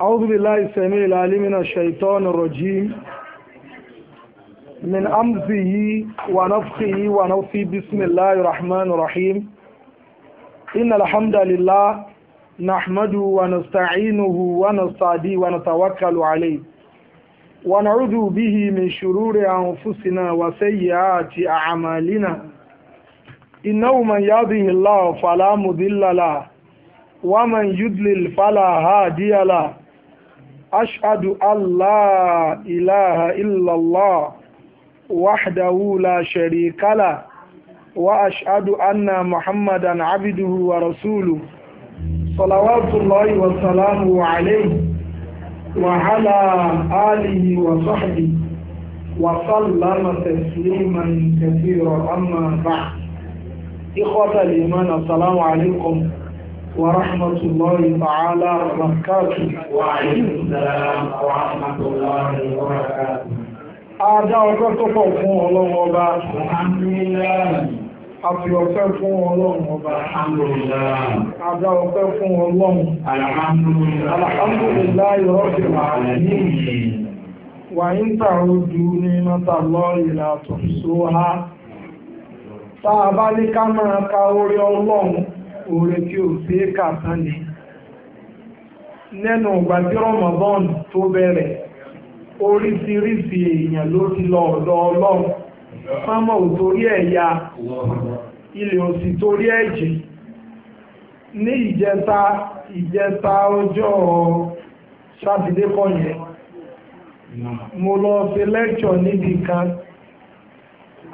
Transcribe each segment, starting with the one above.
أعوذ بالله السميع العليم من الشيطان الرجيم من أمزه ونفخه ونفخه بسم الله الرحمن الرحيم إن الحمد لله نحمده ونستعينه ونستعدي ونتوكل عليه ونعوذ به من شرور أنفسنا وسيئات أعمالنا إنه من يهده الله فلا مضل له ومن يضلل فلا هادي له أشهد أن لا إله إلا الله وحده لا شريك له وأشهد أن محمدا عبده ورسوله صلوات الله وسلامه عليه وعلى آله وصحبه وسلم تسليما كثيرا أما بعد إخوة الإيمان السلام عليكم ورحمة الله تعالى وبركاته وعليكم السلام ورحمة الله وبركاته Adá ọjọ́ tó pọ̀ fún ọlọ́run ọba. Àfi ọ̀fẹ́ fún ọlọ́run ọba. Adá ọpẹ́ fún ọlọ́run. Alhamdulillahi rabbil alamin. Wa oore tí ò sí kàtán ni lẹ́nu ìgbà tí Ramadan tó bẹ̀rẹ̀ oríṣiríṣi èèyàn ló ti lọ ọ̀dọ̀ Ọlọ́run fámọ́ ò torí ẹ̀yà ilẹ̀ òsì torí ẹ̀jì ní ìjẹta ìjẹta ọjọ́ sátidé kọ́ yẹn mo lọ ṣe lẹ́kṣọ̀ níbi kan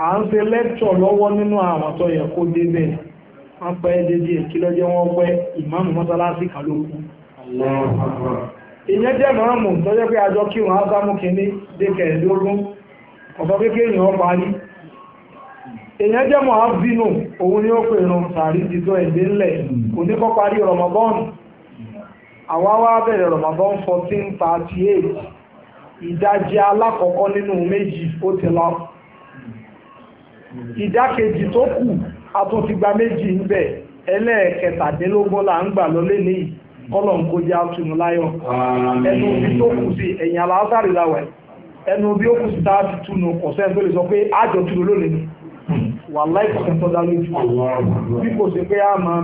à ń ṣe lẹ́kṣọ̀ lọ́wọ́ nínú àwọn tó yẹ kó débẹ̀ wọ́n pẹ́ dédé kí lọ́jọ́ wọ́n pẹ́ ìmáàmù mọ́sálásí kan ló kú. ìyẹn jẹ́ mọ́ọ̀mù tọ́jọ́ pé àjọ kí wọ́n á sámú kínní dé kẹ̀ẹ́dógún ọ̀sọ́ kékeré yẹn ó parí. èèyàn jẹ́ mọ́ àbínú òun ni ó pè ràn sàrí ti tó ẹ̀dẹ́ ńlẹ̀ kò ní kọ́ parí Ramadan àwa wá bẹ̀rẹ̀ Ramadan fourteen thirty eight ìdajì alákọ̀ọ́kọ́ nínú méjì ó ti lọ ìdákejì tó kù a tún ti gba méjì ń bẹ̀ ẹlẹ́ẹ̀kẹtàdínlógún là ń gbà lọlé níyì láyọ̀ ẹnu bí tó kù sí ẹ̀yìn aláàtàrí láwẹ̀ ẹnu bí ó kù sí tá a ti túnú ọ̀sẹ̀ tó lè sọ pé àjọ túnú lónìí wà láìpẹ́ tó dá lójú bí kò sí pé a máa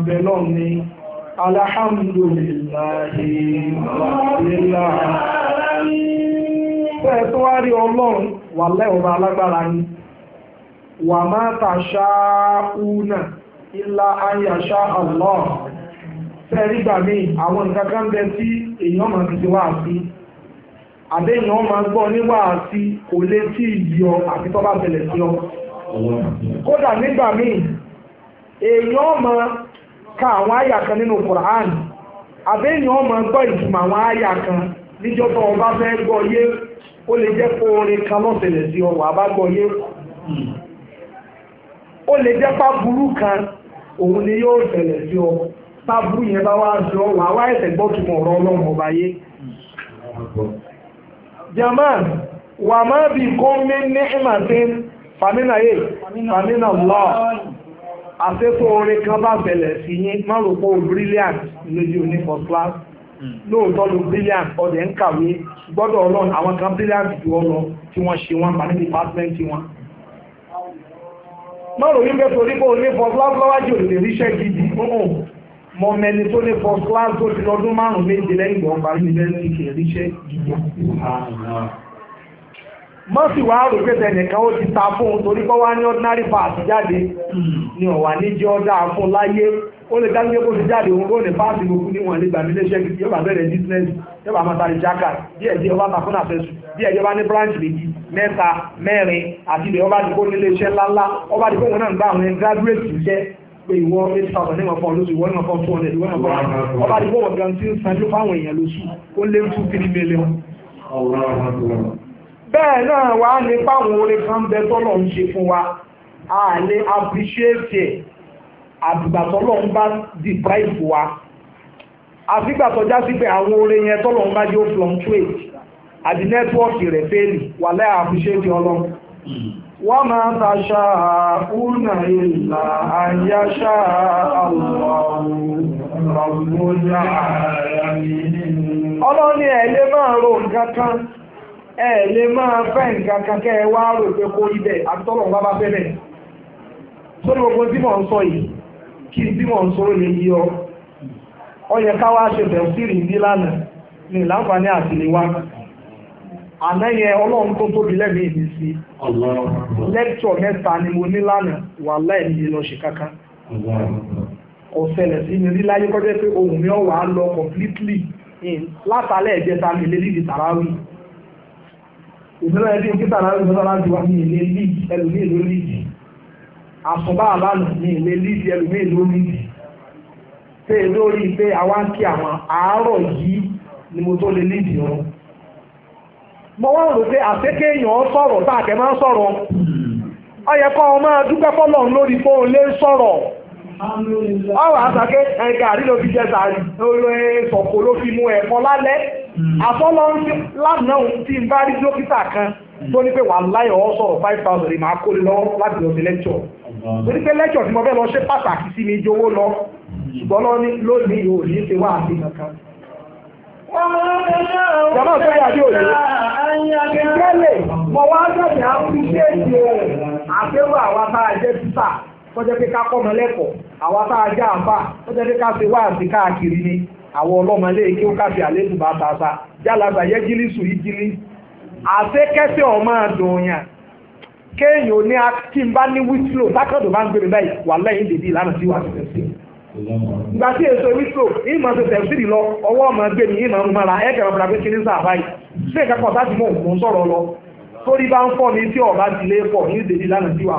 bẹ wà má tàṣáúnà ilá ayàṣá Allah fẹ́rí gbà mí àwọn nǹkan kan bẹ tí èèyàn máa fi wá sí àbẹ́yàn máa gbọ́ níwà sí kò lè tí yọ àti tọ́ bá tẹ̀lẹ̀ sí ọ kódà nígbà míì èèyàn máa ka àwọn àyà kan nínú Quran àbẹ́yàn máa gbọ́ ìtumọ̀ àwọn àyà kan níjọba ọba fẹ́ gbọ́ yé ó lè jẹ́ kó orin kan lọ́tẹ̀lẹ̀ sí ọ wà bá gbọ́ yé ó lè jẹ́ pàbùrù kan òun ni yóò ṣẹlẹ̀ sí ọ pàbùrù yẹn bá wá sọ wàá wá ẹ̀sẹ̀ gbọ́ tó mọ̀ ọ̀rọ̀ ọlọ́run ọba yé. jama wà má bì kó mi ní ìmàtín fàmínà yé fàmínà lọ àfẹ́fọ́ orin kan bá ṣẹlẹ̀ sí yín má rò pé brilliant lójú ní first class lóòótọ́ ló brilliant ọ̀dẹ̀ ń kàwé gbọ́dọ̀ ọlọ́run àwọn kan brilliant ju ọ lọ tí wọ́n ṣe wọ́n pa department wọn mọ́rọ̀ wípé torí pé o ní first class lọ́wájú lè ríṣẹ́ gidi mọ mẹni tó ní first class tó ti lọ́dún márùn-ún méje lẹ́yìn ìgbọ̀n parí yunifásitì kì í ríṣẹ́ gidi. mọ́ sì wá rò pé tẹnìkan ó ti ta fún un torí pé wá ní ordinary pass jáde hmm. ni ọ̀wà níjẹ́ ọ̀dà fún láyé ó lè dájú kó ti jáde òun ó lè páàsì gbogbo níwọ̀n lè gbà mí léṣẹ́ kí yóò bá bẹ̀rẹ̀ business yóò bá máa tari jaka díẹ̀ díẹ̀ ọba takún àfẹ́sù díẹ̀ díẹ̀ ọba ní branch méjì mẹ́ta mẹ́rin àti ilẹ̀ ọba dìbò nílé iṣẹ́ ńláńlá ọba dìbò wọn náà ń gbà àwọn graduate iṣẹ́ pé ìwọ eight thousand níwọ̀n fún olóṣù ìwọ níwọ̀n fún two hundred ìwọ níwọ̀n fún ọba dìbò wọn gan tí ń sanjú fáwọn èèyàn lóṣù ó lé two three million. bẹ́ẹ̀ náà wàá ní fáwọn orin kan bẹ tọ́lọ̀ ń ṣe fún wa àlè appreciate àtìgbà tọ́lọ́run bá di price wa àfìgbà tọ́já sí pé àwọn oore yẹn tọ́lọ́run bá yóò fluctuate àti nẹ́tíwọ́ọ̀kì rẹ̀ fẹ́ẹ̀lì wà láì àfiṣẹ́ẹ̀tì ọlọ́run wọ́n máa ta ṣá àkúnà ìlà àyà ṣá ọlọ́ni ẹ̀ lè máa ro nǹkan kan ẹ̀ máa fẹ́ nǹkan kan kẹ́ ẹ wá rò pé kó ibẹ̀ àtọ́lọ́run bá bá fẹ́ bẹ̀ sórí gbogbo tí mò ń sọ yìí kí n bí mò ń sọ̀rọ̀ lè yí ọ ọ yẹ ṣe wá ṣe tẹ̀síìrì ní lánàá ní láǹfààní àtìlẹ́wà àná yẹn ọlọ́run tó tóbi lẹ́mí ìdí sí lẹ́kítọ̀ mẹ́ta ni mo ní lánàá wà láìní lọ ṣe kankan ọ̀sẹ̀lẹ̀ sí mi rí láyé kọjá pé ohun mi wà á lọ látàlẹ́ mi àsùnbà àlànà ní ilé lídìí ẹlòmíì lórí ìdì pé lórí pé àwa ń kí àwọn àárọ̀ yìí ni mo tó lè lídìí wọn. mo wá rò pé àtẹ́kẹ́ èèyàn sọ̀rọ̀ tá àkẹ́ máa ń sọ̀rọ̀ ọ yẹ kọ́ ọ máa dúpẹ́ fọ́lọ́run lórí pé òun lè sọ̀rọ̀ ọwọ́ àtàkẹ́ ẹ̀ka àrí ló fi jẹ sàárì olóyè sọ̀kò ló fi mú ẹ̀kọ́ lálẹ́ hmm. àfọ́lọ́run lánàá tí bá rí dókítà kan tó ní pé wà láyọ̀ ọ sọ̀rọ̀ five thousand rẹ̀ máa kó lé lọ́wọ́ láti lọ lecture lẹ́kṣọ̀ ní pé lecture tí mo fẹ́ lọ ṣe pàtàkì sí mi jowó lọ ṣùgbọ́n lónìí yóò ní ṣe wá àti kankan. Jọba tó yà bí òye. Ìgbẹ́lẹ̀ mọ̀ wá sọ̀tì àpúṣéèdì rẹ̀ àtẹ́wọ̀ àwa a jẹ́ títà tó pé ká kọ́mọ lẹ́kọ̀ọ́ àwa tá a jẹ́ àǹfà tó pé ká ṣe wá àti káàkiri ni àwọn ọlọ́mọlé kí ó àlébù bá ta sa. Jálàgbà yẹ́ jílísù yí àṣekẹ́sì ọmọ àdùnyàn kéèyàn ní tí ní wíṣílò sákàdùn bá ń gbèrè báyìí wà lẹ́yìn dèbí ìlànà tí wà tẹ̀sẹ̀ sí. ìgbà tí èso ṣe lọ ọwọ́ ọmọ ẹgbẹ́ mi ń mara ẹ̀kẹ́ ọ̀bùnà pé kí sáà báyìí ṣé ìkẹ́kọ̀ọ́ sáà ti mọ̀ òun sọ̀rọ̀ lọ bá ń fọ́ mi tí ọ̀bá ti lé pọ̀ ní dèbí ìlànà tí wà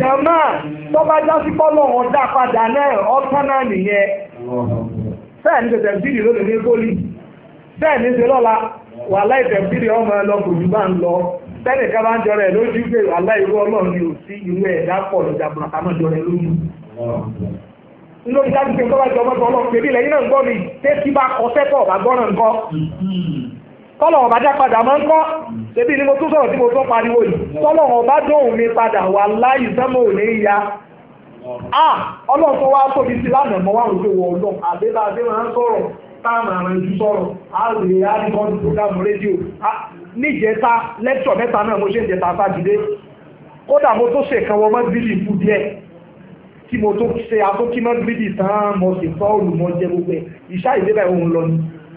jàmá tó bá já sí pọ́lọ̀ wọn dá padà náà ọ̀tán náà nìyẹn bẹ́ẹ̀ ni tẹ̀tẹ̀ bídì lónìí ní pólì bẹ́ẹ̀ ni ṣe lọ́la wà láì tẹ̀ bídì ọmọ ẹ lọ kò jù bá ń lọ bẹ́ẹ̀ nìkan bá ń jọrọ ẹ̀ lójú pé wà láì rú ọlọ́run ni ò sí irú ẹ̀ dápọ̀ lọ́jà bùrọ̀tà náà jọrọ ẹ lójú lórí dájú pé tó bá jọ mọ́tò ọlọ́run pèbí ilẹ̀ yìí náà ń gbọ́ mi tẹ́tí bá kọ sẹ́tọ̀ ọ̀bá gbọ́ràn ń tọ́lọ̀ ọba dá padà máa ń kọ́ ṣebí ni mo tún sọ̀rọ̀ tí mo tún pariwo yìí tọ́lọ̀ ọba dóhùn mi padà wà láì sẹ́mọ̀ òní ya ah ọlọ́run tó wá tóbi sí lánàá mọ́ wà lókè wọ ọlọ́run àbẹ́bá àbẹ́ máa ń sọ̀rọ̀ táàmù àrùn ju sọ̀rọ̀ àrùn ìyá àdìgbọ́n program rédíò níjẹta lẹ́kṣọ̀ mẹ́ta náà mo ṣe ń jẹta sátidé kódà mo tó ṣe kan wọ mọ́ bílì fún díẹ̀ tí mo tó ṣe atókímọ́ bílì tán mo sì fọ́ olùmọ̀jẹ gbogbo ẹ̀ ìṣá ìdébẹ̀ òun lọ ni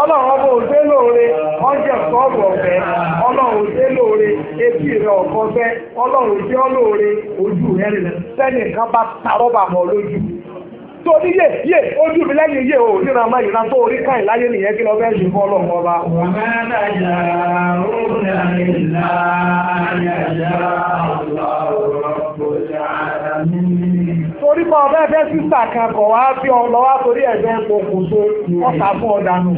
ọlọ́run ọba òṣè lóore ọjọ́ sọ́ọ̀bù ọ̀fẹ́ ọlọ́run òṣè lóore etí rẹ̀ ọ̀kọ́fẹ́ ọlọ́run òṣè ọlóore ojú rẹ̀ rẹ̀ sẹ́nìkan bá tarọ́bà mọ́ lójú tó ní yé yé ojú mi lẹ́yìn yé o nínú àmọ́ ìran tó orí káyìn láyé nìyẹn kí lọ fẹ́ ṣe fọ́ ọlọ́mọ ọba. torí kọ́ ọ bẹ́ẹ̀ fẹ́ sísà kan kọ̀ wá bí ọ lọ́wọ́ torí ẹ̀fẹ́ pokùnso ọ̀tà fún ọ̀dànù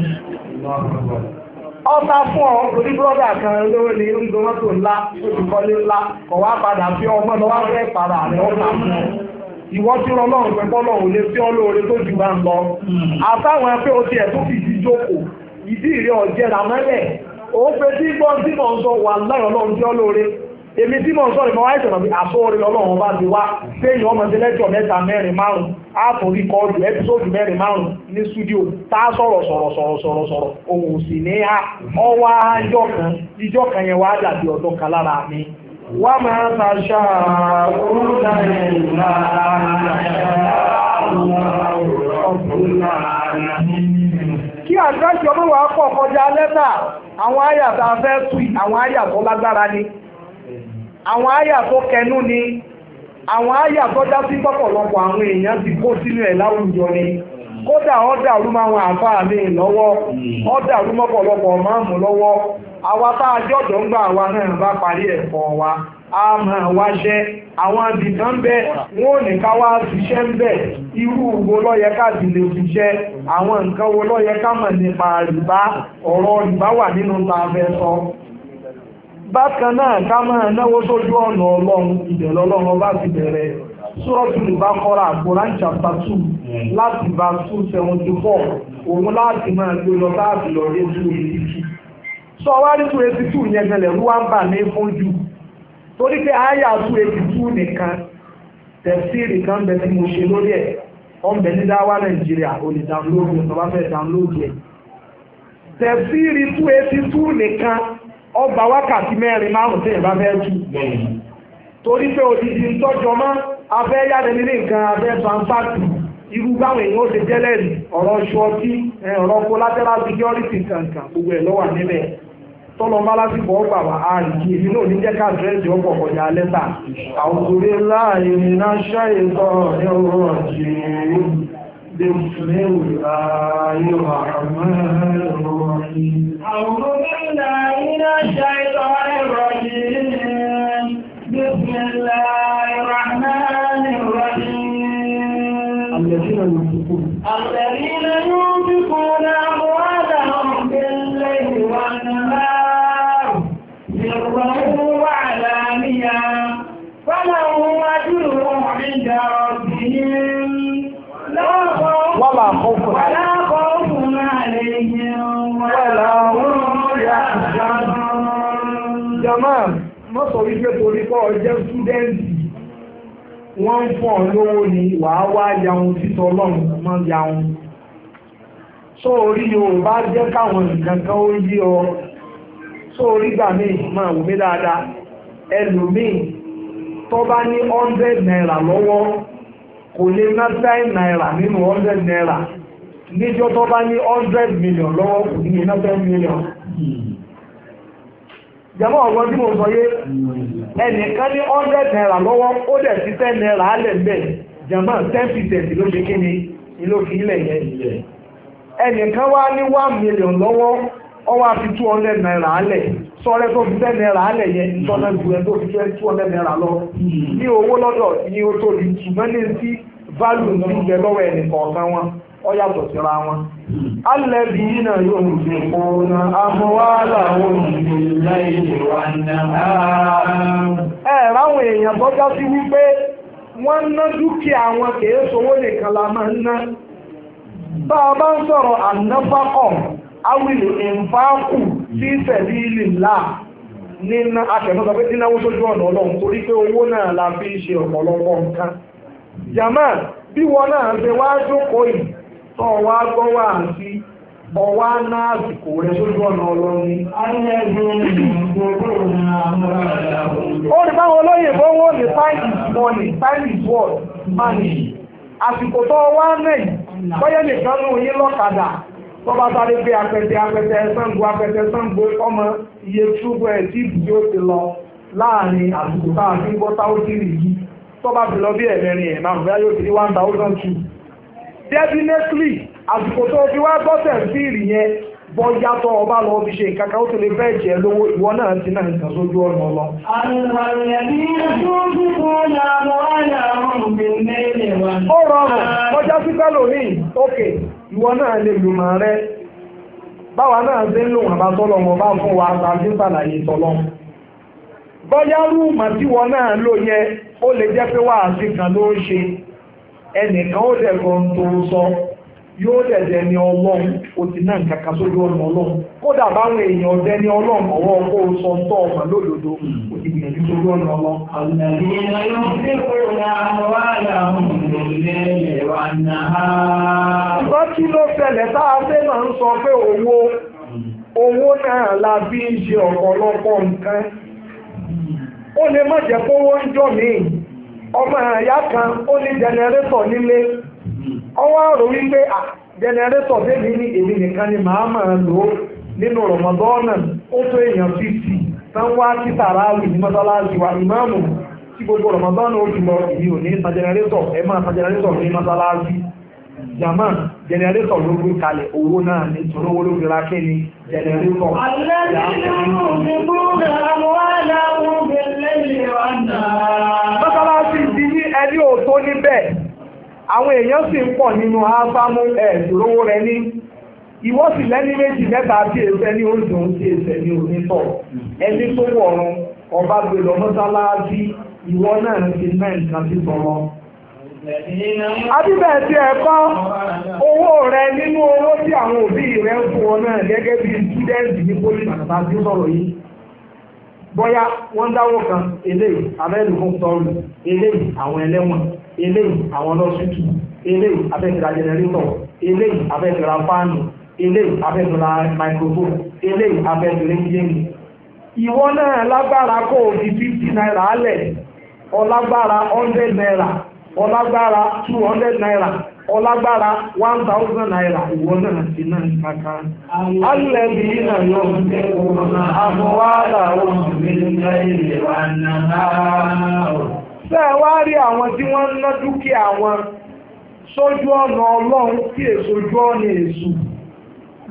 ọba fún ọ orí búrọ́dà kan lówó ní orí gbọmọ́tò ńlá oṣù kọ́lé ńlá kọ̀ wá padà bí ọmọ lọ́wọ́ fẹ́ para rẹ̀ ọ̀tà fún ọ ìwọ tí ọlọ́run pẹ̀ bọ́lọ̀ ò lè fi ọlọ́ọ̀rẹ́ tó jù bá ń lọ àtàwọn ẹgbẹ́ o ti ẹ̀ tó fìdí jókòó ìdí ìrẹ́ ọ̀jẹ̀rà mẹ́lẹ̀ ó pe tí gbọ́n tí mò ń sọ wà láì ọlọ́run tí ọlọ́ọ̀rẹ́ èmi tí mò ń sọ ìfọwọ́ àìsàn àbí àsọ́ọ̀rẹ́ ọlọ́run bá ti wá séèyàn ọmọ ẹlẹ́jọ́ mẹ́ta mẹ́rin márùn-ún ààtún ríkọ́ọ̀dù ẹ́písòdù mẹ́rin márùn-ún ní súdíò tá a sọ̀rọ̀ sọ̀rọ̀ sọ̀rọ̀ sọ̀rọ̀ sọ̀rọ̀ òun sì ní a ọwọ́ ajọ́ kan ìjọ́ kan yẹn wá dàbí ọ̀dọ́ kan lára mi وما تشاءون إلا Kí àdírẹ́sì olúwa pọ̀ kọjá lẹ́tà, àwọn àyà tá a fẹ́ tù, àwọn àyà tó lágbára ni, àwọn àyà tó kẹnú ni, àwọn àyà tó já sí pọ̀pọ̀lọpọ̀ àwọn èèyàn ti kó sínú ẹ̀ láwùjọ ni. Kódà ọ́dà rú àwọn wọn àǹfààní lọ́wọ́, ọ́dà rú àwa tá a jọ́jọ́ ń gbà wa náà bá parí wa a máa wáṣẹ́ àwọn àbìtàn bẹ́ wọn ò ní ká wá ṣiṣẹ́ ń bẹ̀ irú wo lọ́yẹ ká sì lè ṣiṣẹ́ àwọn nǹkan wo lọ́yẹ ká mọ̀ nípa ọ̀rọ̀ wà nínú fẹ́ sọ. bákan náà ká máa náwó sójú ọ̀nà ọlọ́run ìbẹ̀rẹ̀ ọlọ́run ọba ti sọ wá rí two eighty two yẹn gẹlẹ̀ wú wá ń ní fún torí pé kan bẹ tí mo ṣe lórí ẹ̀ ọ̀nbẹ ní dáwà o lè download ẹ̀ tọ́ba fẹ́ download ẹ̀ tẹ̀síìrì two eighty two nìkan ọba wákàtí mẹ́rin márùn-ún tẹ̀yẹ̀ bá odidi jù torí pé òdìdí ń mọ́ abẹ́ yára nílé nǹkan abẹ́ transact irú báwọn èèyàn ó kankan gbogbo ẹ̀ tọ́lọ bá lásìkò ọgbà wà á rí kí èyí náà ní jẹ́ ká dírẹ́sì ọgbọ̀ kọjá lẹ́tà àwòrán láàyè iná ṣáìtọ́ ní ọrọ̀ ọ̀jẹ́ الذين ينفقون الذين ينفقون wọ́n máa kó fún un. wọ́n á kọ́ fún jama mọ́tò wípé torí kọ́ ọ jẹ́ súdẹ́ǹtì lówó ni wàá wá yaun títọ́ ọlọ́run mọ́ yaun. sọ orí yorùbá jẹ́ káwọn nǹkan kan ó yí ọ sọ orí gbà míì máa wù mí dáadáa ẹlòmíì tó bá ní hundred naira lọ́wọ́ kò lè ná nine naira nínú hundred naira níjọ́ tó bá ní hundred million lọ́wọ́ kò ní ná ten million jàmọ́ ọ̀gbọ́n tí mo sọ yé ẹnìkan ní hundred naira lọ́wọ́ ó dẹ̀ sí ten naira alẹ̀ bẹ́ẹ̀ jàmọ́ ten percent ló ṣe kí ni ìlókì ilẹ̀ yẹn ẹnìkan wá ní one million lọ́wọ́ ọwọ́ àfi two hundred naira alẹ̀ sọ́ọ́rẹ́ tó fi ten naira alẹ̀ yẹn ìtọ́nà ju tó fi two hundred naira lọ ní owó lọ́dọ̀ ní o tóbi ṣùgbọ́n ní sí value ní ìgbẹ́ lọ́wọ́ ẹnì kọ̀ọ̀kan wọn ọ yàtọ̀ síra wọn. alẹ́bí iná yóò ẹ ráwọn awìlì ìfáàkù sí tẹ̀lé ilé ńlá nínú akẹ́kọ̀ọ́ pé nínáwó sójú ọ̀nà ọlọ́run torí pé owó náà la fi ṣe ọ̀pọ̀lọpọ̀ nǹkan jama bí wọn náà ṣe wá jókòó yìí tó wá gbọ́ wá ọwá náà rẹ sójú ọ̀nà ọlọ́run ni. ó ní báwọn olóyè bó wọ́n ní is money is money àsìkò tó wá náà nìkan lọ́kadà tọ́ba sáré gbé apẹtẹ apẹtẹ Ṣàngó apẹtẹ Ṣàngó ọmọ iye túbọ ẹ tí ibùdó ti lọ láàrin àsìkò tá a fi ń bọ́ táwọ́tìrì yìí tọ́ba ti lọ bí ẹ̀mẹrin ẹ̀ máa ń bẹ́ẹ̀ yóò ti di one thousand two. definitely àsìkò tó fi wá bọ́ tẹ̀síìrì yẹn bọ́jà tó ọba lọ fi ṣe nǹkan kan ó ti lè fẹ́ jẹ́ lówó ìwọ náà ti náà nǹkan sójú ọ̀nà lọ. ó rọrùn bọ́jà sí fẹ́ lónìí ìwọ náà lè lùmọ̀ rẹ báwa náà ṣe ń lò wọn bá tọ́lọ̀ wọn bá fún wa ṣàfihàn ṣàlàyé tọ́lọ́ bọ́yá rúùmù tí náà lò yẹ ó lè jẹ́ pé kan ló ń ṣe ẹnìkan yóò dẹ̀dẹ̀ ni ọlọ́run o ti náà kàkà sójú ọ̀nà ọlọ́run kódà báwọn èèyàn ọ̀dẹ́ ní ọlọ́run ọwọ́ ọkọ̀ sọ ń tọ́ ọ̀mà lódodo o ti gbìyànjú sójú ọ̀nà ọlọ́run. ṣùgbọ́n kí ló ṣẹlẹ̀ tá a fẹ́ máa ń sọ pé owó owó náà la bí ń ṣe ọ̀pọ̀lọpọ̀ nǹkan ó lè má jẹ́ kówó ń ọmọ àyá kan ó ní jẹnẹrétọ̀ nílé ọwọ́ àrò wípé jẹnẹrétọ̀ débi ní èmi nìkan ni màá máa lò ó nínú rọmọdọ́ọ̀nà ó tó èèyàn fífì tán wá sí tàràwì ní mọ́sálásí wa ìmáàmù tí gbogbo rọmọdọ́ọ̀nà ó jùlọ ìdí òní ta jẹnẹrétọ̀ ẹ máa ta jẹnẹrétọ̀ ní mọ́sálásí jama jẹnẹrétọ̀ ló gbé kalẹ̀ owó náà ní tòró jẹnẹrétọ̀. nínú àwọn aláwọ̀ bẹ̀rẹ̀ mọ́sálásí ti ní ẹni àwọn èèyàn sì ń pọ̀ nínú ásámú ẹ̀ dúrówó rẹ ní ìwọ sì lẹ́ni méjì mẹ́ta tí èsẹ́ ní oòdùn tí èsẹ́ ní onítọ̀ ẹni tó wọ̀run ọba gbé lọ mọ́sálásí ìwọ náà ti náà nǹkan ti sọ̀rọ̀. Adíbẹ̀ tí ẹ kọ́ owó rẹ nínú owó tí àwọn òbí rẹ ń fún ọ náà gẹ́gẹ́ bí sídẹ́ǹtì ní pólí bàtà tí ó sọ̀rọ̀ yìí. Bọ́yá wọ́n dáwọ́ kan eléyìí abẹ́lùkún sọ̀rọ̀ eléyìí àwọn ẹlẹ́wọ̀n. eléyìí àwọn lọ́sítù eléyìí abẹ́fẹ́ra jẹnẹrétọ̀ eléyìí abẹ́fẹ́ra fáànù eléyìí abẹ́fẹ́ra microphone eléyìí abẹ́fẹ́ra yéèmù. ìwọ náà lágbára kó o fi fifty naira alẹ̀ ọlágbára hundred naira ọlágbára two hundred naira ọlágbára one thousand naira ìwọ náà ti náà kàkà. alẹ́ bí iná yóò ń o wọn àwọn wàhálà náà. ṣé ẹ wá rí àwọn tí wọ́n ná dúkìá wọn sójú ọ̀nà ọlọ́run tí èsojú ọ̀nà èṣù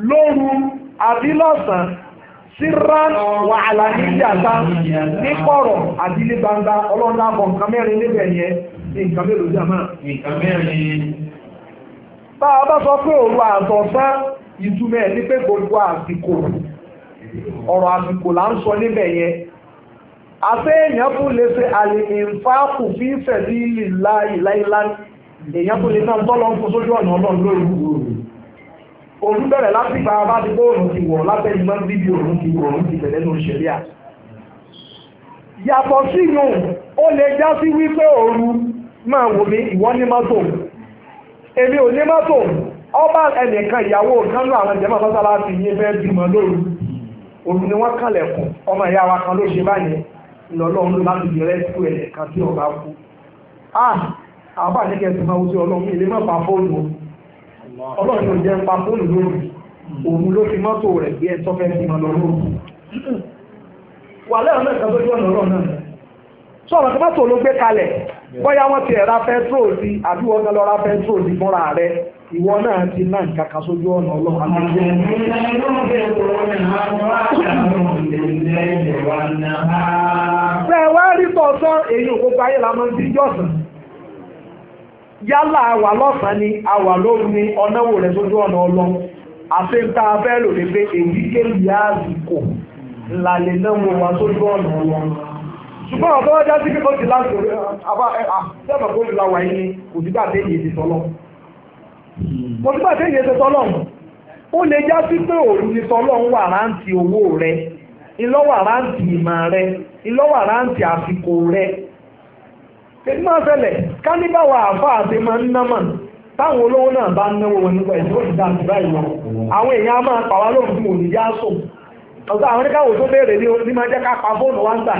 lóru àbí lọ́sàn-án síran wàhálà níjàta ní kọ̀rọ̀ àbí gbangba ọlọ́run nǹkan mẹ́rin níbẹ̀ yẹn ní nǹkan sọ pé òru àtọ̀sán ìtumẹ̀ ní pé àti èèyàn tún lè ṣe àlè ìfáàkù bí ìfẹ̀dí ìlà ìlà ìlà èèyàn tún lè náà tọ́lọ́ ń kó sójú ọ̀nà ọlọ́run lórí gbogbo òun bẹ̀rẹ̀ láti gba bá ti bóòrùn ti wọ̀ lábẹ́ni máa ń bí bí òun ti wọ̀ òun ti bẹ̀rẹ̀ ní òṣèré à. yàtọ̀ sínú ó lè já sí wípé òru máa wò mí ìwọ ní mọ́tò èmi ò ní mọ́tò ọba ẹnìkan ìyàwó kan ló àwọn ìjẹ́mọ̀ sọ́sálà ti yé fẹ́ bímọ lóru òun ni wọ́n kànlẹ̀kùn ọmọ ìyá wa kan ló ṣe báyìí lọ́lọ́run láti di rẹ́síkú ẹ̀ kan tí ọba kú. Ah, àbá ní kẹsì máa wúṣẹ́ ọlọ́run ilé má pa fóònù ọlọ́run yóò jẹ́ pa fóònù lórí òun ló fi mọ́tò rẹ̀ gbé ẹ̀tọ́ fẹ́ fi hàn lọ́rùn. wà lẹ́yìn náà kan tó jẹ́ ọ̀nà ọlọ́run náà sọ̀rọ̀ tó bá tó ló gbé kalẹ̀ bóyá wọ́n ti ra petrol sí àbí wọ́n kan lọ ra petrol sí fúnra rẹ̀ ìwọ náà ti ná nǹkan kan sójú ọ̀nà ọlọ́run. bẹ́ẹ̀ wá rí tọ̀sán èyí òkúta ayé la máa ń díjọ́sán yálà àwà lọ́sàn ni àwà lóru ni ọ̀nàwò rẹ̀ sójú ọ̀nà ọlọ́run àti ń ta abẹ́ lò lè pé èyíkéyìí àsìkò ńlá lè náwó wa sójú ọ̀nà ọlọ́run. ṣùgbọ́n ọ̀tọ́ wájá sí pé bọ́ọ̀dì láti ṣẹ́bà kó ìlà wà yìí kò sí gbàdé yìí ti tọ́lọ́ kò ni tọ́lọ́ ń wà ráǹtì owó rẹ ìlọ́wà ráǹtì ìmọ̀ rẹ ráǹtì àsìkò rẹ èyí máa fẹlẹ̀ káníbàwà àfa àti máa ń ná mọ̀ táwọn olówó náà bá náwó wọn nípa ìṣòro ìdá àti báyìí lọ àwọn èèyàn á máa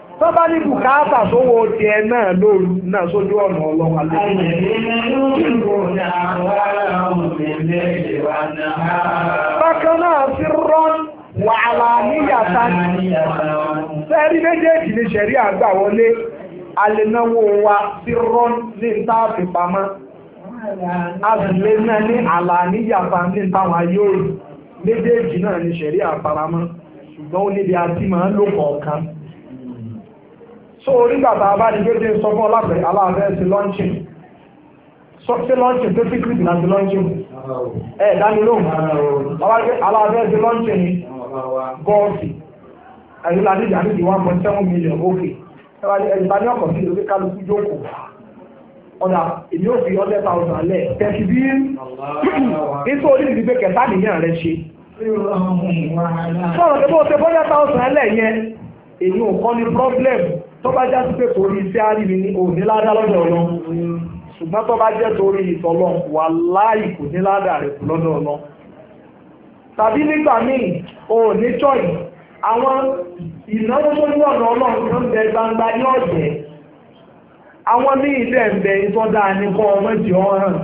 tọ́bá ní bùkátà tó wo ti ẹ náà lóru náà sójú ọ̀nà ọlọ́run alẹ́. bákan náà sí rọ́n wàhálà níyàtá sẹ́rí méjèèjì ni sẹ́rí àgbà wọlé wa sí ní náà ní àlà ní méjèèjì náà sẹ́rí so orígbà tá a bá ní gbèdé sọ fún ọlápẹ aláàfẹ ti lọ́ńchì sọ sí lọ́ńchì tó fi kìrìtì náà ti lọ́ńchì ẹ dání lóhùn ọlápẹ aláàfẹ ti lọ́ńchì ni gọ́ọ̀sì àyílá nídìí àníjì one point seven million ókè ẹ̀yìnbá ní ọkọ̀ sí ìlú kálukú jókòó ọ̀dà èmi ò fi ọdẹ thousand lẹ̀ tẹ̀sí bí nítorí ìdígbé kẹta nìyẹn rẹ ṣe sọ̀rọ̀ pé bó ṣe bọ́yá thousand lẹ̀ yẹn èyí ò kọ́ ní problem tó bá já sí pé torí iṣẹ́ àrí mi ní òní ládá lọ́dọ̀ ọlọ́run ṣùgbọ́n tó bá jẹ́ torí ìtọ́lọ́run wà láì kò ní ládà rẹ̀ kù lọ́dọ̀ ọlọ́run tàbí nígbà míì òní chọ́ì àwọn ìnáwó tó ní ọ̀nà ọlọ́run tó ń bẹ gbangba ní ọ̀jẹ̀ àwọn ní ilé ẹ̀ǹbẹ̀ ìtọ́jà ní kọ́ ọmọ ìjì ọ̀hán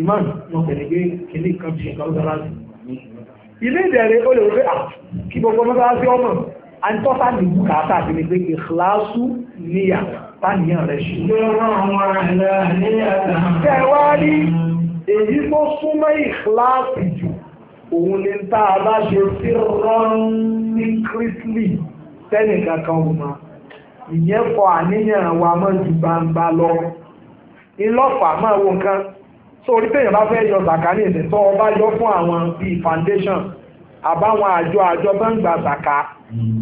imam wọn tẹ̀lé pé kìnnìkan fi ilé ìdẹ̀rẹ̀ ó lè wọ́pẹ́ àtọ́ta ní bùkátà àti ní pé ìkìláṣù níyà táníyàn rẹ̀ ṣe. tẹ̀wárí èyí tó súnmọ́ ìkìláṣù jù òun ni tá a bá ṣe sí rọrùn ní kírísìlì tẹ́nì kankan ò mọ̀ ìyẹn fọ àníyàn wa mọ́ ju gbangba lọ ìlọ́pàá máa wo nǹkan tó orí téèyàn bá fẹ́ yọ zàkà ní ìsìn tó ọba yọ fún àwọn bíi foundation àbáwọn àjọ àjọ bá ń gba zàkà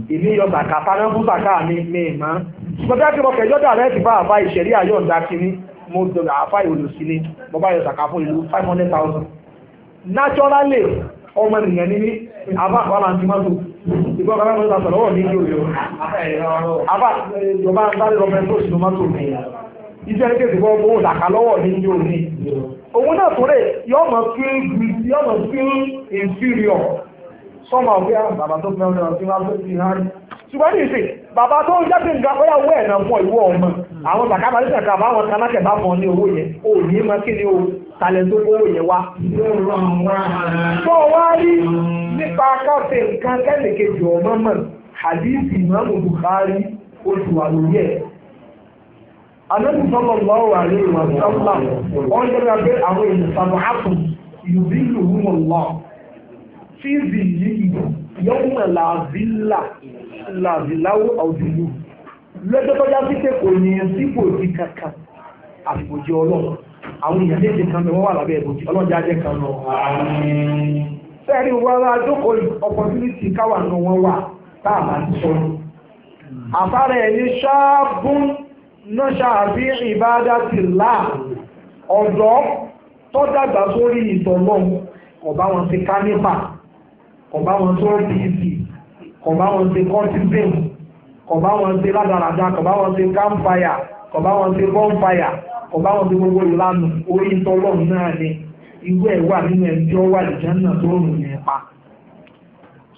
èmi yọ bàkà paná fún bàkà mi mi mọ́ ṣùgbọ́n bí akẹ́kọ̀ọ́ kẹjọ́ dà rẹ̀ ti bá àfa ìṣẹ̀rí àyọ̀ǹda kínní mo dọ̀rọ̀ àfa ìwòlòsílé mo bá yọ sàkà fún ìlú five hundred thousand naturally ọmọ ènìyàn ní ní àbá àpàlà ti mọ́tò ìgbọ́ bàbá mọ́tò àtọ̀lọ́wọ̀ ní ìlú ìlú àbá ìjọba ń sáré lọ́mọ ẹgbẹ́ òṣìṣẹ́ mọ́tò mi iṣẹ́ ní kéde bọ́ owó ìdàkà lọ́wọ́ ní ìlú òní òun náà tó rẹ̀ yọ́mọ̀ feel inferior sọ́mọ̀ ọ̀gbẹ́ ah, bàbá tó fẹ́ ọ̀nà tí wọ́n tó ti hàn. ṣùgbọ́n ní ìsìn bàbá tó ń jáde nǹkan ó yàwó ẹ̀ náà fún ìwọ ọmọ àwọn bàkàbà nígbà kan àbáwọn kanákẹ̀ bá fọ ní owó yẹn ò ní mọ kí ni o talẹ̀ tó owó yẹn wá. tó wá rí nípa káfíń nǹkan kẹ́nìkejì ọmọ mọ̀ hadith Imam Bukhari oṣù àlòyí ẹ̀ Ànábì sallallahu alaihi wa sallam ọ̀n jẹ́ra pé àwọn èèyàn sàbọ̀ àpò yùbí lùhùn ọ̀lọ́ fíìzì yìí yọ́mọ̀ làzílà làzíláwó àwùjọ lọ́jọ́ tó já sí pé kò yẹn sípò di kankan àfìbòjì ọlọ́run àwọn èèyàn méje kan ni wà lábẹ́ ìbòjì ọlọ́run jáde kan lọ. sẹ́ẹ̀rì wọn ra jókòó opportunity káwà nù wọn wà tá a máa ti sọ. àfárá ẹni ṣáàbùn náà ṣàbí ìbáadá ti là ọ̀dọ́ tó dàgbà sórí ìtọ̀ náà ọ̀bá wọn ti ká nípa kò bá wọn tó dc kò bá wọn ṣe cortisone kò bá wọn ṣe ládàradà kò bá wọn ṣe campfire kò bá wọn ṣe bonfire kò bá wọn ṣe gbogbo ìlànà orí tọlọ́run náà ni irú ẹ̀ wà nínú ẹjọ́ wà lìjánà tó rùn ní pa.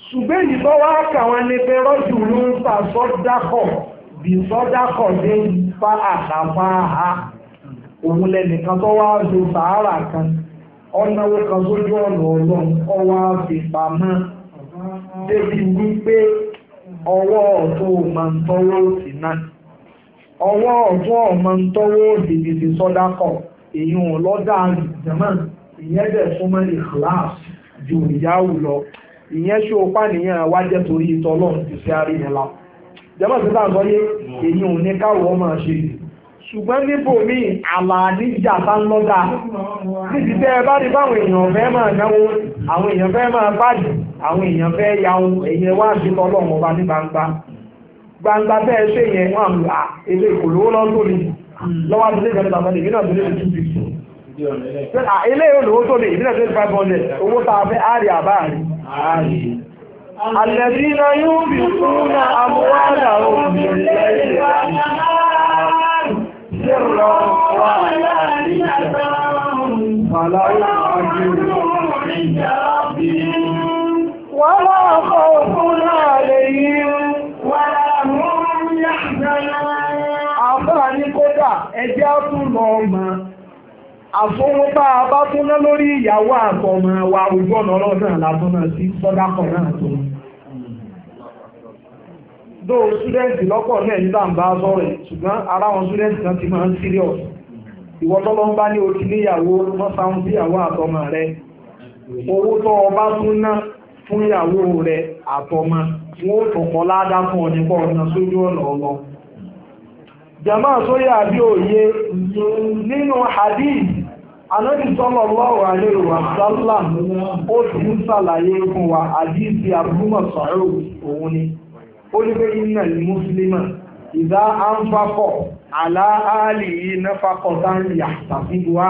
ṣùgbọ́n èyí tó wá kà wọn ni pé rọ́jù ló ń ta sọ́dákọ̀ bí sọ́dákọ̀ dé ń fa àlàfáà òun lẹnìkan tó wá lo sàárà kan ọ̀nàwó kan sójú ọ̀nà ọlọ́run ọwọ́ àfipamọ́ débi wípé ọwọ́ ọ̀tún ọmọ ń tọ́wọ́ òsì náà ọwọ́ ọ̀tún ọmọ ń tọ́wọ́ òsì ti ti sọ́dá kọ̀ èyàn lọ́dà jẹ̀mọ́ ìyẹn dẹ̀ súnmọ́ ìkìláàs ju ìyáwó lọ ìyẹn ṣe opá nìyẹn wá torí ìtọ́lọ́run ti fi àárín yẹn la jẹ́mọ́ sí táà sọ yé èyàn ò ní káwọ́ ọmọ ṣe yìí ṣùgbọ́n níbò mí àlà níjà bá ń lọ́dà níbi tẹ́ ẹ bá rí báwọn èèyàn fẹ́ máa náwó àwọn èèyàn fẹ́ máa bájì àwọn èèyàn fẹ́ ya ohun èèyàn wá sí tọ́lọ́mọ bá ní gbangba gbangba tẹ́ ẹ ṣe yẹn wọn àmì èlé ìkòlówó lọ́dún mi lọ́wọ́ àti ilé ìjọba tàbí ìbí náà tó lè two fifty ilé olówó tó lè ìbí náà tó five hundred owó tá a fẹ́ àárẹ̀ àbá àárẹ̀. Àlẹ́bí náà yóò fi kúrú سرا وعلانية فلا يعجل عند ربهم ولا خوف عليهم ولا هم يحزنون àbáni kódà ẹjẹ́ á tún lọ ọmọ àfọwọ́pá abátúná lórí ìyàwó àtọmọ wa ojú ọ̀nà ọlọ́dún àlàtúnà sí sọ́dákọ̀ náà tó ń dó students lọ́pọ̀ náà ní tàǹbà sọ̀rọ̀ ṣùgbọ́n ara wọn ṣúdẹ́ǹtì kan ti máa ń serious ìwọ tọ́lọ́ ń bá ní níyàwó àtọmọ rẹ owó tó o tún ná fún ìyàwó rẹ àtọmọ wọn ò tọ̀pọ̀ ládá fún ọ̀nìpọ̀ ọ̀nà sójú ọ̀nà ọlọ jama sóyà bí òye nínú wa sallam ó ti ń ṣàlàyé fún wa ó ní pé iná ní mùsùlùmá ìdá àǹfàkọ̀ aláàlì yìí náfàkọ̀ dáńyà tàbí wá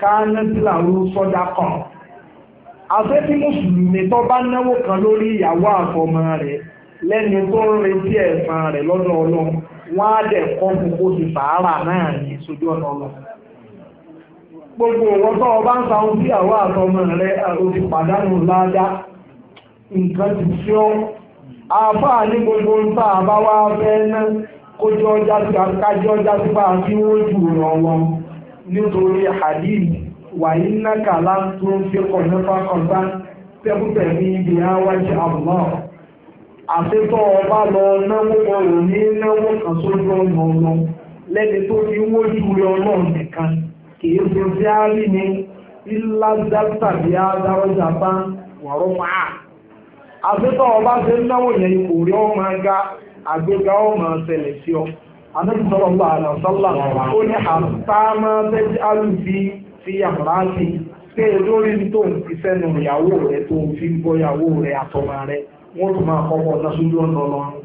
kánẹ́tìláwó sọ́dá kan àṣẹ tí mùsùlùmí tó bá náwó kan lórí ìyàwó àtọmọ rẹ̀ lẹ́ni tó ń retí ẹ̀san rẹ̀ lọ́dọ̀ ọlọ́run wọ́n á dẹ̀ kọ́ fún kó ti sàárà náà ní ìṣojú ọ̀nà ọlọ́run gbogbo wọn tó ọba ń sa ohun tí ìyàwó àtọmọ rẹ̀ ó ti pàdánù ládàá nǹkan ti ṣe ọ́ àfáà ní gbogbo ń tà bá wá fẹ́ ná kójú ọjà sí àkájọ ọjà sí bá fi wọ́n jù ràn wọn nítorí hadith wàyí náka láti ń fi kọ̀ọ̀nẹ́fà kọ̀ọ̀tà tẹ́kùtẹ̀ ní ibi àwájú àbùmọ́ àtẹ́tọ́ ọba lọ náwó ọ̀rọ̀ ní náwó kan sójú ọ̀nà ọ̀nà lẹ́ni tó fi wọ́n jù rẹ̀ ọlọ́run nìkan kìí ṣe sí àárín ní ńlá dátà bí á dárọ́jà bá wọ̀rọ̀ máa àgbétọ́ ọba ṣe ń náwó yẹn ipò rí ọmọ ga àgbéga ọmọ ṣẹlẹ̀ sí ọ anábìsọ̀rọ̀ ọba àlàsọ́là ó ní àtàmà tẹ́jú àlùbí fi yàrá sí pé lórí tó ń fi sẹ́nu ìyàwó rẹ̀ tó ń fi ń bọ́ ìyàwó rẹ̀ àtọmọ rẹ̀ wọ́n tún máa kọ́kọ́ ọ̀dá sójú ọ̀nà ọlọ́run.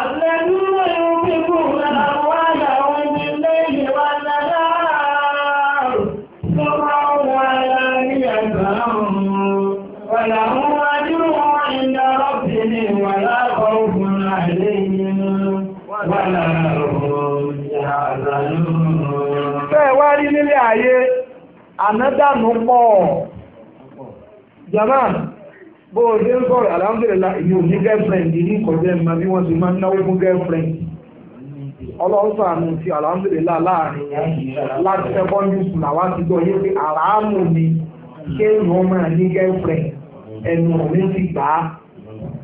àtẹ̀dúró yóò fi kú lára wáyà lẹ́yìn wa Bẹ́ẹ̀ wá rí nílé ayé, ànádànù pọ̀. Jàmá, bó o dé ń sọ̀rọ̀ àlámdìrẹ́lá ìní òní girlfriend ní kọjá ìmọ̀ bí wọ́n ti máa ń náwó fún girlfriend. Ọlọ́sọ̀ àmì ti àlámdìrẹ́lá láàrin láti secondary school àwa ti gbọ́ yé pé àràámù ni kéèyàn máa ní girlfriend ẹnu òní ti gbà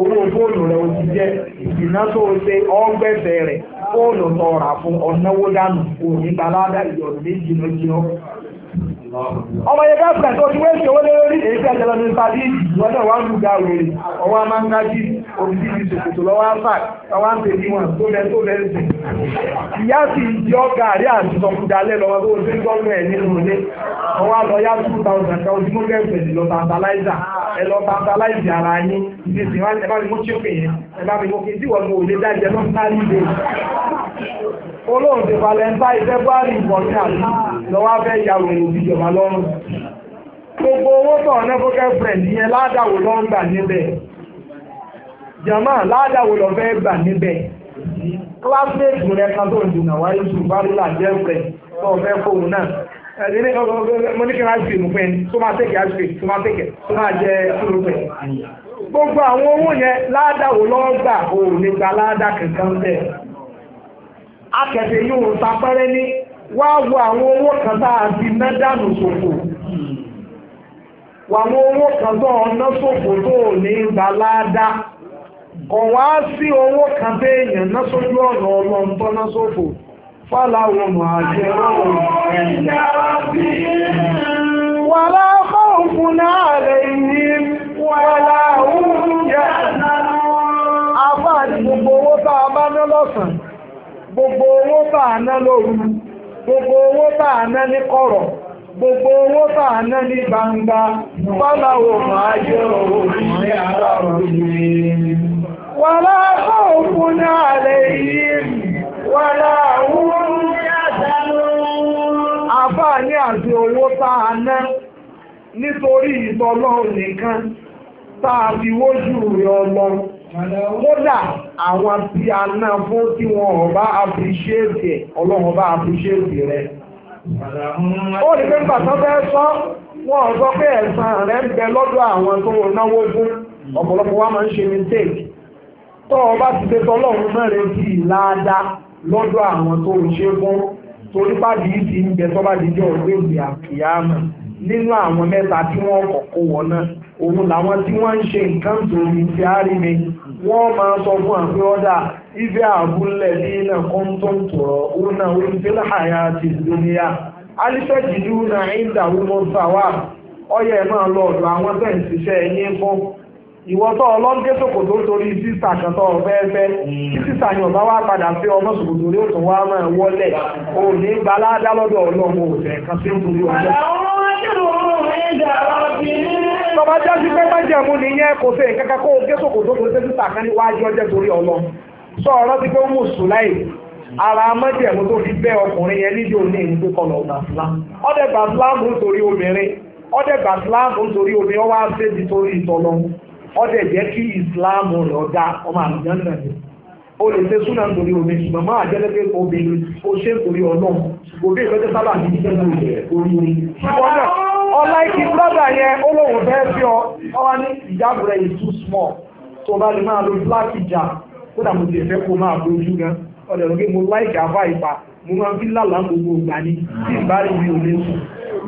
owó fóònù rẹ̀ o ti jẹ́ ìdìná tó o ṣe ọ̀gbẹ̀fẹ̀ rẹ̀ fóònù tọ̀ọ̀rà fún ọ̀nàwó dànù òní balada ìyọ̀rù méjì lójúmọ́ ọmọ yẹn gáàsìlẹ̀ tó ti wéṣẹ̀ owó lórí èyí tí àjẹlọ ní sáàdì ìwọ́n náà wọ́n ń gbùgbà wèrè ọwọ́ amáńgájí òbí ti ṣòkòtò lọ́wọ́ àfà ọwọ́ ń tèmi wọn tó bẹ tó bẹ ń sè. ìyá sì jọ gàrí àti sọkùdálẹ̀ lọ́wọ́ tó ṣe ń gbọ́nú ẹ̀ nínú ilé ọwọ́ lọ yá two thousand kan ojú mọ́gẹ́ ìpèsè lọ tantaliza ẹ lọ tantalize ara yín ìdí sì wá ẹ bá mi mú chicken yẹn ẹ bá mi mú kí olóhùn ti valentine february ìbọ̀nkan lọ́wọ́ abẹ́ ìyàwó ìjọba lọ́rùn gbogbo owó tọ̀ nẹ́fọ́kẹ́ friend yẹn ládàwó lọ́ ń gbà níbẹ̀ jama ládàwó lọ́ fẹ́ gbà níbẹ̀ classmate rẹ̀ kan tó ń dùn àwọn ayéṣu barilla jẹ́ friend tó fẹ́ fóun náà ẹ̀dí ní mo ní kí n ice cream fún ẹni tó máa tẹ̀kẹ̀ ice cream tó máa tẹ̀kẹ̀ tó máa jẹ fúlù fún gbogbo àwọn owó yẹn ládàwó lọ́ gbà òun nígbà ládà kankan bẹ́ẹ̀ akẹ̀sẹ̀ yóò ta pẹ́rẹ́ ní wá wo àwọn owó kan tá a ti ná dànù ṣòfò wà àwọn owó kan tó ọ̀nà ṣòfò tó ò ní gbà láàdá kọ̀ wá sí owó kan tó èèyàn ná sójú ọ̀nà ọlọ́run tó ná ṣòfò fáláwọn àjẹrò wà láàbọ̀ òkun náà lẹ́yìn wà láàrún yẹn afáàdì gbogbo owó tá a bá ná lọ́sàn-án. gbogbo owó tá à ná lóru gbogbo owó tá à ná ní kọ̀rọ̀ gbogbo owó tá ná ní gbangba fọlá wo máa yọ owó ní ara òye. wàlá òkun àti owó nítorí ìtọ́lọ́ nìkan wójú rẹ̀ ọlọ́run kódà àwọn tí a ná fún tí wọn ò bá appreciate ọlọ́run bá appreciate rẹ̀ ó ní pé nígbà tó fẹ́ sọ wọn ò sọ pé ẹ̀san rẹ̀ ń bẹ lọ́dọ̀ àwọn tó wọn náwó fún ọ̀pọ̀lọpọ̀ wa máa ń ṣe mistake tó o bá ti tẹ́tọ́ ọlọ́run náà rẹ̀ sí ìlàádá lọ́dọ̀ àwọn tó ń ṣe fún torí bá di ti ń bẹ tó bá di jẹ́ ògbé ìgbé àkìyàmọ̀. nínú àwọn mẹ́ta tí wọ́n kọ́kọ́ wọ̀ náà òun làwọn tí wọ́n ń ṣe nǹkan torí ti àrími wọ́n máa sọ fún àpé ọ́dà ife àbúlẹ̀ ní iná kọ́ńtọ́ǹtọ̀rọ̀ òun náà ó ti ti dúnìyà alifẹ́jì dúró náà ń wà máa lọ ọ̀dọ̀ àwọn ń ṣiṣẹ́ ẹ̀yìn fún ìwọ́tọ́ ọlọ́gẹ́sòkò tó torí sísà kan tó ọ̀fẹ́ẹ́fẹ́ hmm. sísà yàn bá wá padà ọmọ òtún máa wọlé o ní ọlọ́mọ kan sí nítorí ọjọ́. jẹ́ sí pé kò sí kó tó torí sísà kan ní wájú ọjọ́ torí ọlọ́ sọ ọ̀rọ̀ ti pé ó tó fi bẹ́ ọdẹ jẹ́ kí islam rọ̀ dá ọmọ maa náà ni o lè ṣe súnà nítorí omi ṣùgbọ́n máa obìnrin o ṣe nítorí sábà ní orí náà ọlá ikí brọ́dà yẹn ó lóun ọ ní rẹ̀ is too small tó bá lè máa lo mo fẹ́ kó máa gan ọ̀dẹ̀ mo mo máa fi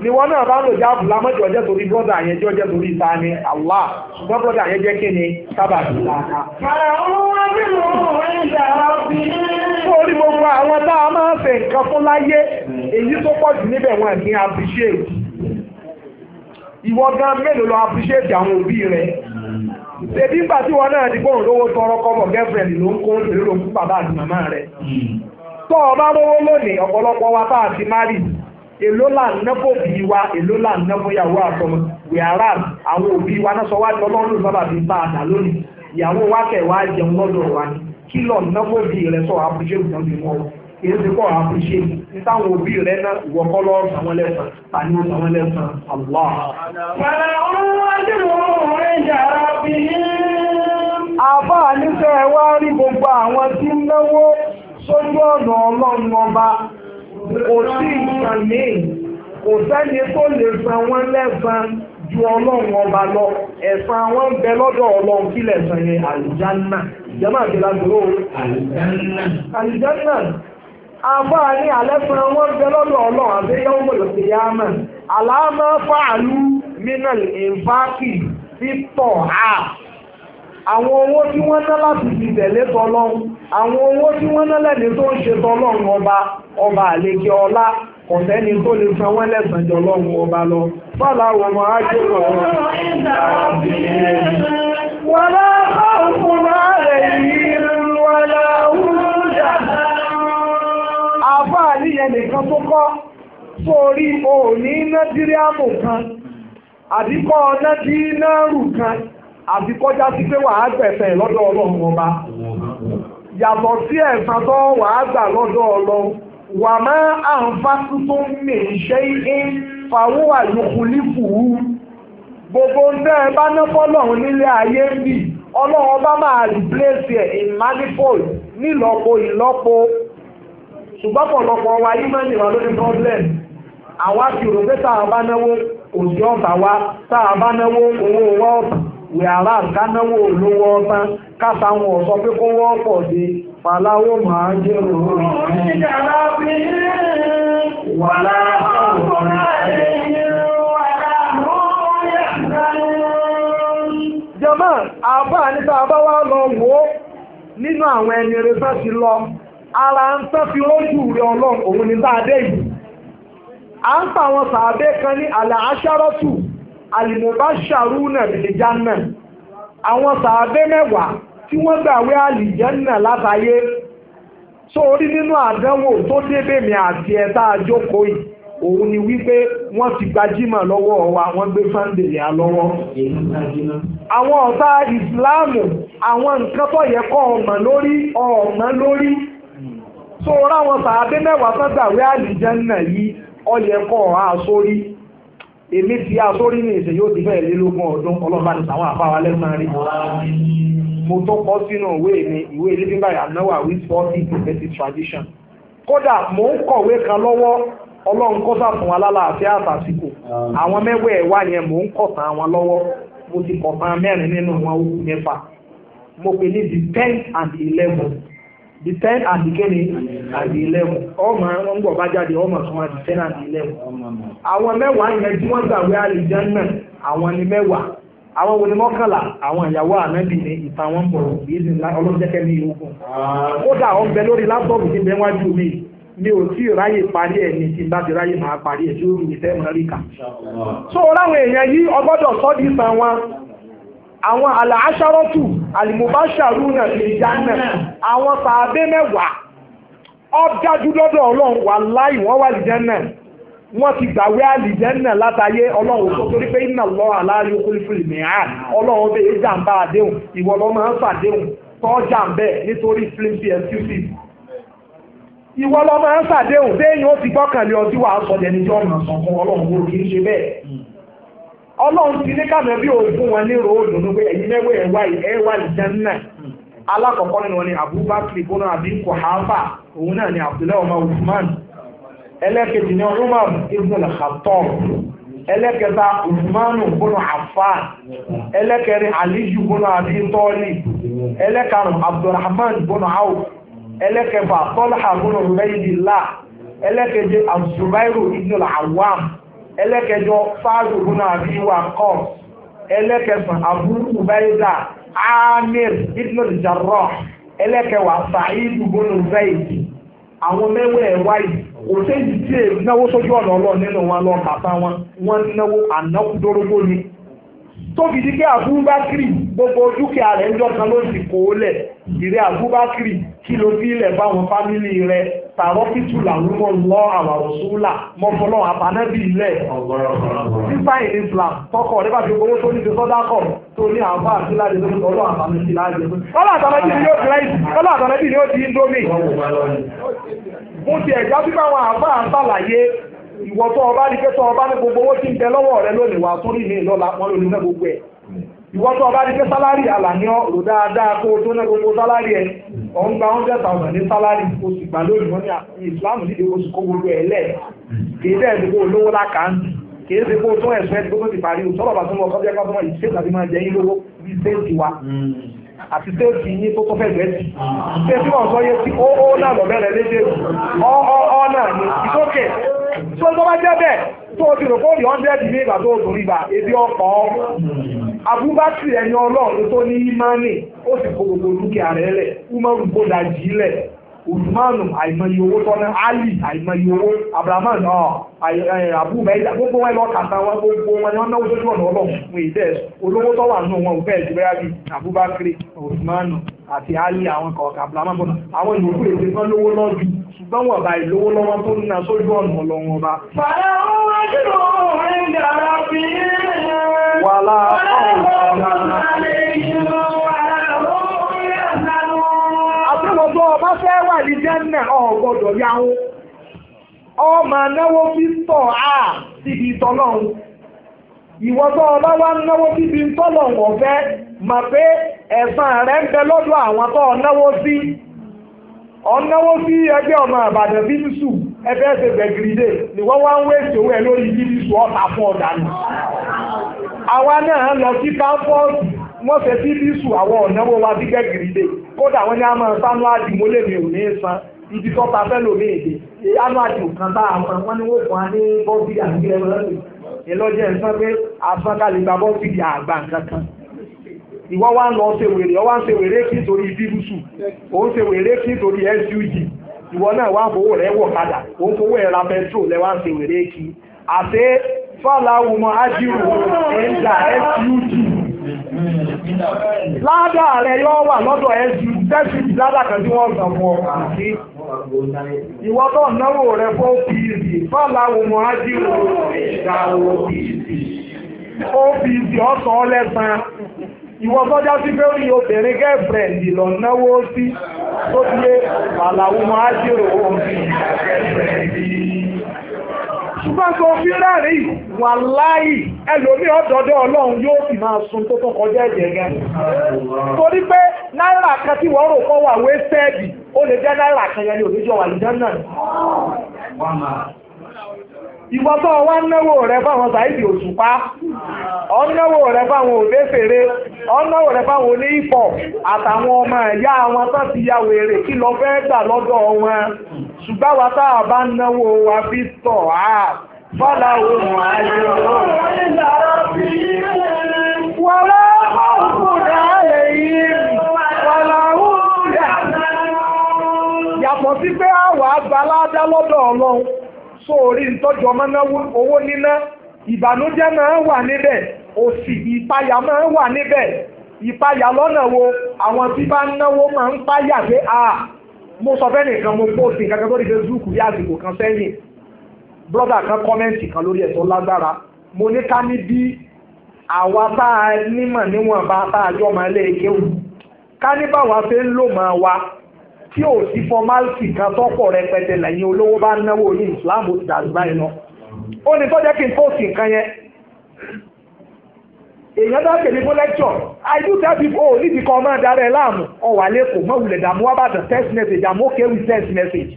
ni wọn náà bá ń lò jáàbù lámọ́jọ́ ọjọ́ torí brọ́dà yẹn jọ́ jẹ́ torí ni ṣùgbọ́n brọ́dà yẹn jẹ́ kí ni láàká. sórí àwọn tá a máa ń fẹ́ nǹkan fún láyé èyí tó pọ̀ jù níbẹ̀ wọn kì appreciate ìwọ gan mélòó lọ appreciate àwọn òbí rẹ ṣèbí ńgbà tí wọn náà di lówó tọrọ kọ́bọ̀ girlfriend ló ń kó a ti èló là bí wa èló là ń àwọn òbí wa náà sọ wá sábà bíi bá a dà lónìí ìyàwó wa kẹ̀ wá jẹun lọ́dọ̀ wa ni kí lọ ná bí rẹ sọ àpèjẹ́ ìtàn bí wọn èyí ti kọ́ àpèjẹ́ oh, ní táwọn òbí rẹ náà ìwọ kọ́ sàwọn lẹ́sàn tani sàwọn lẹ́sàn Allah. àbá níṣẹ́ rí gbogbo àwọn tí ń náwó sójú ọ̀nà ọba kò sí nǹkan míì kò sẹ́ni tó lè san wọ́n lẹ́san ju ọlọ́run ọba lọ ẹ̀san wọn ń bẹ lọ́dọ̀ ọlọ́run kí lẹ̀san yẹn àlùjánà ìjọba àti lágbóró àlùjánà àlùjánà àbá ní àlẹ́san wọn ń bẹ lọ́dọ̀ ọlọ́run àti yẹ́wọ́n mọ̀lẹ́ sí yáàmà àlàámá fàálù mínà ìfáàkì sí tọ̀ àwọn owó tí wọ́n ná láti fi tẹ̀lé tọlọ́run àwọn owó tí wọ́n ná lẹ́ni tó ń ṣe tọlọ́run ọba ọba àlekè ọlá kò sẹ́ni tó lè san wọ́n lẹ́sàn jọ lọ́run ọba lọ fọ́lá wọn máa jẹ́ ọ̀rọ̀ wọn lábá òkú náà rẹ̀ yìí wọn láwùjá àfáà níyẹn nìkan tó kọ́ sórí òní náà díríàmù kan àdíkọ́ náà dínárù kan àti kọjá sí pé wàá gbẹ̀fẹ̀ lọ́dọ̀ ọlọ́run ọba yàtọ̀ sí ẹ̀san tó wàá gbà lọ́dọ̀ ọlọ́run wà máa àǹfà tuntun mi ṣe é fàwọn àlùkùlì fùú gbogbo ǹdẹ́ ẹ bá ná fọ́lọ́run nílé ayé ń bì ọlọ́run ọba máa replace ẹ̀ in manifold nílọ́po ìlọ́po ṣùgbọ́n pọ̀lọpọ̀ wa yìí máa ń nìwà lórí problem àwa kì í rò pé tá a bá náwó òjò ọ̀tà wa tá a bá náwó owó ọ̀tà wíárà kánáwó olówó ọtán kásáwọn ọ̀sọ́ pé kó wọ́n pọ̀ sí fàláwó máa jẹ́ òun. wàlá ọ̀rọ̀ jọmọ́ àbá nípa àbáwá lọ wò ó nínú àwọn ẹni rẹ̀ ti lọ ara ń tán fi rójú rẹ̀ ọlọ́run òun a sáadé yìí à ń pa àwọn kan ní àlà aṣárọ́tù al-mubashsharuna bil jannah àwọn sàábé mẹ́wàá tí wọ́n gbàwé àlìjẹ́nà látàyé tó orí nínú àdánwò tó débè mi àti ẹ̀ta àjókòó yìí òun ni wípé wọ́n ti gbajúmọ̀ lọ́wọ́ wa wọ́n gbé sunday yà lọ́wọ́. àwọn ọ̀tá ìsìláàmù àwọn nǹkan tó yẹ kọ́ ọmọ lórí ọmọ lórí tó ráwọn sàábé mẹ́wàá tó gbàwé àlìjẹ́nà yìí ó yẹ kọ́ ọ̀há sórí èmi fi àtórí ní ìṣẹ̀ yóò di bẹ́ẹ̀ lélógún ọdún ọlọ́ba ní àwọn àfáwà lẹ́gbọ́n rí mo tó kọ́ sínú ìwé mi ìwé living by anawa with forty prophetic tradition kódà mò ń kọ̀wé kan lọ́wọ́ ọlọ́run kọ́ sà fún wa lálàáfíà àtàsìkò ah. àwọn mẹ́wẹ̀ẹ́ wà yẹn mò ń kọ̀ tán wọn lọ́wọ́ mo ti kọ̀ tán mẹ́rin nínú wọn ó mẹ́fà mo pè ní the ten and eleven the ten and the kene and the eleven ọmọ wọn ń bọ̀ bá jáde ọmọ tí wọ́n di ten and the eleven àwọn mẹ́wàá yẹn tí wọ́n gbàgbé àlejò náà àwọn ni mẹ́wàá àwọn wo ni mọ́kànlá àwọn ìyàwó ànábì ní ìtàn bọ̀ yìí ní ọlọ́jẹ́kẹ́ ní ìwọ̀n kódà ọ̀bẹ lórí láptọ̀pù ti bẹ wájú mi mi ò tí ráyè parí ẹ̀ ní so láwọn èèyàn yìí ọgbọ́dọ̀ àwọn ala àlìmọ̀báṣàrú náà lè jáná àwọn sàábé mẹ́wàá ọ̀dájú lọ́dọ̀ ọlọ́run wà láì wọ́n wà lìjẹ́ wọ́n ti gbàwé àlìjẹ́ látàyé ọlọ́run tó torí pé iná lọ àlàáyé kúlífìlì mìíràn ọlọ́run jàǹbá àdéhùn ìwọ máa ń fàdéhùn nítorí flimsy ìwọ máa ń fàdéhùn bẹ́ẹ̀ ọlọ́run ti ní kàmẹ́ bí òògùn wọn ní ròódù ní pé ẹ̀yin mẹ́wẹ́ ẹ̀wà ẹ̀wà ìjẹ́nà alákọ̀ọ́kọ́ nínú wọn ni abubakar ibùnà àbí kòháfà òun náà ni abdullahi ọmọ usman ẹlẹ́kẹ̀jì ni umar ibn al ẹlẹ́kẹta usmanu ibùnà affan ẹlẹ́kẹrin aliyu ibùnà àbí ẹlẹ́karùn abdulrahman ibùnà awf ẹlẹ́kẹfà tọ́lá ẹlẹ́kẹjọ fáàlù bùnà àbí wakọ́ ẹlẹ́kẹsàn àbúrú báyìí amir ibn al-jarrah ẹlẹ́kẹwàá sa'id bùnà zayd àwọn mẹ́wẹ̀ẹ́ wáyé òṣèlú tí èèyàn náwó sójú ọ̀nà ọlọ́ọ̀ nínú wọn lọ́ọ́ bàbá wọn wọn náwó ànákúdórógbó ni tóbi di pé abúbákiri gbogbo dúkìá rẹ̀ ń jọ́kan ló ti kó lẹ̀ ìrẹ́ abúbákiri kí ló fi ilẹ̀ báwọn fámìlì rẹ̀ tààrọ́ fìtù làwọn mọ̀ lọ àwàrọ̀ sóòlà mọ́fọlọ́ àbánábì ilẹ̀ sísá ìlú Islam tọkọ rẹ bá fi owó tó ní ti sọ́dá kọ̀ tó ní àwọn àtìlá lè lórí ọlọ́ àbánábì láàyè ọlọ́ àtàlẹ́bì ni yóò di ráìsì ọlọ́ àtàlẹ́bì ni yóò di indomie mo ti ẹ̀já sí báwọn àbá ìwọ tó ọba rí pé tó ọba ní gbogbo owó tí ń bẹ lọ́wọ́ rẹ lónìí wà tó rí mi lọ́la wọn lónìí náà gbogbo ẹ̀ ìwọ tó ọba rí pé sálárì àlàní ọ̀rọ̀ dáadáa kó o tó ná gbogbo sálárì ẹ̀ ọ̀n gba hundred thousand ní sálárì oṣù gbà lónìí wọn ní ìsìlámù ah, nídìí oṣù kó gbogbo ẹ̀ lẹ̀ kì í dẹ́ ẹ̀dùn kó olówó lákàntì kìí ṣe kó tún ẹ̀sùn ẹ̀dùn tó ti parí o sọ́lọ́bà tó mọ̀ ọ̀kọ́ jẹ́ kọ́tọ́mọ̀ yìí ṣé tàbí máa jẹ́ yín lówó bí séèkì wa àti séèkì yín tó tó fẹ́ bẹ́ẹ̀ sí ṣé tí wọ́n sọ yé sí ó ó náà lọ bẹ̀rẹ̀ lédè ó ó náà ní ìtókè tó tó bá jẹ́ bẹ́ẹ̀ tó o ti rò kó rí hundred ní ìgbà tó o tó rí gbà ebi ọkọ̀ Abubakar ẹni Ọlọ́run tó ní imani ó sì kó gbogbo dúkìá rẹ̀ lẹ̀ Umaru gbódà jí usmanu àìmọye owó tọ́nà ali àìmọye owó abrahamu náà abu mẹ́ta gbogbo wọn lọ kàtà wọn gbogbo wọn ni wọn náwó sójú ọ̀nà ọlọ́run fún ìdẹ́ olówó tọ́wà nù wọn ò fẹ́ẹ̀ jùlọ yàrá abubakar usmanu àti ali àwọn kọ̀ọ̀kan abrahamu náà àwọn ìlòkù èdè kan lówó lọ́dù ṣùgbọ́n wọn bá ìlówó lọ́wọ́ tó ń na sójú ọ̀nà ọlọ́run ọba. fàlẹ́ wọn wá jùlọ òun dára bí i. wàhálà ọ̀hún ọ̀hún tó ọba fẹ́ wà ní jẹ́nà ọ̀gbọ́dọ̀ yáwó ọmọ náwó fi tọ̀ á síbi ìtọ́lọ́run ìwọ tó o náwó síbi ìtọ́lọ́run ọ̀fẹ́ mọ̀ pé ẹ̀san rẹ̀ ń bẹ lọ́dọ̀ àwọn tó o sí o sí ẹgbẹ́ ọmọ àbàdàn ẹgbẹ́ ẹsẹ̀ bẹ̀gìrìdè ni wọ́n wá ń ẹ̀ lórí kódà wọ́n ní a máa mo àdìmọ́lẹ̀ mi ò ní san ibi tó ta fẹ́ lòmí èdè anú àdìmọ́ kan ní wọ́n fún wa ní bọ́ọ̀bì àti ẹlọ́dì ẹlọ́dì ẹ̀ sọ pé afọ́nkálẹ̀ gba bọ́ọ̀bì àgbà kankan ìwọ́ wa ń lọ ṣe wèrè ń ṣe wèrè kí nítorí bíbùsù ń ṣe wèrè kí nítorí SUG ìwọ náà wá fowó wọ̀ padà ń fowó ẹ̀ ra ń ṣe wèrè Ládà rẹ yóò wà lọ́dọ̀ ẹ̀sùn tẹ́sìtì ládà kan tí wọ́n sàn fún ọkà sí. Ìwọ tó náwó rẹ̀ fún OPC, fọ́láwò Mọ́hájí rò ìdáwó OPC ọ̀sán ọlẹ́sàn. sí pé ó ṣùgbọ́n sọ fi rárí wà láì ẹlòmí ọ̀dọ́dọ́ ọlọ́run sun tó tó kọjá ẹ̀jẹ̀ gan. torí pé náírà kan tí wọ́n rò kọ́ wà wé sẹ́ẹ̀dì ó lè jẹ́ náírà ìwọ tó wá náwó rẹ fáwọn sàìdì òṣùpá ọ̀náwó rẹ ọ̀náwó rẹ àtàwọn ọmọ ẹ̀yà wọn tó ti ya wèrè kí lọ fẹ́ gbà lọ́dọ̀ wọn ṣùgbọ́n wa tá a bá náwó wa fi tọ̀ á ayé wọn. yàtọ̀ sí pé àwọn àgbàlá dá lọ́dọ̀ ọlọ́run. so orí ìtọ́jú ọmọ náà owó níná ìbànújẹ́ máa wà níbẹ̀ òsì ìpayà máa wà níbẹ̀ ìpayà lọ́nà wo àwọn tí bá ń náwó máa ń a mo sọ fẹ́ nìkan mo post nǹkan lórí Facebook kan sẹ́yìn brother kan kọ́mẹ́ǹtì kan lórí ẹ̀tọ́ lágbára mo ní ká ní bí àwa tá a nímọ̀ níwọ̀nba tá ekewu ká ní báwa ṣe ń lò máa wa tí ò sí fọmálìtì kan tọ́pọ̀ rẹpẹtẹ lẹ́yìn olówó bá ń náwó ní Islam ó ti dàrú báyìí lọ ó ní tọ́jẹ́ kí n fóòsì nǹkan yẹn èèyàn bá pè mí fún lẹ́kṣọ̀ I do tell people ó oh, nídìí kan máa darẹ̀ láàmú ọ̀wà lẹ́kọ̀ọ́ mọ́ wulẹ̀ dààmú wá bàtà text message I'm okay with text message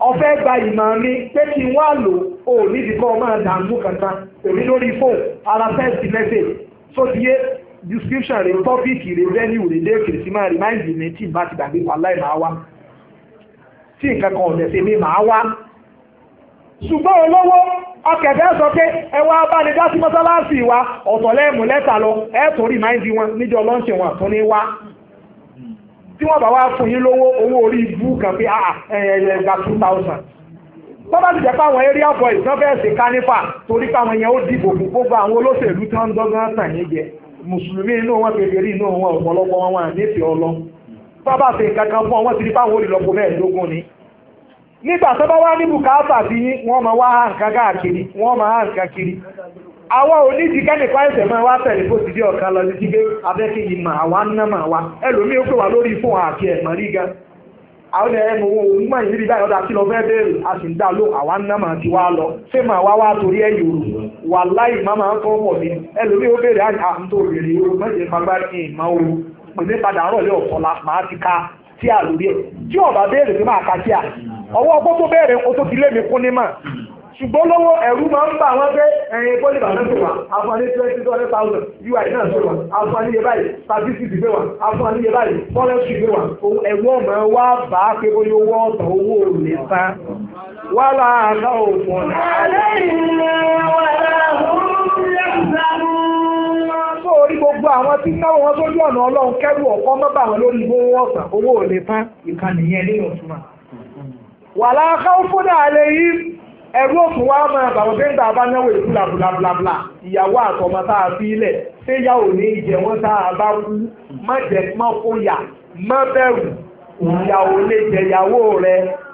ọ̀fẹ́ gba ìmọ̀ mi pé kí n wá lò ó oh, nídìí kan máa dààmú kankan èmi lórí fóònù ara text message sódìyé description rẹ̀ topic rẹ̀ venue rẹ̀ dé kìrìsì máa remind me tí n bá ti gbàgbé wà láì máa wá tí nǹkan kan ọ̀dẹ̀ ṣe mi máa wá. ṣùgbọ́n olówó ọkẹ̀dẹ́ sọ pé ẹ wá bá sí mọ́sálásì wa ọ̀tọ̀ lẹ́mú lẹ́tà lọ ẹ tó remind wọn níjọ lọ́ńṣẹ̀ wọn àtúní wá tí wọ́n bá wá fún yín lówó owó orí ibú kan pé ah, ah, ẹ̀ẹ́dẹ̀ gba two thousand bọ́bá ti jẹ́ pé àwọn area boys náà fẹ́ẹ́ ṣe kánífà torí pé àwọn yẹn ó dìbò fún gbogbo àwọn olóṣèlú tí wọ́n ń dọ́gbọ́n tàn yín jẹ mùsùlùmí inú wọn bèbèrè inú wọn ọ̀pọ̀lọpọ̀ wọn wà ọlọ bábà fi kankan fún wọn ti rí báwọn olùlọ́pọ̀ mẹ́ẹ̀ẹ́dógún ni nígbà tó bá wá ní bùkátà bí wọ́n máa wá nǹkan káàkiri wọ́n máa kiri àwọn máa wá tẹ̀lé ọ̀kan lọ sí gbé ná wá ẹlòmíín àwọn ẹ̀mọ̀ ohun mọ̀ ìrírí báyìí ọ̀dà kí lọ fẹ́ bẹ̀rẹ̀ a sì ń dá ló ti wá lọ ṣé mà wá wá torí ẹ̀ yòrò wà láì má máa ń kọ́ ní ẹlòmí ó bèrè àwọn tó bèrè yòrò mọ́jẹ̀ fagbá ní ooru ka tí a lórí ẹ̀ tí ọ̀bà máa ka tí a ọwọ́ ọgbọ́ tó tó lé mi kún ṣùgbọ́n lọ́wọ́ ẹ̀rú máa ń bà wọ́n pé ẹ̀yìn pọ́lì bàbá ti wà àfọ̀ní twenty twenty thousand ui náà ti wà àfọ̀ní yẹ báyìí statistics gbé wà àfọ̀ní yẹ báyìí policy gbé wà ẹ̀rú ọ̀mọ̀ wá bà á pé bóyá owó ọ̀tọ̀ owó ò lè ta wà láàárọ̀ òfin. sórí gbogbo àwọn tí náwó wọn sójú ọ̀nà ọlọ́run kẹ́rù ọ̀kọ́ mọ́ bà wọn lórí owó ọ̀sán owó ò lè ta ìkànnì yẹn lé wàlá káwọn fúnra àlẹ yìí ẹ̀rú òfin wa máa bàbá pé ń tà bá náwó ìlú làbùlàbùlà ìyàwó àtọmọ tá a fi ilẹ̀ ṣé yá ò ní jẹ wọn tá a bá kú má jẹ má kó yà má bẹ̀rù ìyàwó lè jẹyàwó rẹ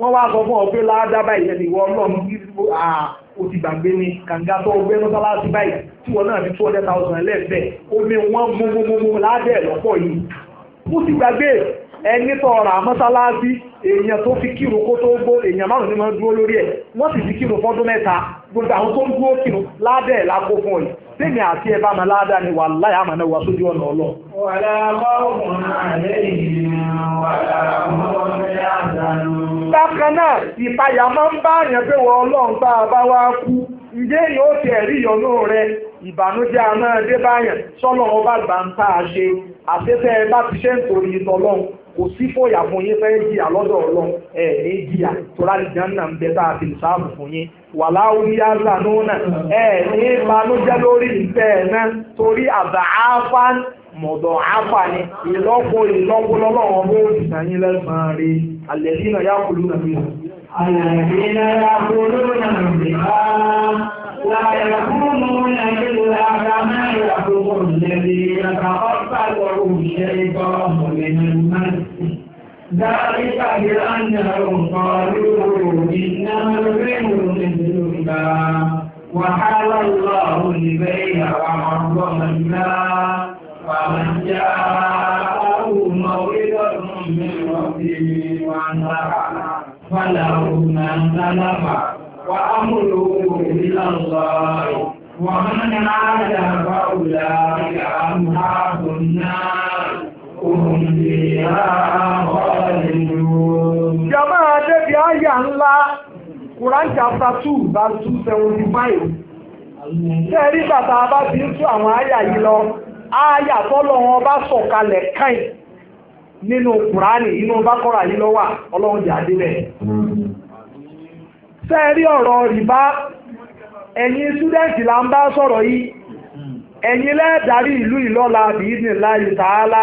wọ́n wá sọ fún ọ pé láádá báyìí ẹni ìwọ ọlọ́run kí ah, o ti gbàgbé ni kànga tó gbé mọ́sálásí báyìí tí wọ́n náà fi two hundred thousand lẹ́ẹ̀fẹ́ omi wọn mú mú mú láádẹ́ lọ́pọ̀ yìí mo ti gbàgbé ẹni tó ọ̀rọ̀ àmọ́sálásí èèyàn tó fi kírun kó tó gbó èèyàn márùn-ún ní wọ́n dúró lórí ẹ̀ wọ́n sì fi kírun fọ́dún mẹ́ta gbogbo àwọn tó ń dúró ládẹ́ ẹ̀ lákó fún ọ̀yìn tèmi àti ẹbá máa ládá ni wà láyé wà sójú ọ̀nà bákan náà ìpayà máa ń bá àyàn pé wọ́n ọlọ́run bá a bá wá kú ǹjẹ́ ó ti ẹ̀rí ìyọnú rẹ ọba ṣe bá kò sí fòyà fún yín fẹ́ jìyà lọ́dọ̀ ọlọ́run ẹ̀ ní jìyà tó láti jẹun náà ń bẹ tá a fi sáàbù fún yín wà láwọn ní àṣà ẹ̀ ní ìbànújẹ́ lórí ìfẹ́ ẹ̀ torí àbá áfá mọ̀dọ̀ áfà ni ìlọ́po ìlọ́po lọ́lọ́run bó ti sàn yín lẹ́sàn-án rí alẹ́ nínú yàkùlù nàbí. alẹ́ nínú yàkùlù nàbí. لا يكونون إلا كما يكون الذين تقبله الشيطان من المس ذلك بأنهم قالوا إنما البر مثل الباب وحال الله البيع وحرم الماء ومن جاءه موعظة من ربه وانتهى فله ما سلفه وأمره إلى الله ومن عاد فأولئك أصحاب النار هم فيها خالدون جماعة يا الله Quran chapter two verse two seventy bàtà bá ti ń tú àwọn àyà yìí lọ? Àyà tọ́lọ̀ wọn bá sọ̀kalẹ̀ nínú Kùránì inú yìí ọlọ́run sẹ́ẹ̀rí ọ̀rọ̀ rìbá ẹ̀yin ṣúdẹ́ǹtì là ń bá sọ̀rọ̀ yìí ẹ̀yin lẹ́ẹ̀darí ìlú ìlọ́la bìíní láyé tààlà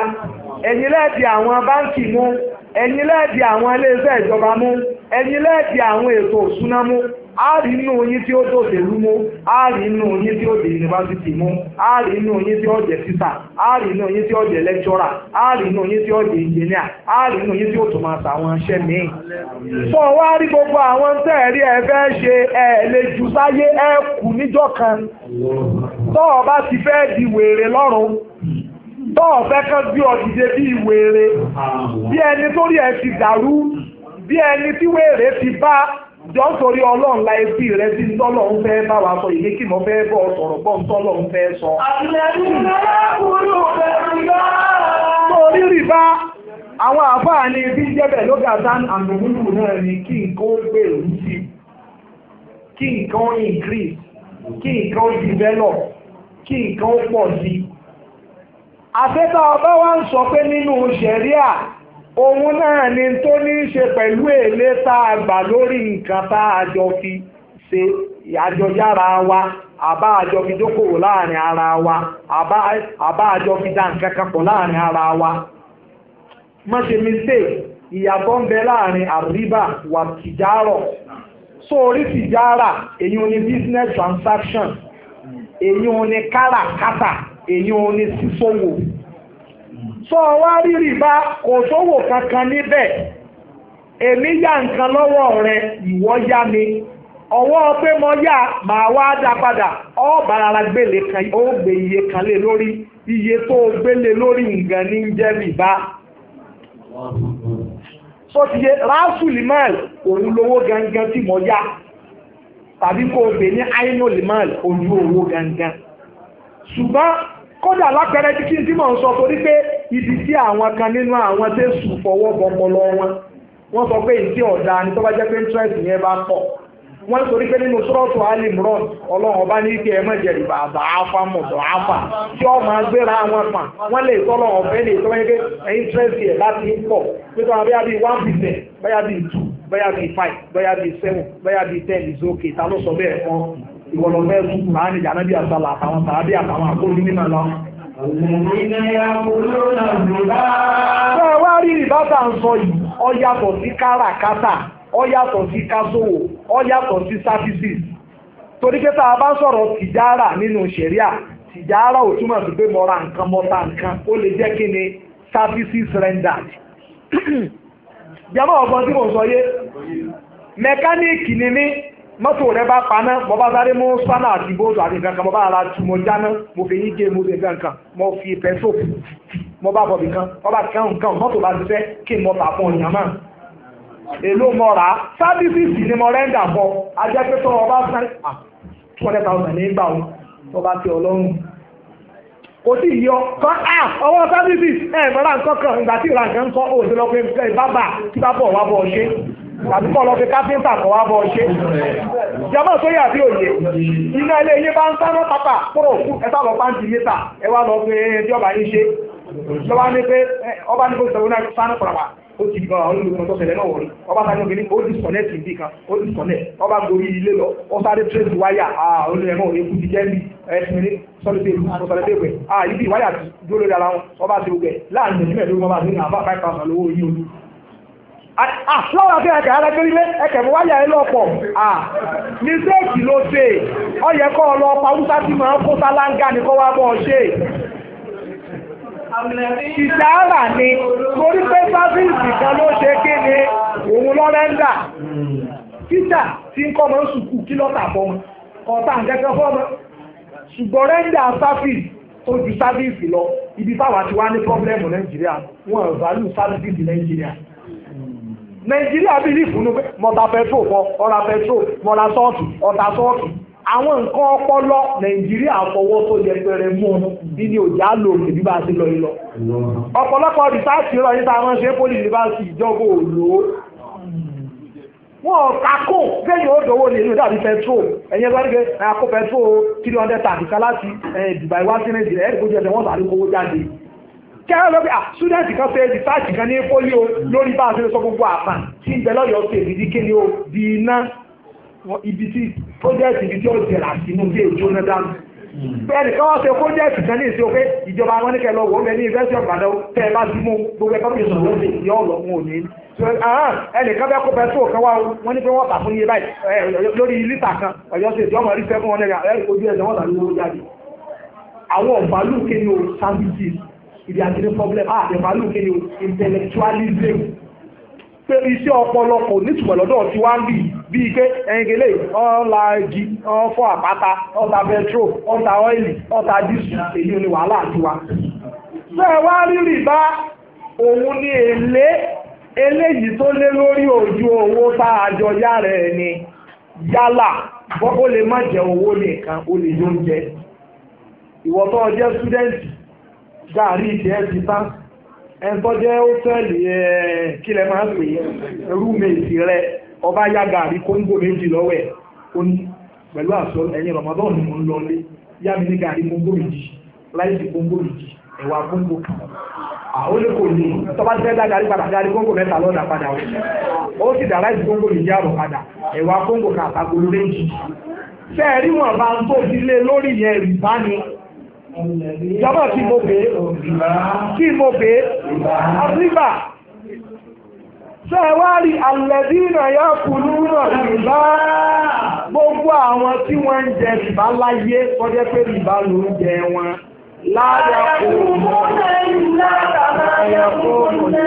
ẹ̀yin lẹ́ẹ̀dì àwọn mú lẹ́ẹ̀dì àwọn iléeṣẹ́ ìjọba mú ẹ̀yin lẹ́ẹ̀dì àwọn ètò ari rí inú ti tí ó ru mu ari a ti inú oyin tí ó dè yunifásitì ti a sita inú oyin tí ó jẹ títà a rí inú oyin ari ó jẹ lẹ́kṣọ́rà a rí inú oyin tí ó jẹ gbogbo àwọn tẹ́ ṣe kan ti fẹ́ di wèrè lọ́rùn tọ́ ọ bí ọ̀dìdẹ bí wèrè bí ẹni ti ti bá jọ sórí ọlọ́run la etí rẹ sí ntọ́lọ̀ ń fẹ́ bá wa sọ ìdí kí mo fẹ́ bọ̀ sọ̀rọ̀ gbọ́ ntọ́lọ̀ ń fẹ́ sọ. torí rìbá àwọn àfáà ni bí jẹ́bẹ̀ ló gà tán àmìlúkù náà ni kí nǹkan ó gbèrú sí kí nǹkan ó increase kí nǹkan ó develop kí nǹkan ó pọ̀ sí. àtẹ́tà ọba wa ń sọ pé nínú ṣẹ̀ríà òun náà ni tó ní í ṣe pẹ̀lú èlé tá a gbà lórí nǹkan tá a jọ fi ṣe àjọ yára wa àbá àjọ fi dókòwò láàrin ara wa àbá àjọ fi dá nǹkan kan pọ̀ láàrin ara wa má ṣe mistake ìyàtọ̀ ń bẹ láàrin àríbà wà tìjárọ̀ so orí tìjárà èyí ò ní business transaction èyí ò ní káràkátà èyí ò ní sísòwò. So sọ wá rírì bá kò sówò kankan níbẹ̀ èmi yá nǹkan lọ́wọ́ rẹ ìwọ yá mi ọwọ́ pé mo yá màá wá dá padà ọ bàrara gbélé kan ó gbé iye kan lé lórí iye tó gbélé lórí nǹkan ní jẹ́ rìbá tó ti yé ráásù limal òun lówó gangan tí mo yá tàbí kó o pè ní àínú limal ojú owó gangan ṣùgbọ́n kódà lápẹẹrẹ títí tí mò ń sọ torí pé ibi tí àwọn kan nínú àwọn tẹ̀sù fọwọ́ wọn wọ́n sọ pé ìdí ọ̀dà ni tó bá jẹ́ pé interest yẹn bá pọ̀ wọ́n torí pé nínú sọ́ọ̀tù alimron ọlọ́run ọba ní kí ẹ má jẹ afa mọ̀dọ̀ afa tí pa wọ́n lè tọ́lọ̀ ọ̀fẹ́ lè yẹn láti pọ̀ pé bíi one percent ta ló ìwọ̀lọ̀ fẹ́ sùn máa ní ìjànàbí àsálà àtàwọn tàbí àtàwọn àkórí nínú lọ. Wọ́n rí ìbátà ń sọ yìí, ó yàtọ̀ sí káràkátà, ó yàtọ̀ sí kásòwò, ó yàtọ̀ sí services. Torí pé tá a bá sọ̀rọ̀ tìjára nínú ṣẹ̀ríà, tìjára ò túmọ̀ sí pé mo ra nǹkan mo ta nǹkan, ó lè jẹ́ kí ni services rendered. Jẹ́mọ̀ ọ̀gbọ́n tí mo sọ yé, mẹkáníìkì ni mí, mọ́tò rẹ bá paná mo bá sáré mú sánà àti bóòdù àti nǹkan kan mo bá ara tu mo jáná mo fi yín gé mo fi nǹkan kan mo fi pẹ́sò mo bá bọ̀bì kan mo bá kan nǹkan mọ́tò bá ti fẹ́ kí n mọ tà fún ọ̀yàn mọ́ èló mo rà á sábìsìsì ni mo rẹ́ńdà fọ́ ajẹ́ pé tó ọba sáré two hundred thousand ní gbà wọn tó bá ti ọlọ́run kò sí yọ kọ́ à ọwọ́ sábìsì ẹ̀ mọ́ra nǹkan kan ìgbà tí ìra nǹkan ń àti kọ́ lọ fi káfíńtà kọ́ wá bọ́ ṣe. jama tó yà bí òye iná ilé bá ń sáná pápá kúrò ẹ̀ta lọ pàǹtí mítà lọ pé tí ọba yín ṣe lọ́wọ́ ní pé ọba ní kó sọ̀rọ̀ náà sáná ó ti àwọn olùkọ́ náà ọba sáré obìnrin ó disconnect ìdí kan ó ọba gorí ilé lọ ó sáré wáyà òní kú ti ibi ìwáyà dúró lórí ara wọn ọba ti gbẹ láàrin ìdílé ní àbá five thousand àfúláwà bí ẹ̀kẹ́ alágbérílẹ̀ ẹ̀kẹ́ mú wáyà ẹ lọ́pọ̀ à ní séèkì ló ṣe ọyẹ kọ́ ọ lọ pa wúsá tí máa ń kó sálángà ní kọ́ wá bọ́ ṣe ìṣàárà ni torí pé sáfíìsì kan ló ṣe kí ni òun lọ́rẹ́ńdà títà tí ń kọ́ mọ́ sùkú kí lọ́tà fọ́mọ ọ̀tá ǹkẹ́kẹ́ fọ́mọ ṣùgbọ́n rẹ́ńdà sáfíìsì tó ju sáfíìsì lọ ibi táwa ti wá ní pọ́blẹ́mù nàìjíríà wọn ò nàìjíríà bí ìfúnnú pé mọ̀tà pẹtrol fọ ọ̀rà pẹtrol mọ̀rà sọ́ọ̀tù ọ̀tà sọ́ọ̀tù àwọn nǹkan ọpọlọ nàìjíríà fọwọ́ tó yẹ pẹrẹ mú un bí ní òjá lò ní bí bá a ti lọ yìí lọ. ọ̀pọ̀lọpọ̀ rìsáàsì rọ̀ níta àwọn ṣe poli yunifásitì ìjọba òòlò. wọn ò kakó lẹ́yìn odòwò ní ìlú dàbí pẹtrol ẹ̀yin ẹgbẹ́ nígbẹ́ ẹ̀yà kó pẹtrol three hundred thirty kan láti eh, Dubai wá sí nàìjíríà ẹ̀ẹ́dì kó jẹ́ ẹ̀sẹ̀ wọ́n sàrí kówó jáde kẹ́rọ lọ́pẹ́ à ṣúdẹ́ǹtì kan fẹ́ di fáàtì kan ní fólíò lórí bá a ṣe sọ gbogbo àpá tí ń bẹ lọ́yọ̀ọ́ sí èdè ní kíni o di iná ibi tí project ibi tí ó jẹrà sínú bí èjò náà dánú. bẹ́ẹ̀ni kí wọ́n ṣe project kan ní ìṣòfé ìjọba wọn ní kẹ́ lọ wò ó bẹ ní university of Ibadan tẹ́ ẹ bá ti mú gbogbo ẹ̀kọ́ bíi sọ̀rọ̀ ṣe ìyá ọ̀lọ́ wọn ò ní. Ah, ẹnìkan bẹ́ẹ̀ kó pẹ́trò kan wá wọn ní pé wọ́n tà fún iye báyìí lórí lítà kan ọ̀yọ́ ṣe ìjọba rí fẹ́ fún wọn náà ojú ẹ̀sẹ̀ wọn tà lówó jáde. àwọn ọ̀bàlù kéde o sábìtì ìdí àti ní problem ah ìpàlù kí ni intellectualism pé iṣẹ́ ọpọlọ kò nítumọ̀ lọ́dọ̀ tí wá ń bì bíi pé ẹ̀ǹgẹ̀lẹ̀ ọ̀la igi ọ̀fọ̀ àpáta ọ̀ta petro ọ̀ta ọ́ìlì ọ̀ta dísù èyí ni wàhálà tiwa. bẹ́ẹ̀ wá rírì bá òun ní èlé eléyìí tó lé lórí ojú owó tá a jọ yá rẹ̀ ni yálà bọ́ ó lè má jẹ owó nìkan ó lè yóò jẹ ìwọ tó jẹ́ súdẹ́ǹtì gàrí ìdí ẹ̀ bá ẹ̀ńtọ́ jẹ́ hótẹ́ẹ̀lì ẹ̀ kí lẹ máa ń pè é rúmẹ̀tì rẹ ọba yá gàrí kóńgò méjì lọ́wọ́ ẹ̀ ó ní pẹ̀lú àṣọ ẹ̀yìn rọ̀mọ́dọ́ ni mo ń lọ lé yá mi ní gàrí kóńgò méjì láìsí kóńgò méjì ẹ̀wà kóńgò àwọn olè kò ní tọ́ba ti fẹ́ dá gàrí padà gàrí kóńgò mẹ́ta lọ́dà padà ó sì dá láìsí kóńgò méjì àbọ̀ padà ẹ̀wà kóńgò kàtàkùn méjì fẹ́ẹ̀rí wọn bá ń tó sílé lórí yẹn rìbá ni Ìjọba tí mo bè é, tí mo bè é, àríbà. Ṣé ẹ wá rí àlẹ́bí náà yá kùnú náà rìbá? Gbogbo àwọn tí wọ́n ń jẹ rìbá láyé kọjá pé rìbá ló ń jẹ wọn. Láyà kò mọ̀ láyà kò mọ̀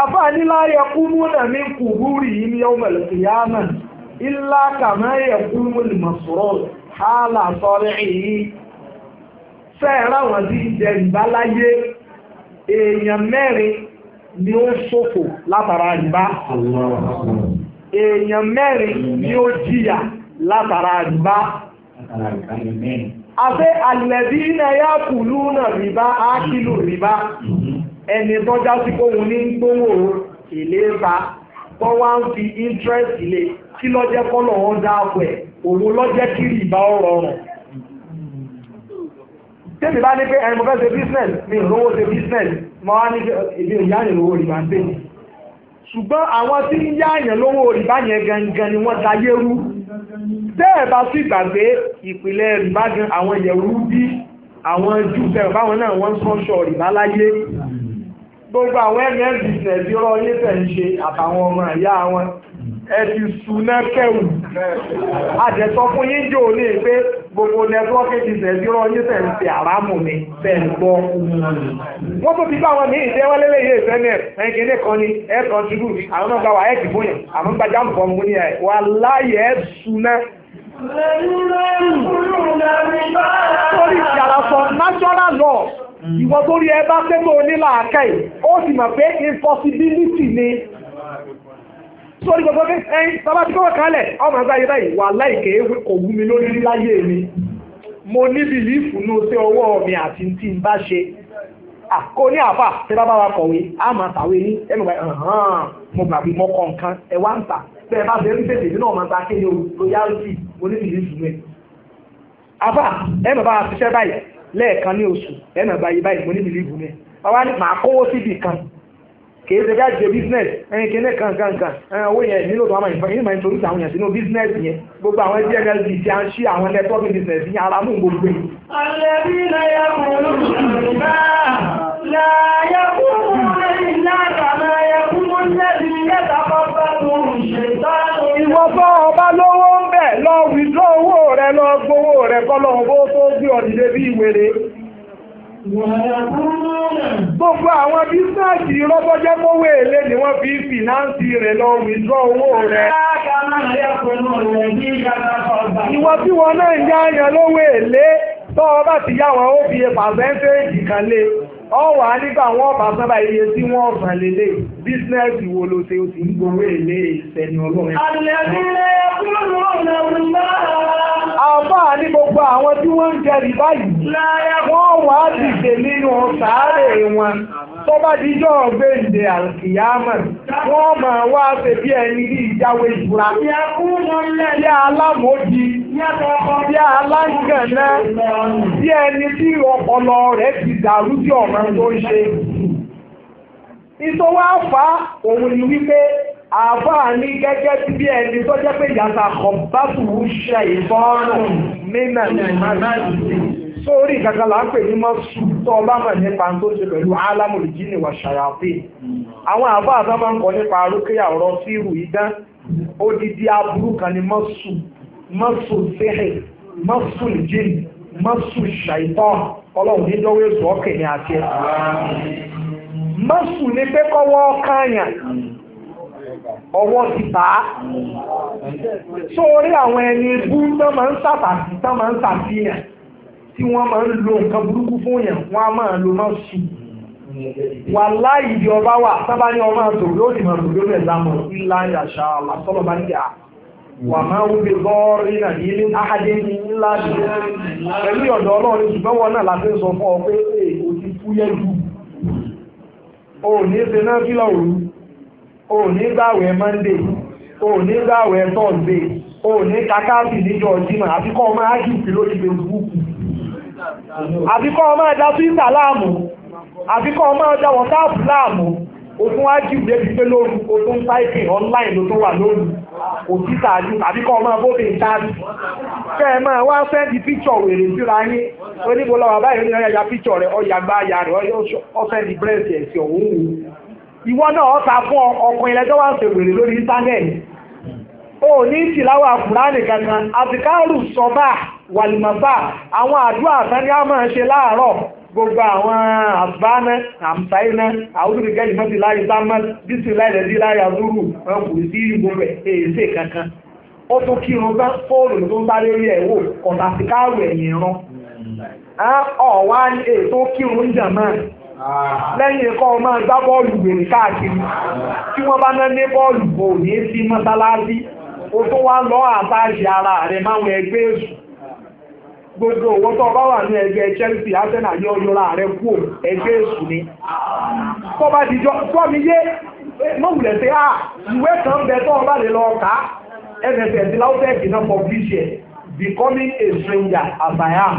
Àbá ní láyà múnà ní kùbúrì yìí ní ọmọ ìlú ìyá náà ilá kàmá ẹ̀kú mọ̀sọ̀rọ̀ hálà sọ́rẹ́ èyí fẹ́ẹ̀rẹ́ àwọn tí ń jẹ ìbáláyé èèyàn mẹ́rin ni ó ṣòfò látara ìbá èèyàn mẹ́rin ni ó jìyà látara ìbá àti àlẹ́bí náà yá kùlú náà rìbá ákìlù rìbá ẹni tọ́já sí kóhun ní gbówó èlé bá tọ́wá ń fi interest lé kí lọ́jẹ́ kọ́lọ̀ wọn dáàbò ẹ̀ òun lọ́jẹ́ kiri ìbá ọ̀rọ̀ ọ̀rùn. tèmi bá ní pé ẹni mo fẹ́ ṣe business mi ò lówó ṣe business mo wá ní èmi ò yáàyàn lówó rìbá ń tèmi. ṣùgbọ́n àwọn tí ń yáàyàn lówó rìbá yẹn gangan ni wọ́n dayé rú. bẹ́ẹ̀ bá sì gbàgbé ìpìlẹ̀ rìbá gan àwọn yẹ̀wù bí àwọn jù bẹ́ẹ̀ báwọn náà wọ́n ń sọ́ṣọ́ rìbá láyé gbogbo àwọn mn business yọrọ yín tẹ̀ ń ṣe àtàwọn ọmọ ìyá wọn ẹ̀dì ṣúná kẹwù àjẹ̀tọ́ fún yín jò ní pé gbogbo nẹ́tíwọ́kì ti tẹ̀síwọ́ yín tẹ̀ ń fi àrámù mi tẹ̀ ń gbọ́. wọ́n tó ti bá wọn ní ìdẹ́wọ́lé lẹ́yìn ìfẹ́ ní ẹ̀ kéde kan ní ẹ̀ kan ṣubú àwọn náà gba wà ẹ̀ dìbò yẹn àwọn gbajà ń bọ̀ mú ní ẹ̀ wà láyé ẹ̀ ṣúná. torí sọ national law ìwọ tó rí ẹ bá tẹ́tọ̀ onílà àkàì ó sì mọ̀ pé impossibility ni sórí gbogbo pé ẹyin bàbá tí kò kálẹ̀ ọmọ àgbáyé báyìí wà láì kéé kò wú mi lórí láyé mi mo ní bìlífù ní oṣù ọwọ́ mi àti tí n bá ṣe kò ní àfà tí bá bá wa kọ̀wé á máa tàwé ní ẹnu bá hàn mo gbà pé mo kọ nǹkan ẹ wá ń tà bẹ́ẹ̀ bá bẹ́ẹ̀ ń tètè nínú ọmọ ta kéde royalty mo ní bìlífù mi àfà ẹ mọ̀ bá a ṣiṣẹ́ báyìí lẹ́ẹ̀kan ní oṣù ẹ mọ̀ báyìí báyìí mo ní bìlífù mi bàbá ní màá kówó síbì kan kìí ṣe káàdì ṣe business ẹyin kìíní kankankan ẹyin owó yẹn nínú tó wà máa yìí máa ń torí àwọn yẹn sínú business yẹn gbogbo àwọn dlb ti à ń ṣí àwọn network business yẹn ara mú gbogbo yìí. àlẹ́bí náà yẹ kó lóṣù náà láyé kó lóṣù náà kàmá yẹ kó lóṣù yẹta pápá tó ń ṣe tánú. ìwọ bá ọba lówó ń bẹ̀ lọ withdraw owó rẹ lọ gbowó rẹ kọ́ lọ́wọ́ bó tó gbé ọ̀dìdẹ́ bí ìwèrè. Gbogbo àwọn bísínàsì rọ́bọ́jẹ́ mówó èlé ni wọ́n fi fìnáǹsì rẹ̀ lọ wìdúrọ̀ owó rẹ̀. Ìwọ tí wọn náà ń yá yan lówó èlé, tọ́ ọ bá ti yá wọn ó fi pàṣẹ́ńtéèjì kan lé ọwà nígbà wọn ọba sábà iye tí wọn ọ̀sán lélẹ̀ bísínẹ́sì wo ló ṣe o ti ń gbowó èlé ìsẹ̀ni ọlọ́run. àlẹ́bílẹ̀ kúrò lọ́rùn bá. àbá ní gbogbo àwọn tí wọ́n ń jẹ rìbá yìí wọ́n wàá dìde nínú sàárè wọn tó bá díjọ́ gbèǹde àlùkìyámà wọ́n máa wá ṣe bí ẹni bí ìjáwé ìfura bí alámòdì bí aláǹgànná bí ẹni tí ọpọlọ rẹ̀ ti dàrú tí ọ̀rọ̀ tó ń ṣe. ìtọ́wọ́ àfà òun ni wípé àfáà ní gẹ́gẹ́ bí ẹni tó jẹ́ pé yàtà kọ̀ bá tù ṣe ìbọn nínà ní màdàdì. sórí ìkàkà là ń pè ní mọ́sù tó ọba mọ̀ nípa tó ṣe pẹ̀lú alámùlù ni wà ṣàyàpé àwọn àbá àbá máa ń kọ nípa arókèyà ọ̀rọ̀ sírù idán odidi aburú kan ni mọ́sù mọ́sù sẹ́hẹ̀ mọ́sù jíni mọ́sù ṣàìtàn ọlọ́run ní lọ́wọ́ èso ọ̀kẹ́ ni àti ẹ̀ mọ́sù ni pé kọ́wọ́ káàyàn ọwọ́ ti bá a. sórí àwọn ẹni ibú máa ń sàtàkì máa ń tí wọ́n máa ń lo nǹkan burúkú fún yàn wọ́n á máa lo máa sù wà láì ibi ọba wà sábà ní ọmọ àtò yóò sì máa tòló rẹ̀ lámọ̀ ńlá àṣà àlàsọ́lọ̀ bá ń jà wà máa ń gbé bọ́ọ̀rì náà ní ilé ahadé ní ńlá jù pẹ̀lú ọ̀dọ̀ ọlọ́run ṣùgbọ́n wọn náà láti sọ fún ọ pé o ti fúyẹ́ jù o ní ṣe náà fílà òru o ní gbàwẹ̀ monday o ní gbàwẹ̀ thursday o ní kakáàsì níjọ́ jimá àfikọ́ ọmọ ágìkì lórí facebook àbíkọ́ ọmọ ẹ̀dá twitter láàmú àbíkọ́ ọmọ ẹ̀dá whatsapp láàmú òfin wá jù débi pé lóru òfin typing online ló tó wà lóru kò sí tààjú àbíkọ́ ọmọ bóde ìtajú kẹ́ ẹ máa wá sẹ́ndì píkṣọ̀ wèrè síra yín oníbo lọ́wọ́ báyìí oníyàn ya píkṣọ̀ rẹ̀ ọ̀yà gba aya rẹ̀ ọ̀sẹ̀ndì bírẹ̀sì ẹ̀sì ọ̀hún wù ìwọ náà ọ̀sà fún ọkùnrin ẹlẹ́jọ́ wà ṣe wèrè lórí íńtánẹ́ẹ̀tì ò ní tìláwà fúlàní kankan àtìkárù sọ́bà wàlìmọ̀bá àwọn àdúrà tán ní a máa ṣe láàárọ̀ gbogbo àwọn àbáná àmsáínà àwùjọ́gẹ́lì mọ́tì láyé sámọ́ dísù láìlẹ́dí láyé àdúrù ọkùn sí gbogbo èèṣẹ́ kankan ó tún kírun bá fóònù tó ń bá lórí ẹ̀ wò kọ̀tà sí káàrù ẹ̀yìn ran ọ̀wá ètò kírun jàmọ́ lẹ́yìn ikọ́ máa gbá bọ́ọ̀lù gbèrè káàkiri tí wọ́n bá ná ní bọ́ọ̀lù bò ní sí mọ́sálásí ó tún wá lọ́ àtàṣe ara rẹ̀ máwọn ẹgbẹ́ èṣù gbogbo owó tó bá wà ní ẹgbẹ́ Chelsea Arsenal yóò yọra rẹ kú ẹgbẹ́ èṣù ni tó bá dìjọ gbọ́ mi yé mọ̀wùlẹ̀ sí à ah, ìwé kan bẹ tó bá lè lọ kà á nfs lautech náà becoming a stranger as I am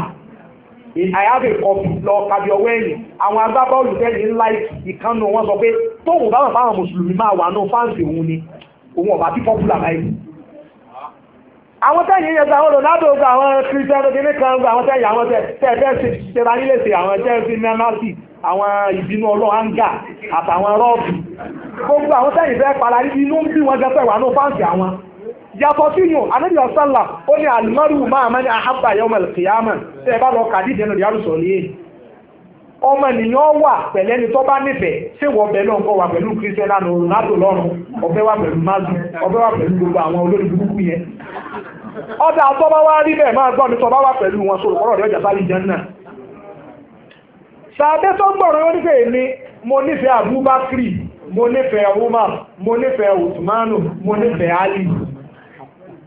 I have a copy lọ kàbí ọwọ́ ẹ̀yìn àwọn agbábọ́ọ̀lù tẹ́lẹ̀ ńlá ìkànnù wọn sọ pé tóun bá wà fáwọn mùsùlùmí máa wà nù fáǹsì òun ni òun ọ̀bà tí popular báyìí àwọn tẹ́yìn yẹn sàwọn ronaldo gba àwọn christian kìíní kan gba àwọn tẹ́yìn àwọn tẹ́ẹ̀bẹ́ ṣe àwọn chelsea nanasi àwọn ìbínú ọlọ́hàngà àtàwọn rọ́ọ̀bù gbogbo àwọn tẹ́yìn fẹ́ para inú ń bí wọn jẹ́ pẹ̀wà ní fáǹsì àwọn. yàtọ̀ sínú anabi ọ̀sánlá ó ní alimaru máa máa ní ahaba yawmal qiyamah tẹ́ bá lọ kàdí ìdẹ́nu ọmọ ènìyàn wà pẹ̀lẹ́ni tó bá nífẹ̀ẹ́ ṣé wọ́n bẹ̀ lọ́nkọ wà pẹ̀lú Cristiano Ronaldo lọ́rùn ọbẹ̀ wà pẹ̀lú mazu ọbẹ̀ wà pẹ̀lú gbogbo àwọn olórí burúkú yẹn ọ̀dà tó bá wá rí bẹ́ẹ̀ máa gbọ́ mi tó bá wà pẹ̀lú wọn sọ̀rọ̀ kọ́rọ̀ rẹ̀ ọjà sáré jẹun náà sàdé tó gbọ̀rọ̀ yóò nífẹ̀ẹ́ èmi mo nífẹ̀ẹ́ Abubakar mo nífẹ̀ẹ́ Umar mo nífẹ̀ẹ́ Usmanu mo nífẹ̀ẹ́ Ali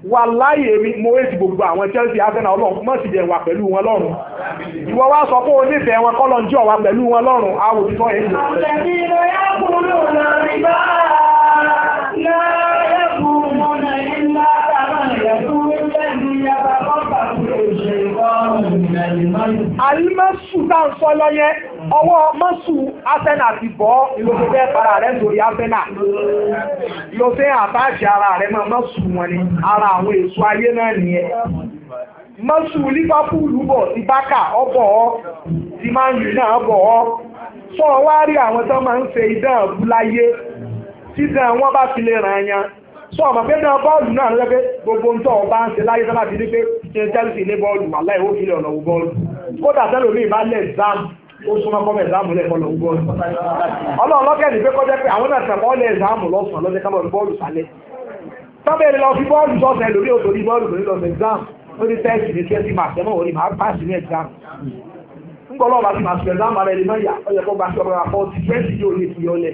wà láyè mi mo ti gbogbo àwọn Chelsea Arsenal ọlọ́run mọ̀ sí jẹ́ wà pẹ̀lú wọn lọ́rùn ìwọ wá sọ pé o nífẹ̀ẹ́ wọn kọ́lọ́ pẹlụ jọ wà pẹ̀lú wọn lọ́rùn àwọn òtítọ́ alimọ́sù tá ń sọ lọ́yẹ́ ọwọ́ mọ́sù asẹ́nà ti bọ́ ìlòfẹ́ para rẹ̀ sórí asẹ́nà ìlòfẹ́ àbájì ara rẹ̀ mọ́ mọ́sù wọn ni ara àwọn èso ayé náà nìyẹn mọ́sù Liverpool bọ̀ ti bákà ọbọ̀ ọ́ ti máa ń yìí náà bọ̀ ọ́ sọ wá rí àwọn tó máa ń ṣe idán abúláyé tí dán bá fi lè ràn yan sọ ọmọ pé náà bọ́ọ̀lù náà lọ́jọ́ pé gbogbo ń tọ́ ọba ń ṣe láyé sábà ti ní pé ṣe Chelsea ní bọ́ọ̀lù wàhálà ìwó kìlẹ̀ ọ̀nà wò bọ́ọ̀lù kódà tẹ́lẹ̀ omi ìbá lẹ̀ exam ó súnmọ́ kọ́mọ̀ exam lẹ̀ kọ́lọ̀ wò bọ́ọ̀lù ọlọ́run lọ́kẹ́ ní pé kọjá pé àwọn náà tàn lẹ̀ exam lọ́sàn lọ́jọ́ kámọ̀ bọ́ọ̀lù sálẹ̀ tọ́bẹ̀rẹ̀ lọ fi bọ́ọ̀lù sọ́sẹ̀ lórí òtòrí bọ́ọ̀lù lórí lọ́sẹ̀ exam ó ní tẹ́ẹ̀sì ní tẹ́ẹ̀sì máa tẹ́mọ̀ òní máa pàṣẹ ní exam ń gbọ́ lọ́ọ̀bà tí màá exam ara ẹni mọ́ ìyá ọ̀yẹ̀kọ́ gbàṣọ́ ọ̀rọ̀ àpọ̀ ti tẹ́ẹ̀sì yóò lè fi yọ lẹ̀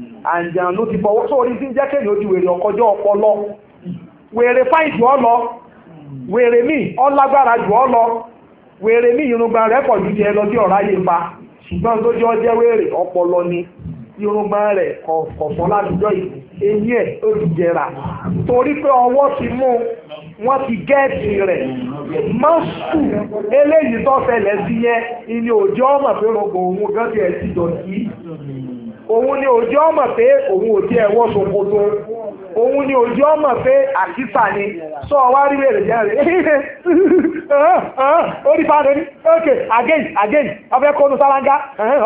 àǹjàn ló ti fọwọ́ sórí tí ń jẹ́ kéèyàn di wèrè ọkọjọ́ ọpọlọ wèrè fáìn ọ lọ wèrè míì mi jù ọ lọ wèrè irungba pọ̀ ju ti ẹ lọ sí ọ̀rá yìí pa ṣùgbọ́n tó jẹ́ ọpọlọ ni irungba rẹ yìí eyín ẹ̀ ó ti jẹrà torí pé ọwọ́ ti mú wọ́n ti gẹ́ẹ̀tì rẹ̀ mọ́sù eléyìí tó fẹlẹ̀ sí yẹn òjò òun ni òjò ọmọ pé òun ò tí ẹ wọ́ ṣòkòtò òun ni òjò ọmọ pé àkísà ni sọ wá rí rèrè jẹ́ rè orí fáwọn ẹni ok again again ọbẹ̀ kọ́nu sálángá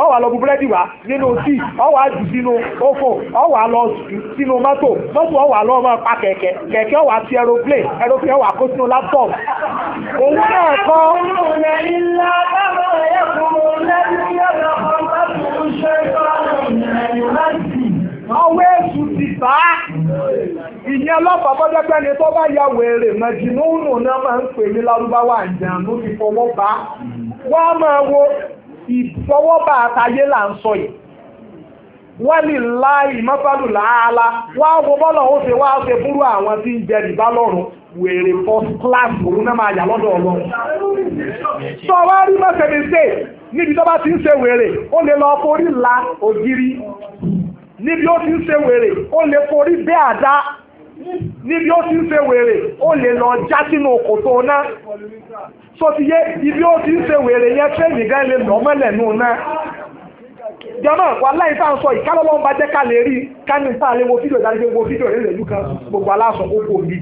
ọwà lọ bu búrẹ́dì wá nínú tíì ọwà jù sínú òfò ọwà lọ sínú mọ́tò mọ́tò ọwà lọ ọmọ pa kẹ̀kẹ́ kẹ̀kẹ́ ọwà ti aeroplane aeroplane ọwà kó sínú laptop òun náà kọ́. Ọwọ́ èṣù ti bá. Ìyẹn lọ́pàá bọ́jọ́ pẹ́ni tó bá ya wèrè mẹ̀jìnnúùnù náà máa ń pè ní lárúbáwá àjànú ìfọwọ́ bá. Wọ́n á máa wo ìfọwọ́ bá àtayé là ń sọ yìí. Wọ́n lè la ìmọ́fàlù làálá. Wọ́n á wo bọ́lọ̀ ó ṣe wá ṣe fúrú àwọn tí ń jẹ nìbá lọ́rùn wèrè first class òun náà máa yà lọ́dọ̀ ọlọ́run. Sọ wá rí mọ́sẹ̀ mi sè é níbi tó bá ti ń ṣe wèrè ó lè lọ forí la ògiri níbi ó ti ń ṣe wèrè ó lè forí bẹ́ àdá níbi ó ti ń ṣe wèrè ó lè lọ já sínú kòtò náà so ti yé ibi ó ti ń ṣe wèrè yẹn tẹ́ẹ̀nì gan lè lọ mọ́lẹ̀ nù náà jọmọ wà láì tá à ń sọ yìí kálọ́lọ́ bá jẹ́ ká lè rí ká ní sáà lè wo fídíò ìdánilẹ́wọ̀ fídíò ìrẹ́lẹ̀ kan gbogbo aláṣọ gbogbo mi.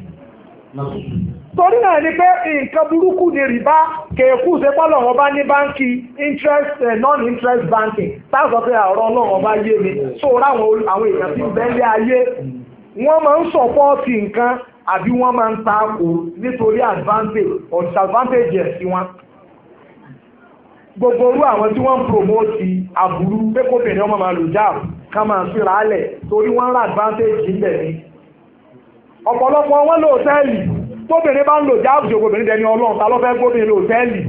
torí náà ni pé nǹkan burúkú ni rìbá kèékù ṣe pọ́lọ̀ wọn bá ní interest uh, non-interest banking táàsọ̀ pé ọ̀rọ̀ náà ọba yé mi so ráwọn àwọn èèyàn ti bẹ́lẹ̀ ayé wọ́n máa ń sọ̀pọ́ọ̀tì nǹkan àbí wọ́n máa ń nítorí advantage or disadvantage sí wọn gbogbo orú àwọn tí wọ́n ń promote àbúrú pé ọmọ máa lò jáàbù ká máa álẹ̀ torí wọ́n advantage níbẹ̀ ọ̀pọ̀lọpọ̀ wọn tóbìnrin bá ń lò jáàbù sí obìnrin dẹni ọlọ́run ta ló fẹ́ gómìnà lò tẹ́lì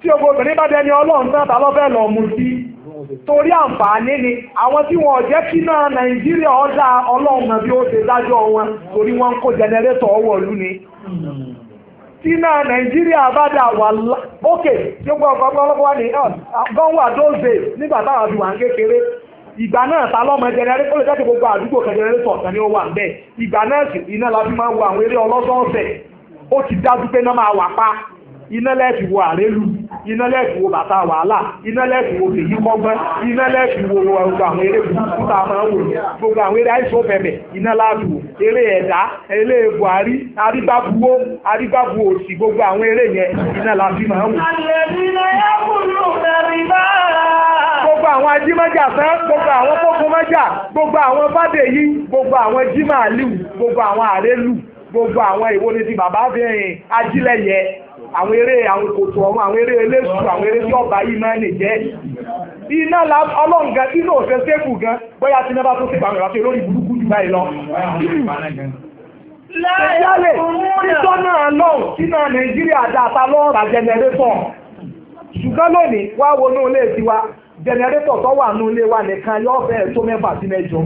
tí obìnrin bá dẹni ọlọ́run tán ta ló fẹ́ lọ ni àwọn tí wọn jẹ́ kí náà nàìjíríà ọ̀dà ọlọ́run bí ó ṣe dájọ́ wọn torí ń kó jẹnẹrétọ̀ ọwọ́ ìlú ni tí náà nàìjíríà bá dà wà ìgbà náà ta lọ́mọ jẹnẹrétọ̀ ó lè jáde gbogbo àdúgbò kan jẹnẹrétọ̀ ọ̀sán ni ó wà ńbẹ̀ ìgbà náà sì iná la fi máa ń wo àwọn eré ọlọ́sọ̀ọ̀sẹ̀ ó ti dájú pé náà máa wà pa iná lẹ́ẹ̀fì wo àrélù iná lẹ́ẹ̀fì wo bàtà wàhálà iná lẹ́ẹ̀fì wo fèyí kọ́gbọ́n iná lẹ́ẹ̀fì wo gbogbo àwọn eré burúkú tá a máa ń wò gbogbo àwọn eré àìsàn bẹ̀bẹ̀ iná láàbù eré ẹ̀dá eré buhari arígbàbuwó arígbàbu òsì gbogbo àwọn eré yẹn iná la fi máa ń wò. gbogbo àwọn ajímọ́jà fẹ́ gbogbo àwọn kókómọ́jà gbogbo àwọn fàdèyí gbogbo àwọn jímàlú gbogbo àwọn àrélù gbogbo àwọn ìwọlẹ́sì bàbá bẹ́ẹ̀ ajílẹ̀ yẹ àwọn eré àwọn kòtò ọ̀run àwọn eré eléṣù àwọn eré tí ọba yìí máa ń lè jẹ́ iná la ọlọ́run gan iná òfin sẹ́kù gan bóyá tí iná bá tún sèpàmì ìrọ̀tí olórí burúkú jù báyìí lọ. Ìjálè títọ́ náà lọ́hùn tí Nàìjíríà dáta lọ́ọ̀rà jẹnẹrétọ̀. Ṣùgbọ́n lónìí wá wọnú ilé jẹnẹrétọ̀ tó wà ilé wa nìkan yóò fẹ́ tó mẹ́fà sí mẹ́jọ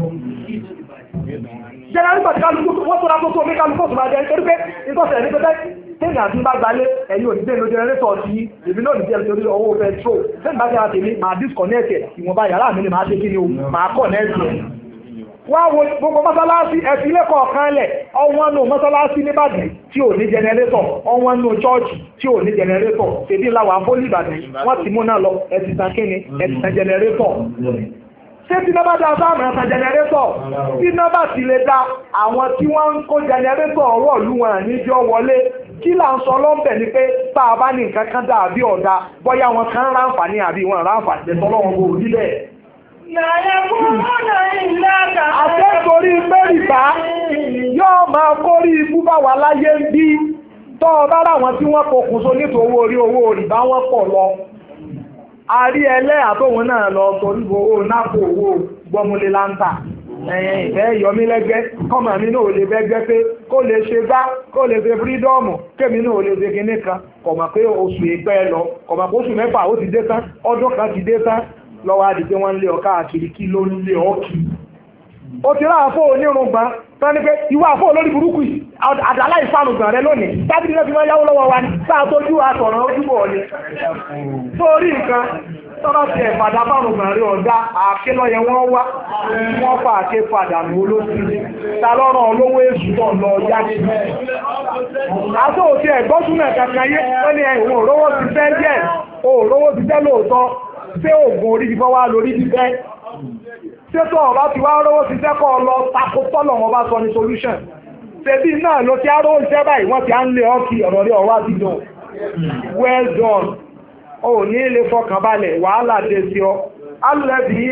jẹ́nà nígbà kálukú wọ́n tó tó tó omi kálukú tó máa nítorí pé téèyàn àti bá gbalé ẹ̀yin ò ní bẹ́ẹ̀ ló jẹrẹrétọ̀ sí èmi náà nìjẹ́ torí owó pẹtrol téèyàn bá jẹ́ àti mi máa disconnect ẹ̀ ìwọ̀nba yàrá mi ni máa ṣe kí ni o máa connect ẹ̀ wá wo gbogbo mọ́sálásí ẹ̀fílẹ̀ kọ̀ọ̀kan lẹ̀ ọwọ́n nù mọ́sálásí nìbàdàn tí ò ní jẹnẹrétọ̀ ọwọ́n nù chọ́ọ̀chì tí ò ní jẹnẹrétọ̀ tèmi làwọn abólì ìbàdàn wọ́n ti mú náà lọ ẹ̀sìtàn kínni ẹ̀sìtàn jẹnẹrétọ̀ ṣé tí nọ́bà dá sáàmù ẹ̀sán jẹnẹrétọ̀ tí nọ́bà sì lè da àwọn tí wọ́n ń kó jẹnẹrétọ̀ ọwọ́ ìlú wọn níjọ́ wọlé kí là ń sọ lọ́bẹ̀ ni pé tá a bá ní nǹkan kan dà àbí ọ̀dà bóyá wọn kan ráǹfààní àbí wọn ráǹfààní ẹ̀tọ́ lọ́wọ́ kò rí bẹ́ẹ̀. àtẹ́torí mẹ́rìnbá yóò máa kórí ibú bá wa láyé ń bí tọ́ ọ bá ráwọn tí wọ́n pokùnso nítorí owó orí owó pọ̀ lọ. náà lọ owó náà kó owó láńtà. ìfẹ́ yọmí lẹ́gbẹ́ kọ́mà mi náà ò lè bẹ́gbẹ́ pé kó lè ṣe bá kó lè ṣe fírídọ́ọ̀mù kémi náà ò lè ṣe kinní kan pé oṣù ìpẹ́ lọ kọ̀mà pé oṣù mẹ́fà ó ti dé tán ọdún kan ti dé tán lọ́wọ́ àdìgbé wọn lé àkìrí kí ló pé àfọ olórí burúkú tọ́lá ti ẹ̀fàdà bárùn ọ̀dá àáké lọ́yẹ wọ́n wá wọ́n fà àké padà ní olóṣù ta olówó èṣù lọ yájú. àtò òsì ẹ̀gbọ́n súnmọ̀ kankan yé ó òrówó ti fẹ́ yẹ òrówó ti fẹ́ lóòótọ́ ṣé oògùn orí fífọ́ wá lórí fífẹ́ ṣé ọ̀bá ti wá rówó ti fẹ́ kọ́ lọ takò tọ́lọ̀ wọn bá sọ ní solution ṣèbí náà ló ti á rówó iṣẹ́ báyìí wọ́n ti á ń lé ọ́kì ọ̀rọ̀ rí ọ̀wá ti dùn well done o ní lè fọkàn wàhálà dé sí ọ alẹ́bí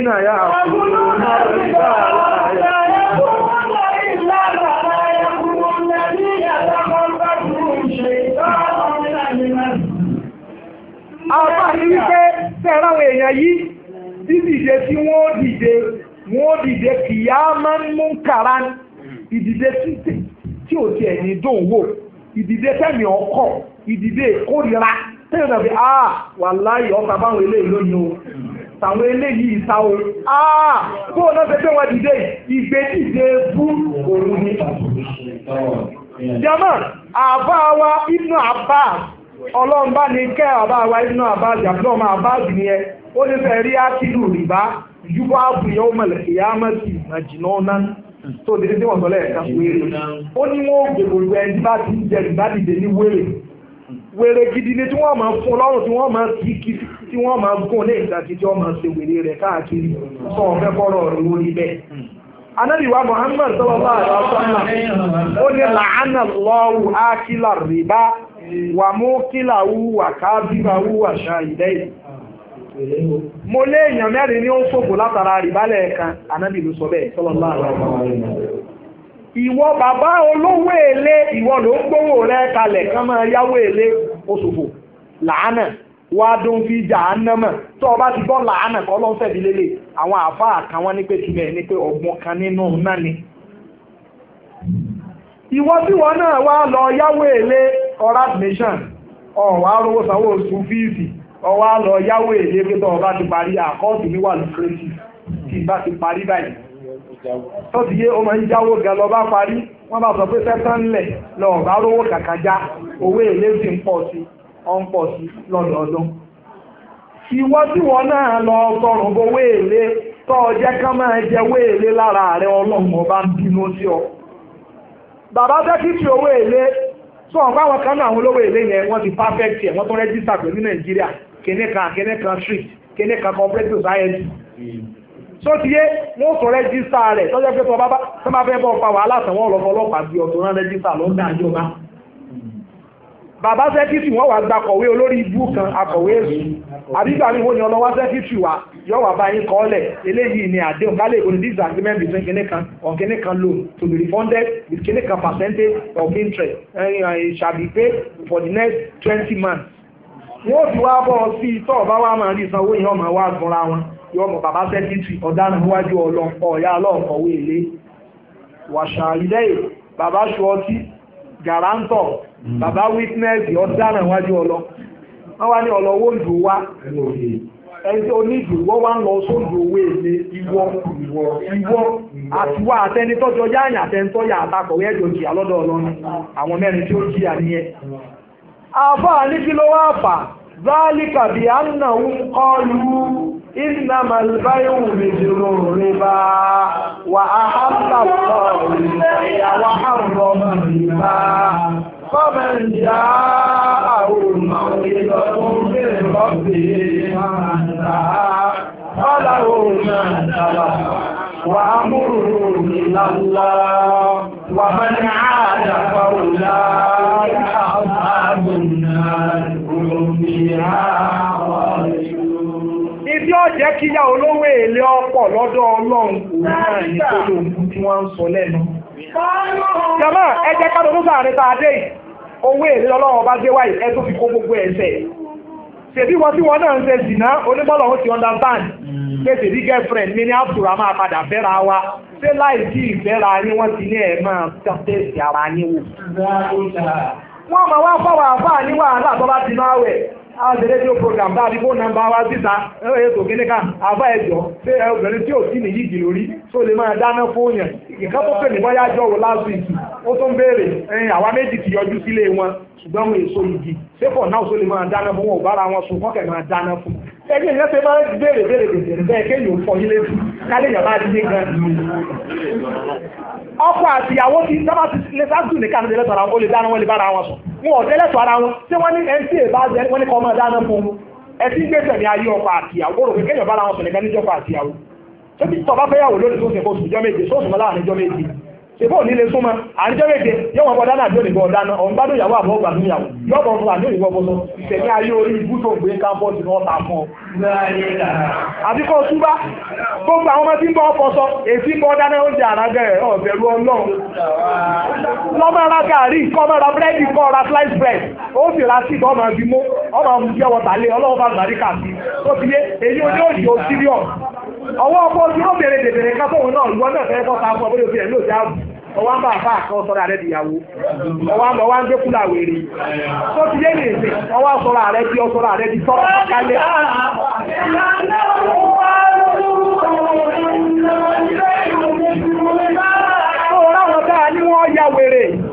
ya dídìde tí wọ́n dìde, wọ́n dìde kìí á máa ń mú kàrá ìdìde tí ò ti dùn wò, ìdìde tẹ́mi ọkọ̀, ìdìde tẹ́lẹ̀ náà fi ah wàláhì ọkọ̀ àbáwọn eléyìí lónìí o tàwọn eléyìí ìta ah tó o náà fẹ́ pé wọ́n dìde ìgbé dìde fún òru ni. jama àbá wa ibnu abbas ọlọ́run bá ní kẹ́ àbá wa ibnu abbas àbúrò ọmọ ó ní fẹ́ rí rìbá tó o dìde tí wọ́n ó ní wọ́n gbogbo ẹni bá ti ń jẹ wèrè gidi ni tí wọ́n máa fún lọ́rùn tí wọ́n máa kí kí tí wọ́n máa gún ní ìgbà tí máa ṣe wèrè káàkiri sọ ọ̀fẹ́ kọ́rọ̀ rẹ̀ lórí bẹ́ẹ̀. anábìwá Muhammad sallallahu alaihi ó ní làánà lọ́wù ákílà rìbá wà mú kílà wù wà kábíbà wù wà mo lé èèyàn mẹ́rin ní ó ṣòfò látara rìbá lẹ́ẹ̀kan sọ bẹ́ẹ̀ ìwọ bàbá olówó èlé ìwọ ló ń gbówó rẹ kalẹ̀ kán máa yáwó èlé oṣòfò làánà wàá dún fi jà á námà tó o bá ti gbọ́ làánà kọ́ ló ń fẹ̀bi lélẹ̀ àwọn àáfàá kan wọ́n ní pé tìmẹ̀ ní pé ọgbọ́n kan nínú náà ni. ìwọ tí wọn náà wá lọ yáwó èlé ọ̀rọ̀ admission ọ̀wá rówó sanwó oṣù fíìsì ọ̀wá lọ yáwó èlé pé tó o bá ti parí àkọ́ọ̀tù mi wà lókèrè tí ti bá ti parí báyìí tó ti yé ọmọ ń ga lọ bá parí wọn bá sọ pé sẹ́tàn lọ bá rówó kàkà já owó èlé ń sí ọ ń pọ̀ sí náà lọ sọrùn owó èlé tó ọjẹ́ ká máa jẹ owó èlé lára rẹ ọlọ́mọ bá ń bínú sí ọ. bàbá owó èlé sọ ọ̀pá àwọn kan náà olówó èlé street kìnìkan cooperative society. Hmm. tó ti yé wọ́n sọ rẹ́jísà rẹ̀ tọ́jọ́ pé tọba tó bá fẹ́ bọ́ pa wàhálà tẹ̀wọ́n ọlọ́pàá ọlọ́pàá bí ọ̀tún rán rẹ́jísà lọ́dà ìjọba bàbá sẹ́kítì wọ́n wà gba kọ̀wé olórí ibú kan akọ̀wé èsù àbígbà mi wọ́n ní ọlọ́wọ́ sẹ́kítì wa yóò wà báyìí kọ́ọ̀lẹ̀ eléyìí ni àdéhùn bá lè gbóni this agreement between kìnní kan or kìnní kan loan to be refunded with kìnní kan percentage of interest it shall be paid for the next twenty months. wọ́n fi wá bọ́ sí tọ́ọ̀ bá wà máa rí sanwó yìí ọmọ wa gbọ́ra wọn yọ ọmọ bàbá sẹ́kítì ọ̀daràn níwájú ọlọ́pọ̀ ọ̀yá ọlọ́ọ̀kọ̀wé ilé wàṣà ilé bàbá ṣọọtí gàrántọ̀ hmm. bàbá wítínẹ́ẹ̀sì ọ̀daràn níwájú ọlọ́ wọ́n wá ní ọlọ́wọ́ ìlú wa ẹni tí ó ní ìlú wọ́n wá ń lọ sóòlù owó èlé ìwọ ìwọ àtiwọ́ àtẹnitọ́jọ yáàyàn àtẹnitọ́yà àtakọ̀wé ẹ̀jọ̀ jìyà lọ́dọ̀ ọlọ́run àwọn mẹ́rin tí ó jìyà nìyẹn àfáà ní kí ló wá fà zálìkàbí ànàwó kọlu إنما البيع مثل الربا وأحل الله البيع وحرم الربا فمن جاءه موعظة من ربه فانتهى فله ما سلف وأمره إلى الله ومن عاد فأولئك أصحاب النار هم فيها خالدون ibi ọ̀jẹ́ kíyà olówó èlé ọ̀pọ̀ lọ́dọ̀ ọlọ́run òun náà ní kó lóun tí wọ́n ń sọ lẹ́nu. jama ẹ jẹ́ ká lóun sáré tá a dé yìí owó èlé ọlọ́run ọba gbé wáyé ẹ tó fi kó gbogbo ẹ̀ṣẹ̀. ṣèbí wọn tí wọn náà ń ṣe zìnà onígbọ́lọ̀ ó ti understand pé hmm. ṣèbí girlfriend mi ní àbúrò máa padà bẹ́ra wa ṣé láì sí ìfẹ́ra ni wọ́n ti ní ẹ̀ máa tẹ́sí ara yín wò. wọ́n máa wá fọwọ́ àfáà ní wàhálà ti náà wẹ̀ àwọn rédíò program bá àdìgbò nàmbà wa síta ẹ̀rọ ètò kíníkà àbá ẹ̀jọ́ ṣé obìnrin tí ò sí ní yíjì lórí tó lè máa dáná fún yẹn ìkan tó pè ní bọ́yá jọ wò láti ìtù ó tún béèrè ẹ̀yìn àwa méjì ti yọjú sílé wọn ṣùgbọ́n wọn èso igi sépò náà tó lè máa dáná fún wọn ò bára wọn sùn kọ́kẹ́ máa dáná fún ẹgbẹ́ ìyẹn ṣe máa béèrè béèrè bèbèrè bẹ́ẹ̀ kéèyàn fọ ilé tù kálẹ̀ yàrá àdílé gan ọkọ àtìyàwó ti sábà ti lè sá dùn ní kánú ó lè dáná wọn lè bára wọn sùn wọn ò délẹ̀tọ̀ ara wọn tí wọ́n ní mca bá jẹ́ wọ́n ní kọ́ máa dáná fún un ẹtí gbèsè ní ayé ọkọ̀ àtìyàwó gbòòrò pé kéèyàn bá ara wọn sọ̀rọ̀ ìgbà níjọ́ ọkọ̀ àtìyàwó tó ti tọ́ bá fẹ́yàwó lónìí tó ń sèkó sùn jọ́ méje sóòsùn mọ́lá àníjọ́ méje ṣèbó onile suma súnmọ́ àníjọ́ méje yóò wọ́n onigbo ọdana bí òdìbò ọ̀dáná ọ̀n bá dòyàwó àbọ̀ ọgbà nínú ìyàwó yóò ayé orí ibú tó gbé káńpọ́ọ̀sì náà ta túbá gbogbo àwọn ọmọ tí ń sọ èsì ń oúnjẹ lọ́mọ ara gàrí kọ́ ọmọ ara búrẹ́dì kọ́ ọra slice bread ó sì ra sí ìbọn ọwọ́ ń bá àfa àkọ́ sọ́ra rẹ̀ dìyàwó ọwọ́ ń bọ̀ wá ń gbé kúlà wèrè tó ti yé nìyẹn ọwọ́ sọ́ra rẹ̀ di ọ̀sọ́ra rẹ̀ di sọ́ra ya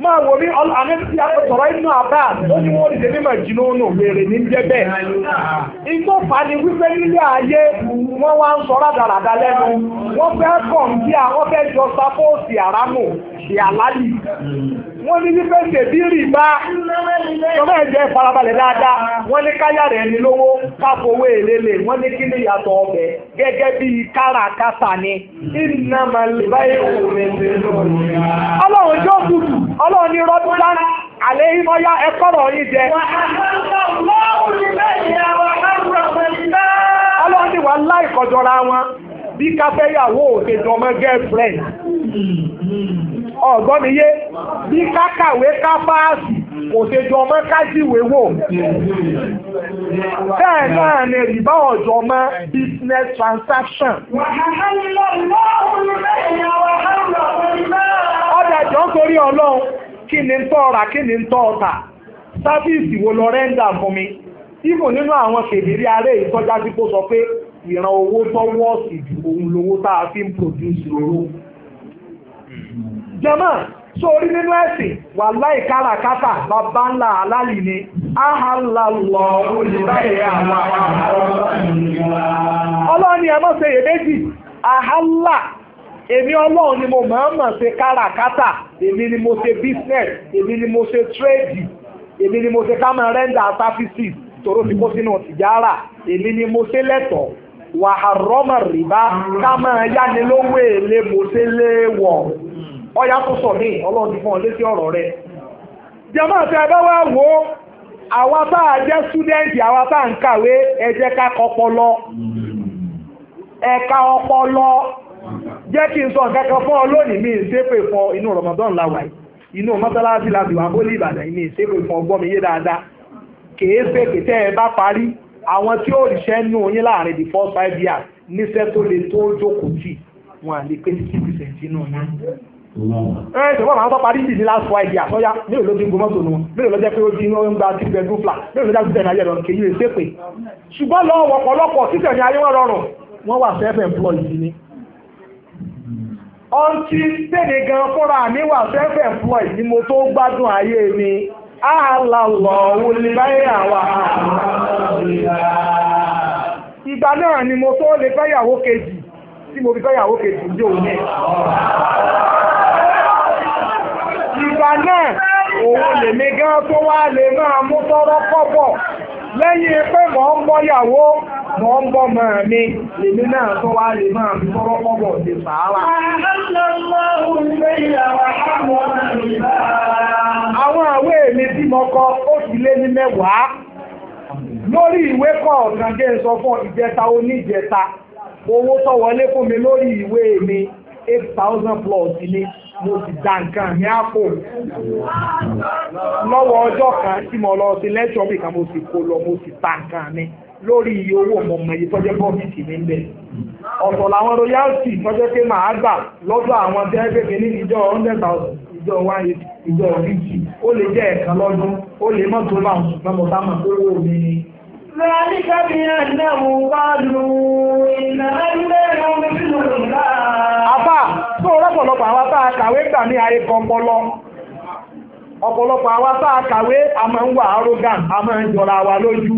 máa wò mí àmẹ́sí inú àbá ó ní lè mímọ̀ jìnnà ònà wèrè ní jẹ́ igbó fani wípé nílé ayé wọ́n wá ń sọ rádaràda lẹ́nu wọ́n fẹ́ kàn bí àwọn fẹ́ jọ àrámù àlálì. wọ́n ní wípé ṣèbí rìbá ẹ̀jẹ̀ farabalẹ̀ dáadáa wọ́n ní káyà rẹ̀ ní lówó èlélè wọ́n ní ọbẹ̀ gẹ́gẹ́ ni ìnàmàlè báyìí ọlọ́run jọ́ tutù ọlọ́run ní rọ́dún dán àlẹ́ ìmọ̀ yá ẹ̀kọ́rọ̀ yín jẹ. ọlọ́run ní wà láìkọjọra wọn bí káfẹ́yàwó òṣèjọ ọmọ girlfriend ọ̀gbọ́n mi yé bí kákàwé káfáàsì òṣèjọ ọmọ kájíwèé wò bẹ́ẹ̀ náà ni rìbá ọ̀jọ̀ ọmọ business transaction. ọ̀dà ìjọ ń torí ọlọ́run kí ni ń tọ́ ọ̀rà kí ni ń tọ́ ọ̀tà sáfíìsì wo lọ rẹ́ńdà fún mi. ibùn nínú àwọn kèdèrí aré ìtọ́jà tí kò sọ pé ìran owó tó wọ́ọ̀sì jù òun lówó tá fi ń produce owó. Hmm. jama so orí nínú ẹ̀sìn wà láì káràkátà bàbá ńlá aláàlì ni ahàlàlọ́ olùbáyé àwọn ọlọ́ni ẹ̀ mọ̀ ṣe èméjì ahàlà èmi ọlọ́run ni mo máa ń mọ̀ ṣe káràkátà èmi ni mo ṣe business èmi ni mo ṣe trade èmi ni mo ṣe ká services tòró sínú tìjára èmi ni mo ṣe lẹ́tọ̀ọ́ wàhárọ́mà rìbá ká máa yáni lówó èlé mo ṣe hmm. sọ ní ọlọ́run ti fún ọ létí ọ̀rọ̀ rẹ̀. jẹ́mọ́ àti abẹ́wà wo àwa tá a jẹ́ súdẹ́ǹtì àwa tá a ń kàwé jẹ́ ká kọpọlọ hmm. ẹ̀ka ọpọlọ jẹ́ kí n sọ nǹkan kan fún ọ lónìí mi fún inú Ramadan làwà inú bólú Ìbàdàn mi fún ọgbọ́n mi yé dáadáa kèé ẹ àwọn tí ó ríṣẹ́ nù yín láàrin the first five years níṣẹ́ tó le tó jókòó tì wọn à lè pé sixty percent nù yín. ẹ ẹ ṣùgbọ́n àwọn tó parí ìdí ní last five years sọ́yá mélòó ló ti ń gbọmọ́tò nù wọn mélòó ló jẹ́ pé ó ti ń gba three bedroom flat mélòó ló jẹ́ pé ayé rẹ̀ kéyí rẹ̀ ṣépè. ṣùgbọ́n lọ ọ̀pọ̀lọpọ̀ títẹ̀ ní ayé wọn rọrùn wọ́n wà self employed ni. ọtí tẹ̀lé gan fúnra mi wà self employed ni mo tó gbádùn ayé mi àlàlọ́wọ́ lè báyàwó ìgbà náà ni mo tó lè báyàwó kejì tí mo fi báyàwó kejì ní òun náà ìgbà náà òun lè mẹ́gán tó wá lè máa mú tọ́rọ́ pọ̀ lẹ́yìn pé mọ̀ ń bọ́yàwó mọ̀ ń bọ́ mọ̀ mi lèmi náà tó wá lè máa fi tọ́rọ́ pọ́bọ̀ lè sàárà. Àwọn àwé èmi tí mo kọ ó sì lé ní mẹ́wàá lórí ìwé kọ̀ọ̀kan jẹ́ sọ fún ìjẹta oníjẹta owó tó fún mi lórí ìwé mi eight thousand plus ni. mo ti da nǹkan ní àpò lọ́wọ́ ọjọ́ kan tí mo lọ sí mo kó lọ mo sì ta nǹkan mi lórí iye owó mọ̀mọ́ yìí tọ́jẹ́ bọ́ọ̀mìtì mi ń bẹ̀. ọ̀sọ̀ làwọn royalty tọ́jẹ́ pé màá gbà lọ́dọ̀ àwọn ní ìjọ hundred thousand ìjọ one ìjọ fifty ó lè jẹ́ lọ́dún ó lè bá owó ذلك بأنه قالوا إنما مثل tó rọ́pọ̀lọpọ̀ àwa tá a kàwé ní Ọ̀pọ̀lọpọ̀ àwa tá a kàwé a máa ń wà a máa ń jọra wa lójú.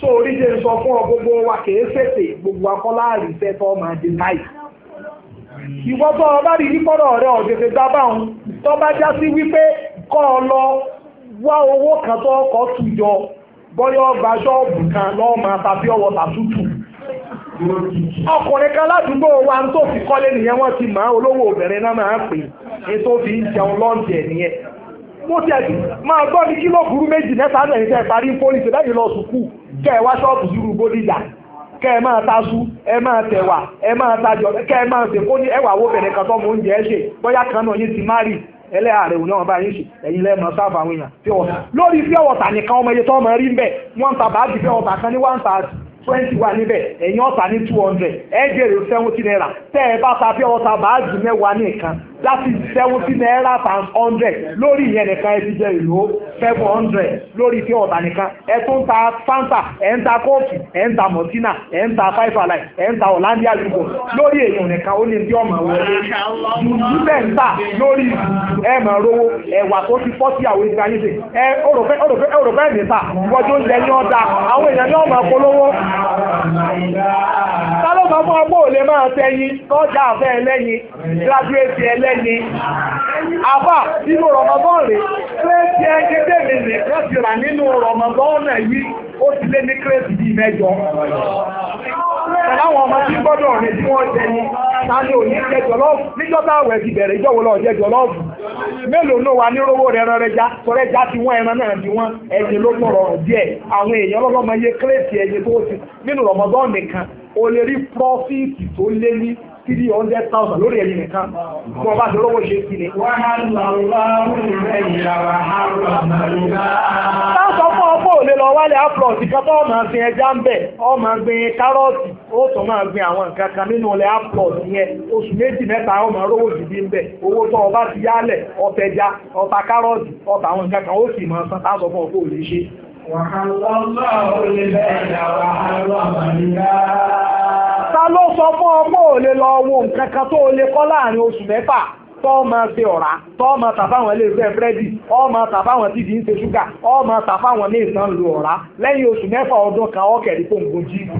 Só orí sọ fún ọ gbogbo wa kìí gbogbo táì. tó o bá rí nípọ̀rọ̀ wípé kọ́ wá owó kan tó bọ́yọ́ ọgbà ṣọ́ọ̀bù kan lọ́ọ́ máa ta bí ọwọ́ ta tútù ọkùnrin kan ládùúgbò wa tó fi kọ́lé nìyẹn wọ́n ti máa olówó obìnrin náà máa pè é tó fi ń jẹun lọ́ǹdì ẹ̀ nìyẹn mo ti ẹ̀sìn máa gbọ́ ní kílò méjì mẹ́ta tẹ́ parí ń yìí lọ sùkú kẹ́ ẹ wá ṣọ́ọ̀bù sí rúgbó kẹ́ ẹ máa ta sú kan tó ẹlẹ́àrẹ̀ òun náà bá yín ṣe ẹ̀yin lẹ́mọ̀ sáfà àwọn èèyàn pure water lórí pure water nìkan ọmọ iye tó ọmọ rí bẹ́ẹ̀ wọ́n ta báàgì pure water kan ní one thousand twenty wa níbẹ̀ ẹ̀yin ọ̀tà ní two hundred ẹ̀ jèrè seventy naira tẹ́ ẹ bá ta pure water báàgì mẹ́wàá nìkan that is seventy naira and hundred lórí ìyẹn nìkan ẹ ti jẹ ìlú seven hundred lórí ìfẹ́ ọ̀tà nìkan ẹ tó ń ta fanta ẹ ń ta kóòtù ẹ ń ta mọ̀tínà ẹ ń ta five alive ẹ ń ta ọ̀làndíà yúgò lórí èèyàn nìkan ó ní bí ọmọ wọlé ìlú bẹ́ẹ̀ ń tà lórí ẹ mọ̀ rówó ẹ̀wà tó ti fọ́ sí àwọn ìgbà yín ṣe ẹ òròfẹ́ òròfẹ́ òròfẹ́ nìta ìwọ́jú oúnjẹ ní ọ̀dà àwọn èèyàn ní ọmọ polówó tá ló ọgbọ́n òlé máa Aba àbá nínú rọmọbọ́n rè kírẹ́tì ẹgbẹ́ mi rè kírẹ́tì rà nínú rọmọbọ́n náà ó ti lé ní kírẹ́tì bíi mẹ́jọ. Àwọn ọmọ tí gbọ́dọ̀ rẹ̀ tí wọ́n jẹ ni, ta ni ní jẹ jọlọ́ọ̀bù? Níjọ́ tá ti bẹ̀rẹ̀ lọ jẹ jọlọ́ọ̀bù? Mélòó ní rówó ti wọ́n ẹran náà ni wọ́n ló three hundred thousand lórí ẹ̀yìn nìkan bá ti ṣe sílẹ̀. fún òlé lọ wálé ẹja ń bẹ̀ ọ máa gbin ó tún máa gbin àwọn nǹkan kan nínú ilẹ̀ afrọ̀tì yẹn oṣù méjì mẹ́ta ó rówó gidi ń bẹ̀ owó tó ọba ti yálẹ̀ ọtẹja ọta ọba àwọn nǹkan kan ó sì Ta ló sọ fún ọmọ ò lè lọ wo nǹkan kan tó lè kọ́ láàrin oṣù mẹ́fà tọ́ máa ṣe ọ̀rá tọ́ máa tàfáwọn ilé ìfẹ́ fúrẹ́dì ọ́ máa tàfáwọn tìdí ń ṣe ṣúgà ọ́ máa tàfáwọn ní ìsan lu ọ̀rá lẹ́yìn oṣù mẹ́fà ọdún kan ọ̀kẹ́rì tó ń gojú ìlú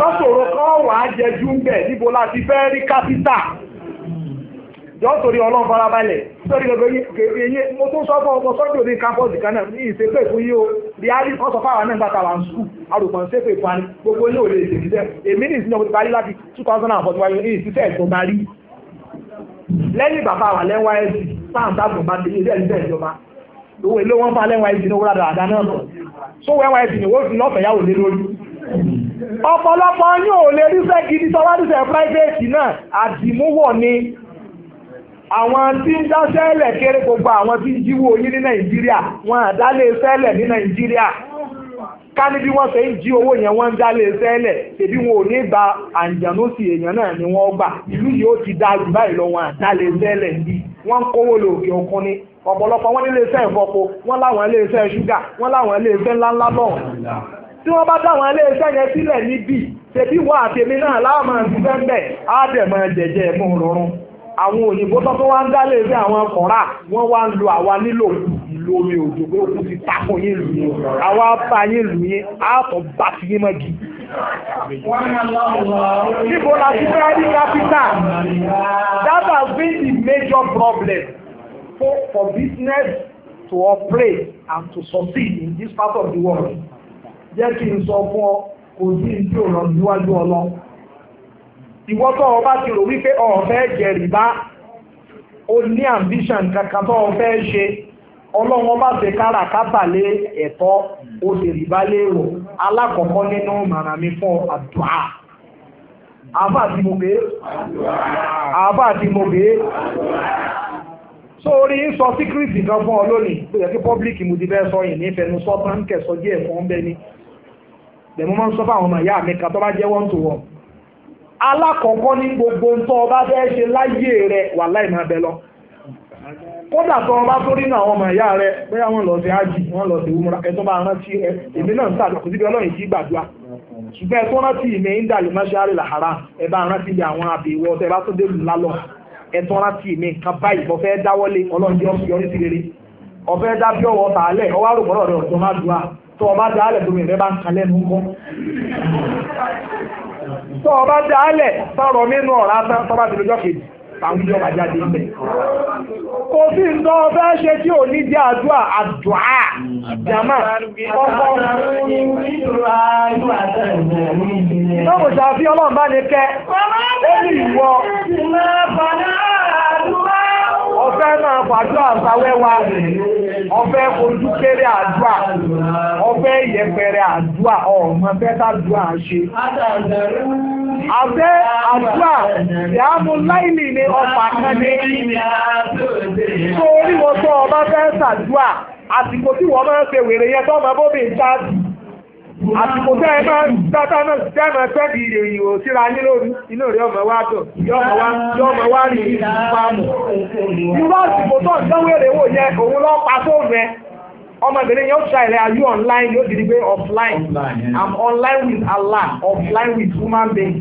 Tọ́sọ̀rọ̀ kan wà á jẹjú ń bẹ̀ níbo láti fẹ́ rí kápítà yọ́ torí ọlọ́run farabalẹ̀ torí gbogbo eyín mo tún sọ fún ọmọ sọ́jú òní kápọ́ọ̀sì kan náà ní ìṣépè fún yín o ríálì kan sọ fáwọn náà gbàtà wà ń sùkú arùpọ̀n ṣépè fún wa ní gbogbo yín ò lè ṣèlú dẹ́ èmi ní ìsinmi ọmọdé parí láti two thousand and forty-one ní ìṣiṣẹ́ ìjọba rí lẹ́yìn bàbá wà lẹ́wà ẹ̀sì sáǹtà gbọ̀nba ti ilé ẹ̀sì ìjọba owó ilé wọn fa lẹ́wà ẹ̀sì ní owó rádà àdá náà sọ wẹ́wà ẹ̀sì ni wọ́n fi lọ́fẹ̀ẹ́ yàwó lé lórí ọ̀pọ̀lọpọ̀ yóò lè ríṣẹ́ gidi sọ́wádìíṣẹ́ private náà àdìmúwọ̀ ni àwọn tí ń dá sẹ́lẹ̀ kéré gbogbo àwọn tí ń jíwó yín ní nàìjíríà wọn àdálé sẹ́lẹ̀ ní nàìjíríà ká ní bí wọ́n ṣe ń jí owó yẹn wọ́n ń dálé sẹ́lẹ̀ ṣèbí wọn ò ní gba àǹjànú sí èèyàn náà ni wọ́n gbà ìlú yìí ó ti dá jù báyìí lọ wọn àdálé sẹ́lẹ̀ bí wọ́n ń kówó lè òkè òkun ni ọ̀pọ̀lọpọ̀ wọn nílé iṣẹ́ ìfọpo wọn láwọn ilé iṣẹ́ ṣúgà wọn láwọn ilé iṣẹ́ ńláńlá lọ́hùn tí wọ́n bá dáwọn ilé iṣẹ́ yẹn sílẹ̀ níbí ṣèbí wọn àtèmi náà láwọn máa ń ṣiṣẹ́ ń bẹ̀ á dẹ̀ máa jẹ̀jẹ̀ mú rọrùn àwọn òyìnbó tó tó wá ń dálé sí àwọn kọ̀ọ̀rà wọ́n wá ń lo àwa nílò ìlú omi òjò pé òkú ti takùn yín lù yín àwa bá yín lù yín àtọ̀ bá ti yín mọ́gi. níbo la ti fẹ́ rí kápítà that has been the major problem for, for business to operate and to succeed in this part of the world. jẹ́ kí n sọ fún ọ kò sí ìdí òrọ̀ níwájú ọlọ́run ìwọ́tọ̀ ọba ti rò wípé ọ̀fẹ́ jẹ rìbá ó ní ambition kankan tó ọfẹ́ ṣe ọlọ́run ọba ṣe káràkátà lé ẹ̀tọ́ ó sì rìbá léèrò alákọ̀ọ́kọ́ nínú màrà mi fún àdúrà àbá àti mo bèé àbá àti mo bèé sórí sọ síkírìtì kan fún ọ lónìí tó yẹ kí pọ́blíkì mo ti fẹ́ sọ yìí nífẹ̀ẹ́nu sọ́tàn kẹsọ díẹ̀ fún ọ́n bẹ́ni lẹ́mọ́ máa ń sọ fún àwọn ọmọ ìyá mi kan tó bá jẹ́ one to one alákọ̀ọ́kọ́ ní gbogbo ntọ ọba fẹ́ ṣe láyé rẹ wà láì máa bẹ lọ kódà tó ọba tó rí náà ọmọ ìyá rẹ bóyá wọn lọ sí ájì wọn lọ sí ẹtọ́ rántí ẹ èmi náà ń sàdọ̀ kò síbi gbàdúrà ṣùgbọ́n ẹ tó rántí ìmẹ̀ ń làhárà ẹ bá rántí àwọn àbẹ̀wò ọ̀tẹ̀ bá tó lálọ́ ẹ tó rántí ìmẹ̀ báyìí fẹ́ tó ọba bá alẹ alẹ̀ nínú ọ̀rá tán tó bá dìlọ́jọ́ kejì àwùjọ bá jáde ilẹ̀. kò sí nǹkan ṣe tí ò ní jẹ́ àdúrà àdúrà jàmá ọkọ̀ náà kò dàpọ̀ àdúrà àtàwẹ́wà ọ̀fẹ́ ojú kéré àdúrà ọ̀fẹ́ yẹpẹrẹ àdúrà ọ̀mọ bẹ́tà àdúrà ṣe. Abẹ́ àdúrà ìyáàmú láìlì ní ọ̀pá kan ní. Sọ orí wọn tó ọba fẹ́ sàdúrà àsìkò tí wọ́n máa ń pe wèrè yẹn tó ọmọ bóbi ń jáde. àsìkò tẹ́ ẹ máa ń tẹ́ ẹ máa fẹ́ di èyí ò síra yín lórí inú rẹ̀ ọmọ wa dùn yọmọ wa wa rìn ní ìfamù. irú àsìkò tó ń dánwó èrè wò yẹ òun are you online yóò di pé offline i'm online with Allah offline with human being.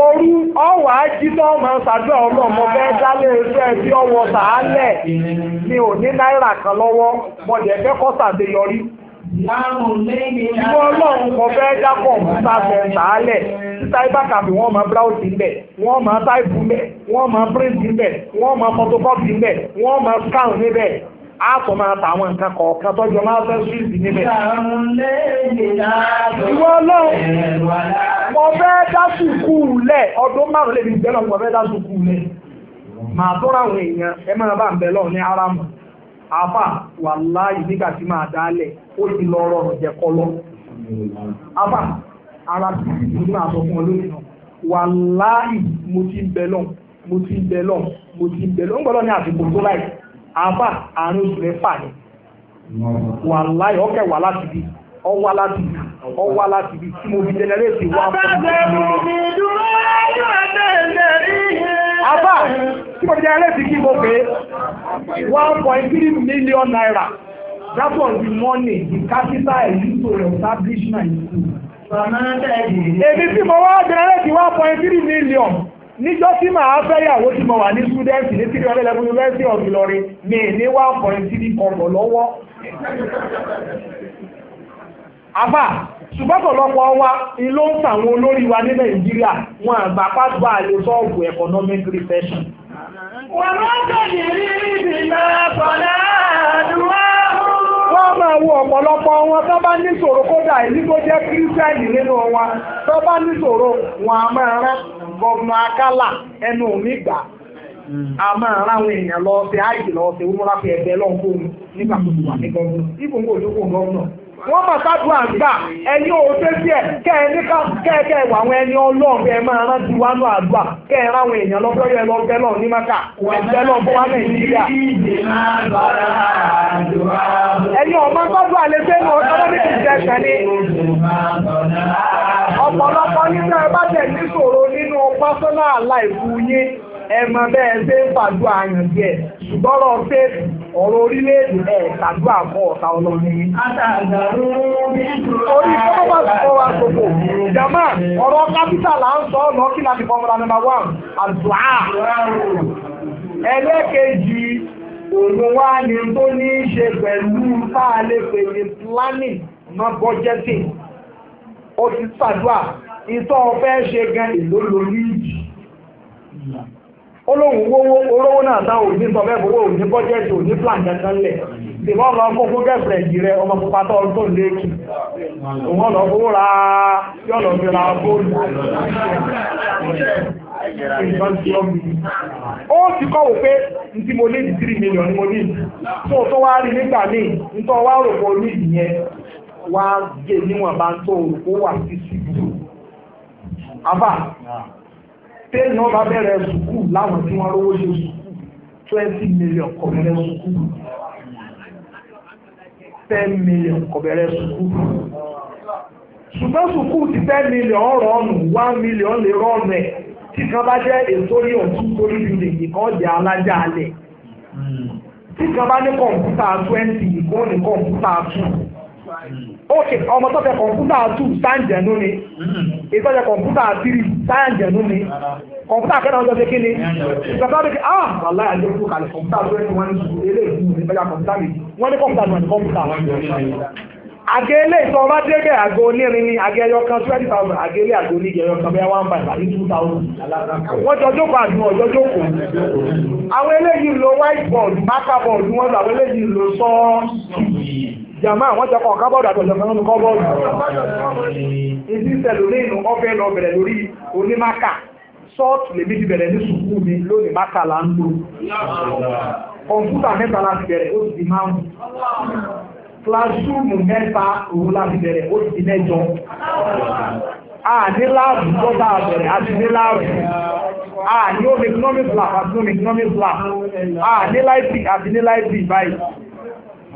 Orú ọwà jíjọ́ ọmọ ṣàdúrà ọlọ́mọ fẹ́ dálé iṣẹ́ tí ọwọ́ sàálẹ̀ ò ní náírà kan lọ́wọ́ Ìwọ ọlọ́run kò fẹ́ dápọ̀ nípa sẹ̀ǹtà alẹ̀. Títa ibà kàfé wọ́n máa bíráùsì ńbẹ̀, wọ́n máa táìpù ńbẹ̀, wọ́n máa píríǹtì ńbẹ̀, wọ́n máa fọtokọ́pì ńbẹ̀, wọ́n máa skáùn níbẹ̀ a máa ta àwọn nǹkan kọ̀ọ̀kan ṣíìsì níbẹ̀. ìwọ ọlọ́run fẹ́ dá lẹ̀ ọdún márùn lè lọ fẹ́ dá lẹ̀. màá èèyàn ẹ máa bá ń bẹ lọ ní aramu àfà wàláhì nígbà tí o ti lọ rọrùn jẹ kọlọ. Abá ara ti ti ní àtọkùn olóyìn náà. Wàláì mo ti ń bẹ lọ́n, mo ti ń bẹ lọ́n, mo ti ń bẹ Ń ní àsìkò tó láì. Abá àárín oṣù wà láti bí, ọ láti bí, láti bí tí mo fi wá fún mi. Abá tí mo fi kí mo pè é one point three million naira. that was the money the capital I used to establish my school. èmi tí mo wá generate one point three million níjọ́ tí màá fẹ́yàwó tí mo wà ní student ní three hundred eleven university of Ilorin mi ní one point three kọ̀ọ̀kan lọ́wọ́. àbá ṣùgbọ́n ọ̀pọ̀lọpọ̀ wa ló ń sàwọn olórí wa ní Nàìjíríà wọn àgbà pàtó àlè sọ́ọ̀bù economic recession. wọ́n mọ́ tẹ̀lé rí ìdìbò àkọlẹ́ àdúrà. wọ́n máa wo ọ̀pọ̀lọpọ̀ wọn tó bá níṣòro kódà èyí tó jẹ́ kírísítẹ́nì nínú wọn tó bá níṣòro wọn a máa rán gọ́ọ̀nà akálà ẹnu mi gbà a máa rán àwọn èèyàn lọ sí àìsí lọ sí ẹgbẹ́ lọ́nkóhun wọ́n máa sáàdù àgbà ẹni òótọ́ sí ẹ̀ kẹ́ẹ̀kẹ́ wà àwọn ẹni ọlọ́run bẹ́ẹ̀ máa rántí wá àdúrà kẹ́ẹ̀ ráwọn èèyàn lọ́gbẹ́rẹ́ lọ́gbẹ́ lọ́run ní mẹ́ta ẹ̀jẹ̀ lọ́n fún wa nàìjíríà. ẹni ọmọ ọ̀pọ̀lọpọ̀ nínú ẹ bá tẹ̀ nínú pásọ́nà ẹ mọ bẹ́ẹ̀ ṣe ń fàdúrà yàn díẹ̀ ṣùgbọ́n lọ ṣe ọ̀rọ̀ orílẹ̀-èdè ẹ̀ tàdúrà fún ọ̀tá orí kọ́kọ́ bá ti kọ́ gbogbo ọ̀rọ̀ kápítà là ń sọ ọ̀nà kí àdùá. òun wá planning not budgeting ó ti ìtọ́ ṣe gan lórí ìjì. olóhùn owó olówó náà tá òní sọ bẹ́ẹ̀ bọ́wọ́ òní bọ́jẹ́tì òní plan kankan lẹ̀ tìmọ́ lọ fún fún gẹ́fẹ̀rẹ̀dì rẹ ọmọ pupa tó ń tó ń léèkì òun lọ fowó ra yọ lọ fi ra bóòlù ó ti kọ́ wò pé n tí mo ní di three million mo ní tó tó wá rí nígbà míì n tó wá rò pé o ìyẹn wá gé níwọ̀n tó wà sí sí àbá téèyàn bá bẹ̀rẹ̀ sùkúù láwọn tí wọ́n rówó ṣe sùkúù twenty million kò bẹ̀rẹ̀ sùkúù ten million kò bẹ̀rẹ̀ sùkúù ṣùgbọ́n sùkúù ti ten million rọ̀ọ̀nù one million lè rọ̀ọ̀nù ẹ̀ tí kan bá jẹ́ ètórí ọ̀tún torí bìlì nìkan jẹ́ alájà alẹ̀ hmm. tí kan bá ní kọ̀ǹpútà twenty nìkan ní kọ̀ǹpútà two ok ọmọ tó fẹ́ kọ̀ǹpútà two sáǹjẹ̀nú ni èyí tó fẹ́ kọ̀ǹpútà three sáǹjẹ̀nú ni kọ̀ǹpútà kẹ́ta ọjọ́ kékeré ni ìgbàgbọ́ bẹ́ẹ̀ ah wàhálà àjọ ìlú kalẹ̀ kọ̀ǹpútà tó ẹni wọn ní sùn eléyìí ní ìgbàgbọ́ kọ̀ǹpútà mi wọ́n ní kọ̀ǹpútà ní kọ̀ǹpútà. àgé ilé ìtọ́ bá dé bẹ́ẹ̀ àgé onírin ni àgé ẹyọ kan twenty thousand àgé ilé àgé oníjẹ ẹyọ kan bẹ́ẹ̀ one five àbí two thousand. wọ́n jọ jókòó àdùn ọjọ́ jókòó. àwọn eléyìí lo white board marker board wọ́n lò àwọn eléyìí lo sọ́ọ́ jàmá àwọn ṣe kọ̀ọ̀ká bọ́ọ̀dù àti ọ̀ṣọ̀kan nínú kọ́bọ́ọ̀dù ìdí sẹ̀lórí inú ọ̀fẹ́ lọ bẹ̀rẹ̀ lórí onímáka ṣọ́ọ̀tù lèmi ti bẹ̀rẹ̀ ní sùkúù mi lónìí máka là ń lò kọ̀ǹpútà mẹ́ta láti bẹ̀rẹ̀ ó ti di márùn kílásùmù mẹ́ta òun láti bẹ̀rẹ̀ ó ti di mẹ́jọ àní láàbù tọ́ta àbẹ̀rẹ̀ àti ní láàbù àní omi economic lab àti omi economic lab àní láìpì àti ní láìpì báyìí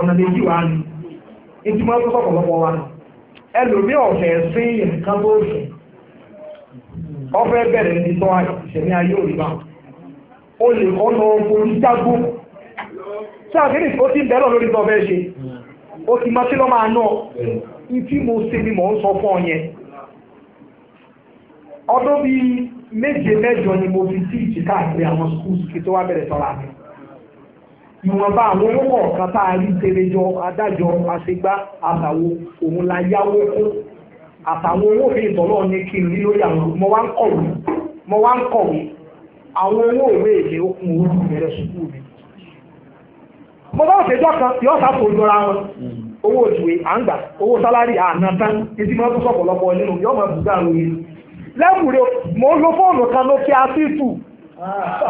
ọ̀nà méjì wá ní etí máa ń tó sọ̀pọ̀lọpọ̀ wa nù ẹlòmí ọ̀fẹ́ sí nǹkan tó sùn ọ̀fẹ́ bẹ̀rẹ̀ ní tọ́ ìṣẹ̀mí ayé òrìbá o lè ọ̀nà orí jágbó sáàkiri ó ti ń bẹ́ẹ̀ lọ lórí tọ́ fẹ́ ṣe o ti máa sílọ́ máa ná ìtí mo ṣe ni mò ń sọ fún ọ yẹn ọdún bíi méje mẹ́jọ ni mo fi tíìtì káàkiri àwọn skúls kí tó wá bẹ̀rẹ̀ tọ́ra mi ìwọ̀nba àwọn owó kọ̀ọ̀kan tá a rí tẹlẹjọ adájọ àṣegbá àtàwọn la yáwó kó àtàwọn owó mi ní kí n rí lórí àwọn mo wá ń kọ̀wé mo wá ń kọ̀wé àwọn owó ìwé èdè kan sáfò wọn owó à ń gbà owó sálárì àná tán etí tún sọ̀pọ̀lọpọ̀ nínú máa bùdá àwọn yìí mo lo fóònù kan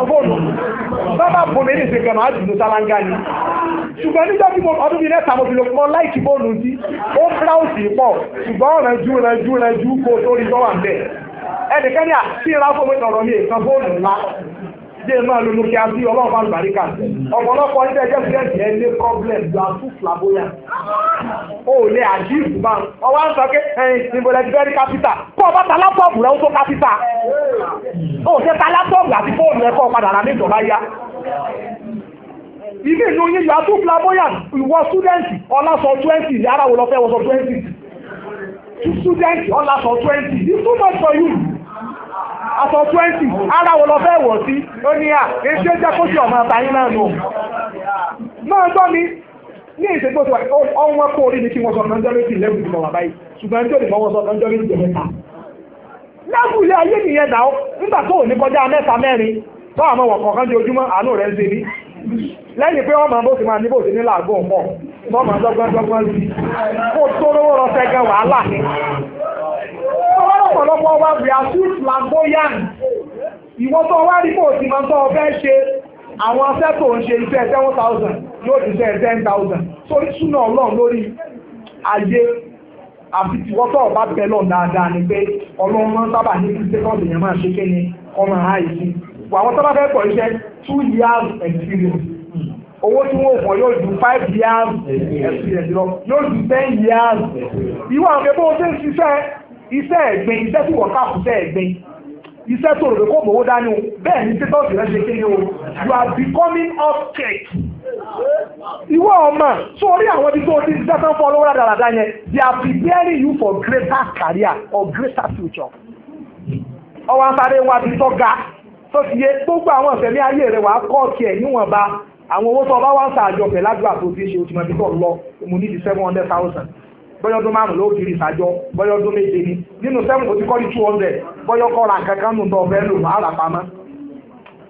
fóònù bábà bomi ní ìsìnkà máa dùn sálángá ni ṣùgbọ́n nígbà tí mo ọdún bíi mẹ́ta mo fi lò mọ́ láìkí fóònù sí ó bíráùsì pọ̀ ṣùgbọ́n rẹ̀jú rẹ̀jú rẹ̀jú kó tó rí lọ́wọ́ àbẹ̀ ẹnìkan ní àti fóònù ọ̀rọ̀ mi èèkan fóònù ńlá jẹ́ ẹ máa lo lókè àti ọlọ́run bá lùbárí kà ọ̀pọ̀lọpọ̀ ẹgbẹ́ ẹjẹ́ fúlẹ̀tì ẹ ní problem you are too flamboyant o ò lè àjíìfù bá ń ọwọ́ ń sọ pé ẹyin ìbọ̀lẹ̀ ti fẹ́ẹ́ kápítà kó o bá ta lápọ̀pù rẹ ó tó kápítà o ò ṣe ta lápọ̀pù àti fóònù rẹ kó o padà rà ní ìjọba yá ilé inú yín you are too flamboyant ìwọ student ọlásọ twenty yàrá wo lọ fẹ́ wọ́sọ twenty student ọlásọ twenty it's too much for you. afọ twenty ara wo lọ fẹ́ sí ó ní à èyí tí ó kó sì ọmọ àtàyín náà nù. náà gbọ́ mi ní ìṣègbè kó orí mi kí wọ́n sọ lọ́jọ́ méjì lẹ́gùn ìmọ̀ wà báyìí ṣùgbọ́n tí ò ní mọ́ wọ́n sọ mẹ́ta. ilé ayé nìyẹn dà ó nígbà tó ò ní kọjá mẹ́ta mẹ́rin tó kọ̀ọ̀kan di ojúmọ́ àánú rẹ̀ ń ṣe ní. lẹ́yìn pé ọ̀pọ̀lọpọ̀ wa we are too flamboyant ìwọ́n tó wá rí bóòtì máa tó ọfẹ́ ṣe àwọn afẹ́ tó ń ṣe iṣẹ́ seven thousand yóò ti ṣe ten thousand sórí súnà ọlọ́run lórí ayé àfi tìwọ́ tó ọba bẹ̀ lọ dáadáa ni pé ọlọ́run máa ń sábà ní kí sẹ́kọ̀ọ̀dù yẹn máa ṣe kéne ọmọ àìsí àwọn sábà fẹ́ pọ̀ iṣẹ́ two years experience owó tí wọ́n fọ̀ yóò ju five years experience lọ yóò ju ten years ìwọ àwọn akẹ́kọ̀ọ́ tó ń ṣiṣẹ́ iṣẹ́ ẹ̀gbin iṣẹ́ tí wọ́n káàkùn iṣẹ́ ẹ̀gbin iṣẹ́ tó rèé kó mọ̀wó dání o bẹ́ẹ̀ ni títọ́sì rẹ̀ ṣe kéde o you are becoming object. ìwọ ọmọ sórí àwọn ibi tó o ti ń sẹ́sán fún ọlọ́wọ́ dáradára yẹn they are preparing you for greater career or greater future. ọwọ́ asáré wa ti tọ́ ga tó ti yé gbogbo àwọn ìfẹ̀mí ayé rẹ̀ wàá kọ́ tiẹ̀ níwọ̀nba àwọn owó tó o bá wá ń sàájọ pẹ̀ lágbà tó ti ṣe o ti mọ̀ bí tó lọ mo ní di seven hundred thousand bọ́yọ́dún márùn ló kiri ìsàjọ bọ́yọ́dún méje ni nínú sẹ́wọ̀n kò ti kọ́ ní two hundred bọ́yọ́kọ́ ra kankan nù tọ́ fẹ́ lò rà pamọ́.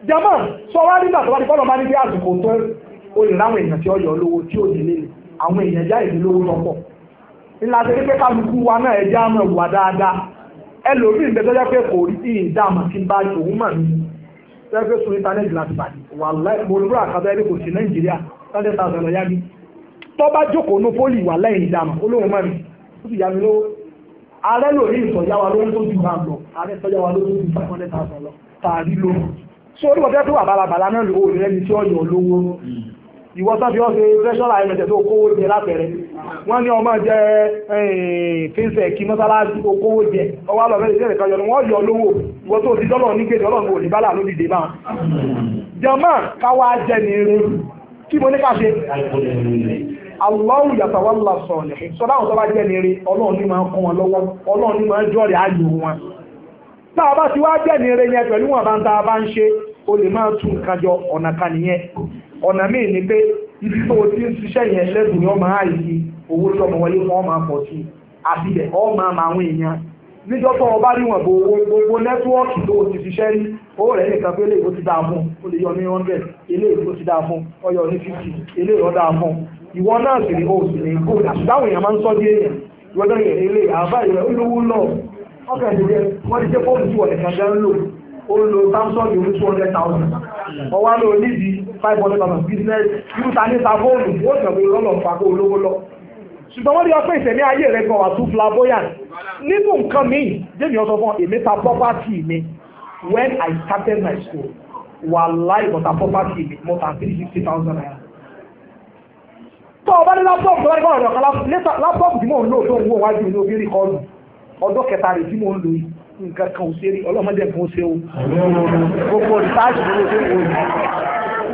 jama sọ wá nígbà tó ti kọ́ àsìkò tó o lè ráwọn èèyàn tí ó yọ lówó tí àwọn èèyàn já lówó wa náà ẹ já mọ̀ wà dáadáa rí tọ́jọ́ pé kò tó bá jókòó ní pólì wà lẹ́yìn ìdámà olóhùn mọ́ni ó sì yá mi lówó ààrẹ lò ní ìsọ̀yáwa lówó tó ju bá lọ ààrẹ sọ̀yáwa lówó tó ju five hundred thousand lọ tààrí lówó sórí wọ́n fẹ́ tó wà balabala náà lówó ìrẹ́ni tí ó yọ lówó ìwọ tó fi ọ́sẹ̀ fẹ́ṣọ́lá ẹ̀mẹ̀tẹ̀ tó kówó jẹ látẹ̀rẹ̀ wọ́n ní ọmọ jẹ fínsẹ̀ kí mọ́sálásí okówó jẹ ọwọ́ àlọ́fẹ́ ìṣẹ́ ìka yọ ni wọ́n yọ lówó ìwọ tó ti dọ́lọ̀ ní kéde ọlọ́run òní bálà ló dìde bá jọmọ́ káwá jẹ ní kí mo ní ká ṣe Allahu yàtàwálà sọ̀lẹ̀ sọ́dá jẹ́ ọlọ́run ní máa ń kún wọn lọ́wọ́ ọlọ́run ní máa ń nire yẹn pẹ̀lú wọn bá ń ta bá ń ṣe o lè máa jọ ọ̀nà kan nìyẹn ọ̀nà míì ni ibi tó o ti ń ṣiṣẹ́ yẹn lẹ́dùn máa owó tí ọmọ wọlé fún pọ̀ sí àti ibẹ̀ èèyàn níjọ́ tó bá rí wọn gbogbo nẹ́tíwọ́ọ̀kì tó o ti ṣiṣẹ́ rí owó rẹ̀ nìkan pé ti dáa fún lè yọ ní hundred eléyìí ó ti dáa fún ọyọ ní fifty dáa ìwọ náà sì ní o sì ní gold àṣùgbáwò èèyàn máa ń sọ́ díẹ̀ yẹn ìwọ náà yẹn ilé àbá ìwẹ̀ olówó lọ ọkàn ìdílé wọ́n ti jẹ́ fóònù tí wọ́n nìkan gan lò ó lo samsung ní two hundred thousand ọwọ́ ló nídìí five hundred thousand business irú ta ní ta fóònù ó sì ọ̀gbìn lọ́nà pàkó olówó lọ ṣùgbọ́n wọ́n rí ọ pé ìsẹ̀mí ayé rẹ̀ gan wà tún flamboyant nínú nǹkan míì jẹ́mi ọ̀sọ̀ fún èmi ta property mi when I started my school wà láì mọ̀ta property mi than three sixty thousand naira tó o bá ní lápọ́ọ̀pù tó bá ní kọ́ ọ̀dọ̀ kan lápọ́ọ̀pù tí mò ń lò tó ń wò wájú ní obìnrin kọlù ọdún kẹta rẹ̀ tí mò ń lò yìí nǹkan kan ò ṣe rí ọlọ́mọdé kan ó ṣe o gbogbo rìsáàjì ló ṣe wò ní.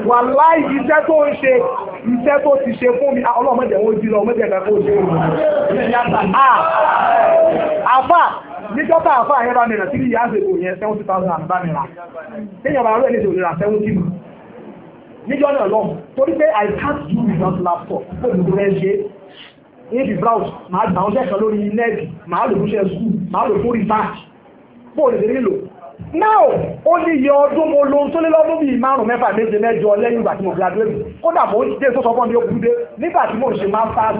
wà láì iṣẹ́ tó ń ṣe iṣẹ́ tó ti ṣe fún mi ah, ọlọ́mọdé wọn jí lọ ọmọdé kan ó ṣe o. Ah, àfà níjọ́ tá àfà yẹn bá mi rà sí ìyá àṣẹ níjọ́ náà lọ torí pé I can't do without laptop pé mo rẹ̀ ṣe ibi browse máa gbà ọ́nṣẹ́ kan lórí nẹ́ẹ̀tì máa lò fúnṣẹ́ skul máa lò fún research fún òdèdè nílò now ó ní iye ọdún mo lo tó lé lọ́dún bíi márùn mẹ́fà méje mẹ́jọ lẹ́yìn ìgbà tí mo graduate kódà mo ń dé sọ́sọ́ fún mi ó kú dé nígbà tí mo ṣe masters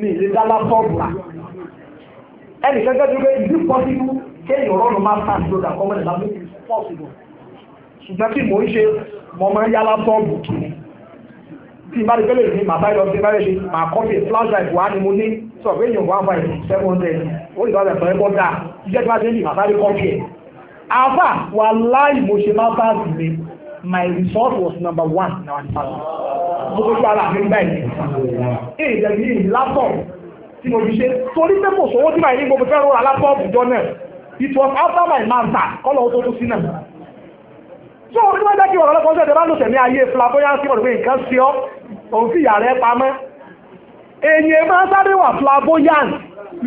ní ilé dá láptọ́ọ̀bù rà ẹnì kankan tó gbé ìdí pọ́sibú kéèyàn rọ́ọ̀nù masters ló dà kọ́mọ́dé lábẹ́ possible ṣùgbọ́n tí mò ń ṣe mọ̀ máa ń yá lápọ́ọ̀bù kìíní tí bá rí pẹ́lẹ̀ ní màbá ìlọ sí báyẹ̀ ṣe máa kọ́ sí flash drive wá ní mo ní sọ pé èèyàn wá báyìí seven hundred ó lè báyìí sọ ẹgbọ́n dáa iṣẹ́ tí wá sí ní màbá rí kọ́ọ̀kì ẹ̀. afa wà láì mo ṣe máa bá sí mi my result was number one na wà ní pàtó mo tó tó ara mi gbà yìí. èyí jẹ́ bí lápọ̀ tí mo fi ṣe torí pé mo sọ owó tí màá ní mo fẹ́ rọra lápọ̀ ọ̀bùjọ náà it was after my master kọ́lọ̀ ó tó tó sí náà tí òun ní wọ́n jẹ́ kí ọ̀rọ̀ lọ́kọ́ ṣẹ̀dẹ̀ bá lò tẹ̀mí ayé flamboyancy mọ̀ pé nǹkan sí ọ́ òun fi ìyà rẹ̀ pamọ́ èyí máa ń sáré wà flamboyant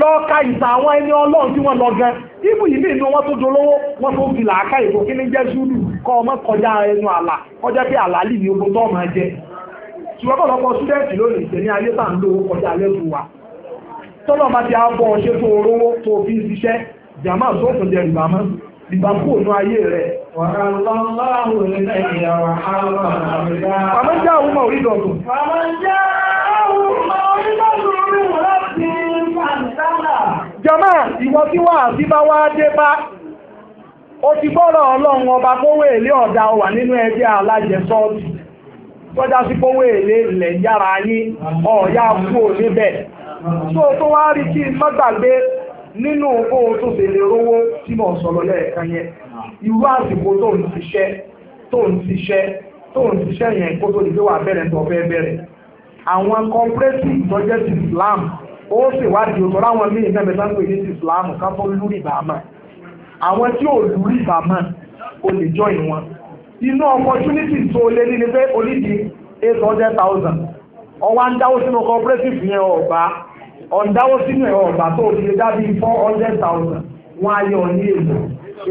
lọ ka ìta àwọn ẹni ọlọ́run tí wọ́n lọ gan ibù yìí nínú wọn tó dolówó wọn tó fi làákà ìbò kí ní jẹ́ zulu kọ́ ọmọ kọjá ẹnu àlà kọjá pé àlàlì ní ogun tó ọmọ jẹ ṣùgbọ́n ọ̀pọ̀lọpọ̀ súdẹ́ẹ̀tì lónìí ìṣẹ̀ní ayé tà ń lówó kọjá lẹ́nu wa tọ́lọ́ bá ti á bọ́ ọ ṣe tó orówó tó fi ṣiṣẹ́ jàmáà sókùn jẹ ìgbà mọ́ ìbáfò ònú ayé rẹ̀. Fàmọ́já àwọn ọmọ orí dọ̀dùn. Fàmọ́já àwọn ọmọ orí dọ̀dùn rí wọ́n láti Fàǹtánà. Jọmọ́ ìwọ tí wà sí bá wá dé bá. Ó ti gbọ́rọ̀ ọlọ́run ọba kówó èlé ọ̀dà wà nínú ẹgbẹ́ alájẹsọ́ọ̀tì. Tọ́já sí kówó èlé ilẹ̀ yára yín, ọ̀ọ́yá kúrò níbẹ̀. Tó o tó wá rí kí n má gbàgbé nínú owó tó ṣe lè rówó tí mo sọ̀rọ̀ lẹ́ẹ̀kan yẹn irú àsìkò tó ń ṣiṣẹ́ tó ń ṣiṣẹ́ tó ń ṣiṣẹ́ yẹn kó tó di pé wà bẹ̀rẹ̀ tó fẹ́ bẹ̀rẹ̀ àwọn cooperative budget Islam ó ṣèwádìí òtò láwọn míì náà bẹ̀rẹ̀ sáńpẹ̀ ní Islam ká tó lúrì bàmà àwọn tí ò lúrì bàmà o lè join wọn inú opportunity tó lé ní ni pé onídìí eight hundred thousand ọwọ́ ń dáwó sínú cooperative yẹn ọ̀gbá ọ̀dáwó sínú ẹ̀rọ ọ̀gbà tó o ti lè dá bíi four hundred thousand wọ́n á yọ ní èlò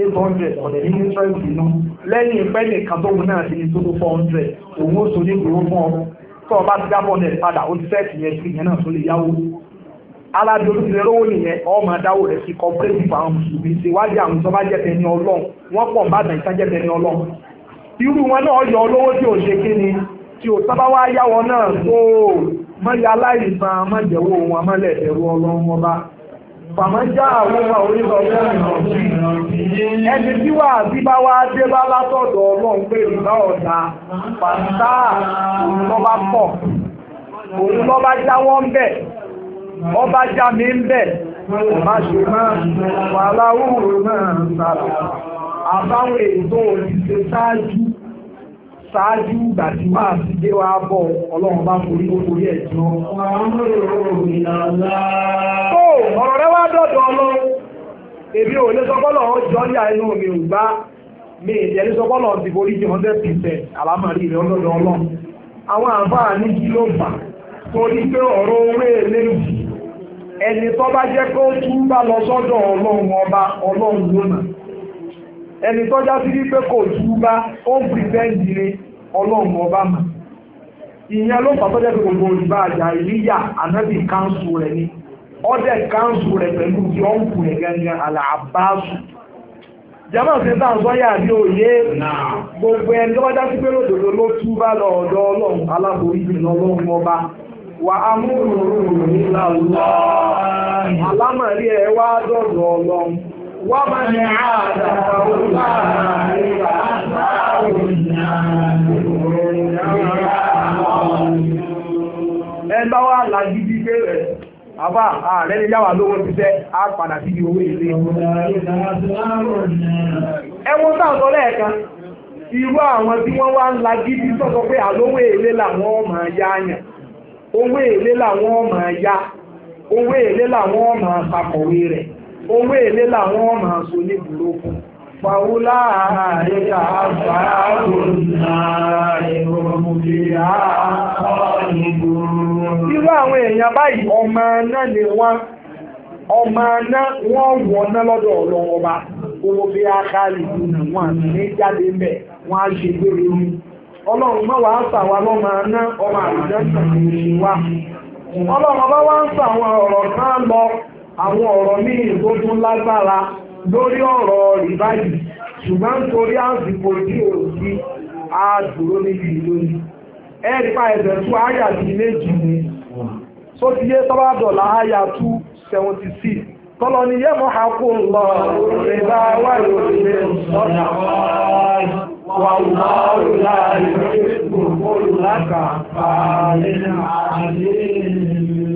eight hundred ọ̀dẹ̀ ní interest inú lẹ́yìn ìpẹ́ nìkan tó wọn náà ti ní tó tó four hundred òun ó so ní ìgbòho fún ọ tó o bá ti dá four hundred padà ó ti fẹ́ẹ̀tì yẹn sí ìyẹn náà tó lè yáwó aládé olùdílé lówó nìyẹn ọmọ adáwó rẹ̀ sí cooperative àwọn mùsùlùmí ṣèwádìí àwọn tó bá jẹ́ tẹni ọlọ́run wọ́n pọ̀ ń bá àtàn ìtajẹ́ tẹni ọlọ́run irú wọn náà yọ olówó tí ò ṣe kí ni tí ò sábà wá yáwọ náà tó mọ́yà aláìsàn mọ́jẹ̀wó wọn mọ́lẹ̀ ẹ̀rọ ọlọ́run ọba fàmọ́já àwọn ọmọ orílẹ̀ ọ̀gbẹ́rin ẹni tí wà bí bá wá dé bá látọ̀dọ̀ ọlọ́run pé ìgbà ọ̀dà pàǹtà òun lọ́ba pọ̀ òun lọ́ba jáwọ́ ń bẹ̀ ọba já mi ń bẹ̀ má ṣe máa wà láwùrọ̀ náà sára àbáwọn ètò òṣìṣẹ́ ṣáájú ṣáájú ìgbà tí máa ti dé wá bọ̀ ọlọ́run bá forí orí ẹ̀ jọ. ó ọ̀rọ̀ rẹ wá dọ̀dọ̀ ọlọ́run èmi ò lè sọpọ́lọ̀ ọjọ́ ní àìnú mi ò gbá mi ìjẹ́ lè sọpọ́lọ̀ ti forí jì hundred percent àlámàrí rẹ̀ ọlọ́dọ̀ ọlọ́run àwọn àǹfààní kí ló fà torí pé ọ̀rọ̀ owó èlé ẹni tó bá jẹ́ kó tún bá lọ sọ́dọ̀ ọlọ́run ọba ọlọ́run lónàá ẹni tọ́já sí wípé kò tú bá ó ń pìtẹ́ǹdì ni ọlọ́run ọba mà ìyẹn ló fà tọ́já gbogbo olùbá àjà ìníyà ànábì káńsù rẹ̀ ni ọdẹ káńsù rẹ̀ pẹ̀lú tí ó ń kù rẹ̀ gẹ́gẹ́ àlà àbáṣù jama ṣe bá sọ́yà bí gbogbo ẹni tọ́já sí pé lòdòdó ló tú bá lọ ọlọ́run lọ́lọ́run ọba wà á nílà ọlọ́run ẹ ومن عاد فأولئك أصحاب النار ẹgbẹ́ wa làjú bí pé rẹ̀ àbá ààrẹ lè yáwà lówó ti fẹ́ á padà sí owó ilé ẹwọ́n tààtọ́ lẹ́ẹ̀kan irú àwọn tí wọ́n wá ń lajú bí sọ́sọ́ pé àlówó èlé làwọn ọmọ ya yàn owó èlé làwọn ọmọ ya owó èlé làwọn ọmọ àpapọ̀wé rẹ̀ owó èlé làwọn ọmọ àṣọ ní burúkú fàwọlá àyíká àgbàgbòrò àwọn èèyàn báyìí ọmọ náà ni ọmọ wọ́n lọ́dọ̀ ọlọ́wọ́ bá owó bí ní jáde á ṣe ọlọ́run lọ́mọ ọmọ wa ọlọ́run àwọn ọ̀rọ̀ míì tó lágbára lórí ọ̀rọ̀ rìbá ṣùgbọ́n nítorí àsìkò tí ò sí a níbi ìlóyìn ẹ̀ẹ́dìpá ẹ̀sẹ̀ tú àyà sí méjì ni tó ti yé tọ́wá àyà two tọ́lọ ni yẹ́ mọ́ àkó lọ rìbá wà lórí ọ̀nà wà wà láàrin gbogbo lákàtà nínú àdéhùn.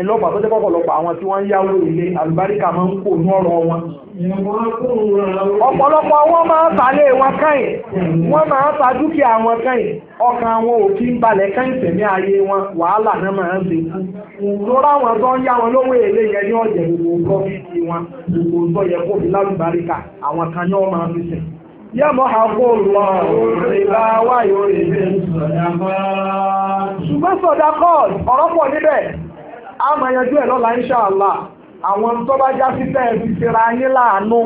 ìlọ́pàá tó jẹ́ pọ̀pọ̀lọpọ̀ àwọn tí wọ́n ń yáwó ilé àlùbáríkà máa ń kó ní ọ̀rọ̀ wọn. ọ̀pọ̀lọpọ̀ wọn máa ń wọn káyìn wọ́n máa ń ta dúkìá wọn káyìn ọkàn àwọn òfin ń balẹ̀ káyìn tẹ̀mí wọn wàhálà náà máa ń dínkù. lórí àwọn tó ń yá wọn lówó èlé yẹn ní ọ̀jẹ̀ gbogbo a máa yanjú ẹ̀ lọ́la inṣàlá àwọn tó bá já sí tẹ́ ẹ fi ṣera yín láàánú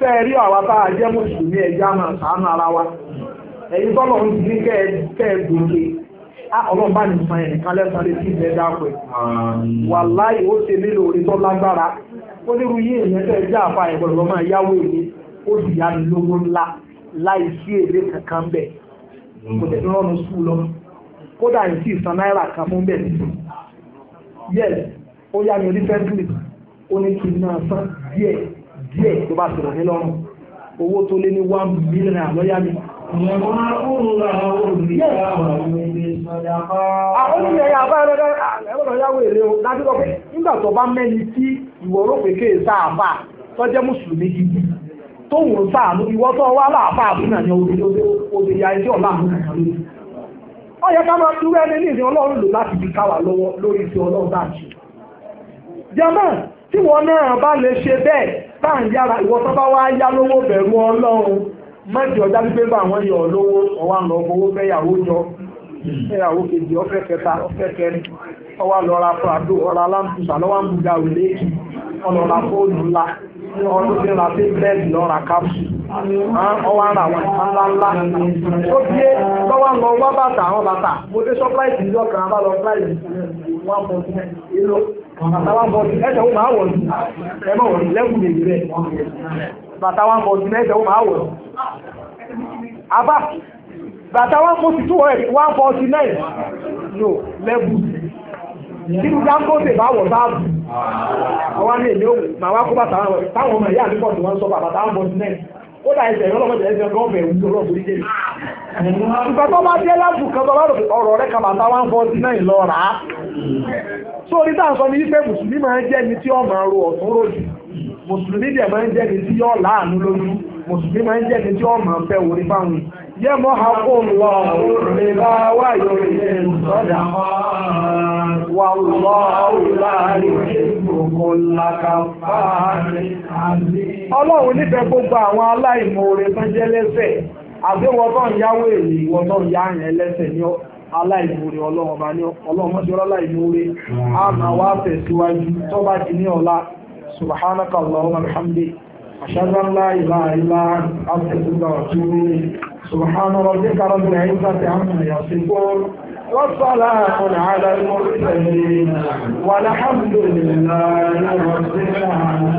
tẹ́ ẹ rí àwa bá a jẹ́ mùsùlùmí ẹ̀já máa sàánú ara wa ẹ̀yin tọ́lọ̀ ń ti ní kẹ́ ẹ gòkè ọlọ́run bá ní san ẹnìkan lẹ́sàn lè fi ìbẹ̀dá pẹ̀ wàláhì ó ṣe nílò orí tó lágbára ó nírú yí èèyàn tẹ́ ẹ jẹ́ àfa ẹ̀gbọ́n lọ́mọ ìyáwó èmi ó sì yá mi lówó ńlá láì sí èlé kankan bẹ̀ kò tẹ̀síwọ́n lọ sùn lọ kódà yìí sì náírà kan fún bẹ́ẹ̀ yes ó yá mi rí fẹ́ńtìlì ó ní kí n náà san díẹ̀ díẹ̀ tó bá sọ̀rọ̀ ní lọ́rùn owó tó lé ní one million mi. àwọn onílẹ̀ yà bá ẹ̀rọ ẹ̀rọ yàwó èrè o dájú lọ pé nígbà tó bá mẹ́ni tí ìwọ rò pé kéè sáà tọ́jẹ́ mùsùlùmí gidi tóun sáà wà àbúnà ó yẹ ká máa dúró ẹni ní ìsìn ọlọ́run lò láti fi ká wà lọ́wọ́ lórí ti ọlọ́run bá ṣe jẹ́mọ́ tí wọ́n náà bá lè ṣe bẹ́ẹ̀ bá ń yára ìwọ́sán bá wá yá lówó bẹ̀rù ọlọ́run mọ́jọ ọjà wípé bá àwọn yọ̀ lówó ọwá lọ owó fẹ́yàwó jọ fẹ́yàwó kejì ọ̀fẹ́ kẹta ọ̀fẹ́ kẹrin ọwá lọ́ra prado ọ̀ra lámpùsà lọ́wọ́ ń bùdà òlé ọlọ́ra fóònù ńlá ọdún tí ra sí bẹ́ẹ̀dì lọ́ra kápsù ọwọ́ ara wọn ńláńlá tó bíé lọ́wọ́ lọ wá bàtà àwọn bàtà mo dé sọ́pláìsì ní ọkàn bá lọ pláìsì one forty kilo àtàwọn bọ́ọ̀dù ẹ̀jẹ̀ ó máa wọ̀ sí ẹ̀mọ́ wọ̀ sí lẹ́kùn lè rẹ̀ bàtà one forty ẹ̀jẹ̀ ó máa wọ̀ sí. àbá bàtà one forty two one forty nine no lẹ́kùn. nínú Dangote bá wọ̀ báàbù àwa ní èmi òun màá wá kó bàtà táwọn ọmọ ìyá àdúgbò tí wọ́n ń sọ bàbá táwọn bọ̀ sílẹ̀ ó dà ẹsẹ̀ ìrọ́lọ́mọ ìjẹ́ ẹsẹ̀ gọ́ọ̀bẹ̀ ìwúlò ọlọ́ọ̀bù ní jẹ́rì. ìgbà tó bá dé lábù kan tó ọ̀rọ̀ rẹ̀ kan bàtà lọ rà á. só orí tá ife mùsùlùmí máa ń jẹ́ ni يمحق الله الربا ويريد الصدقات والله Ọlọ́run nífẹ̀ẹ́ gbogbo àwọn aláìmoore tó jẹ́ lẹ́sẹ̀ àbí tó ń yáwó èyí wọ́n tó ń yá yẹn lẹ́sẹ̀ ní aláìmoore ọlọ́run ní a máa wá tó bá ní subhanaka أشهد أن لا إله إلا أنت أستغفرك وأتوب على المرسلين والحمد لله رب العالمين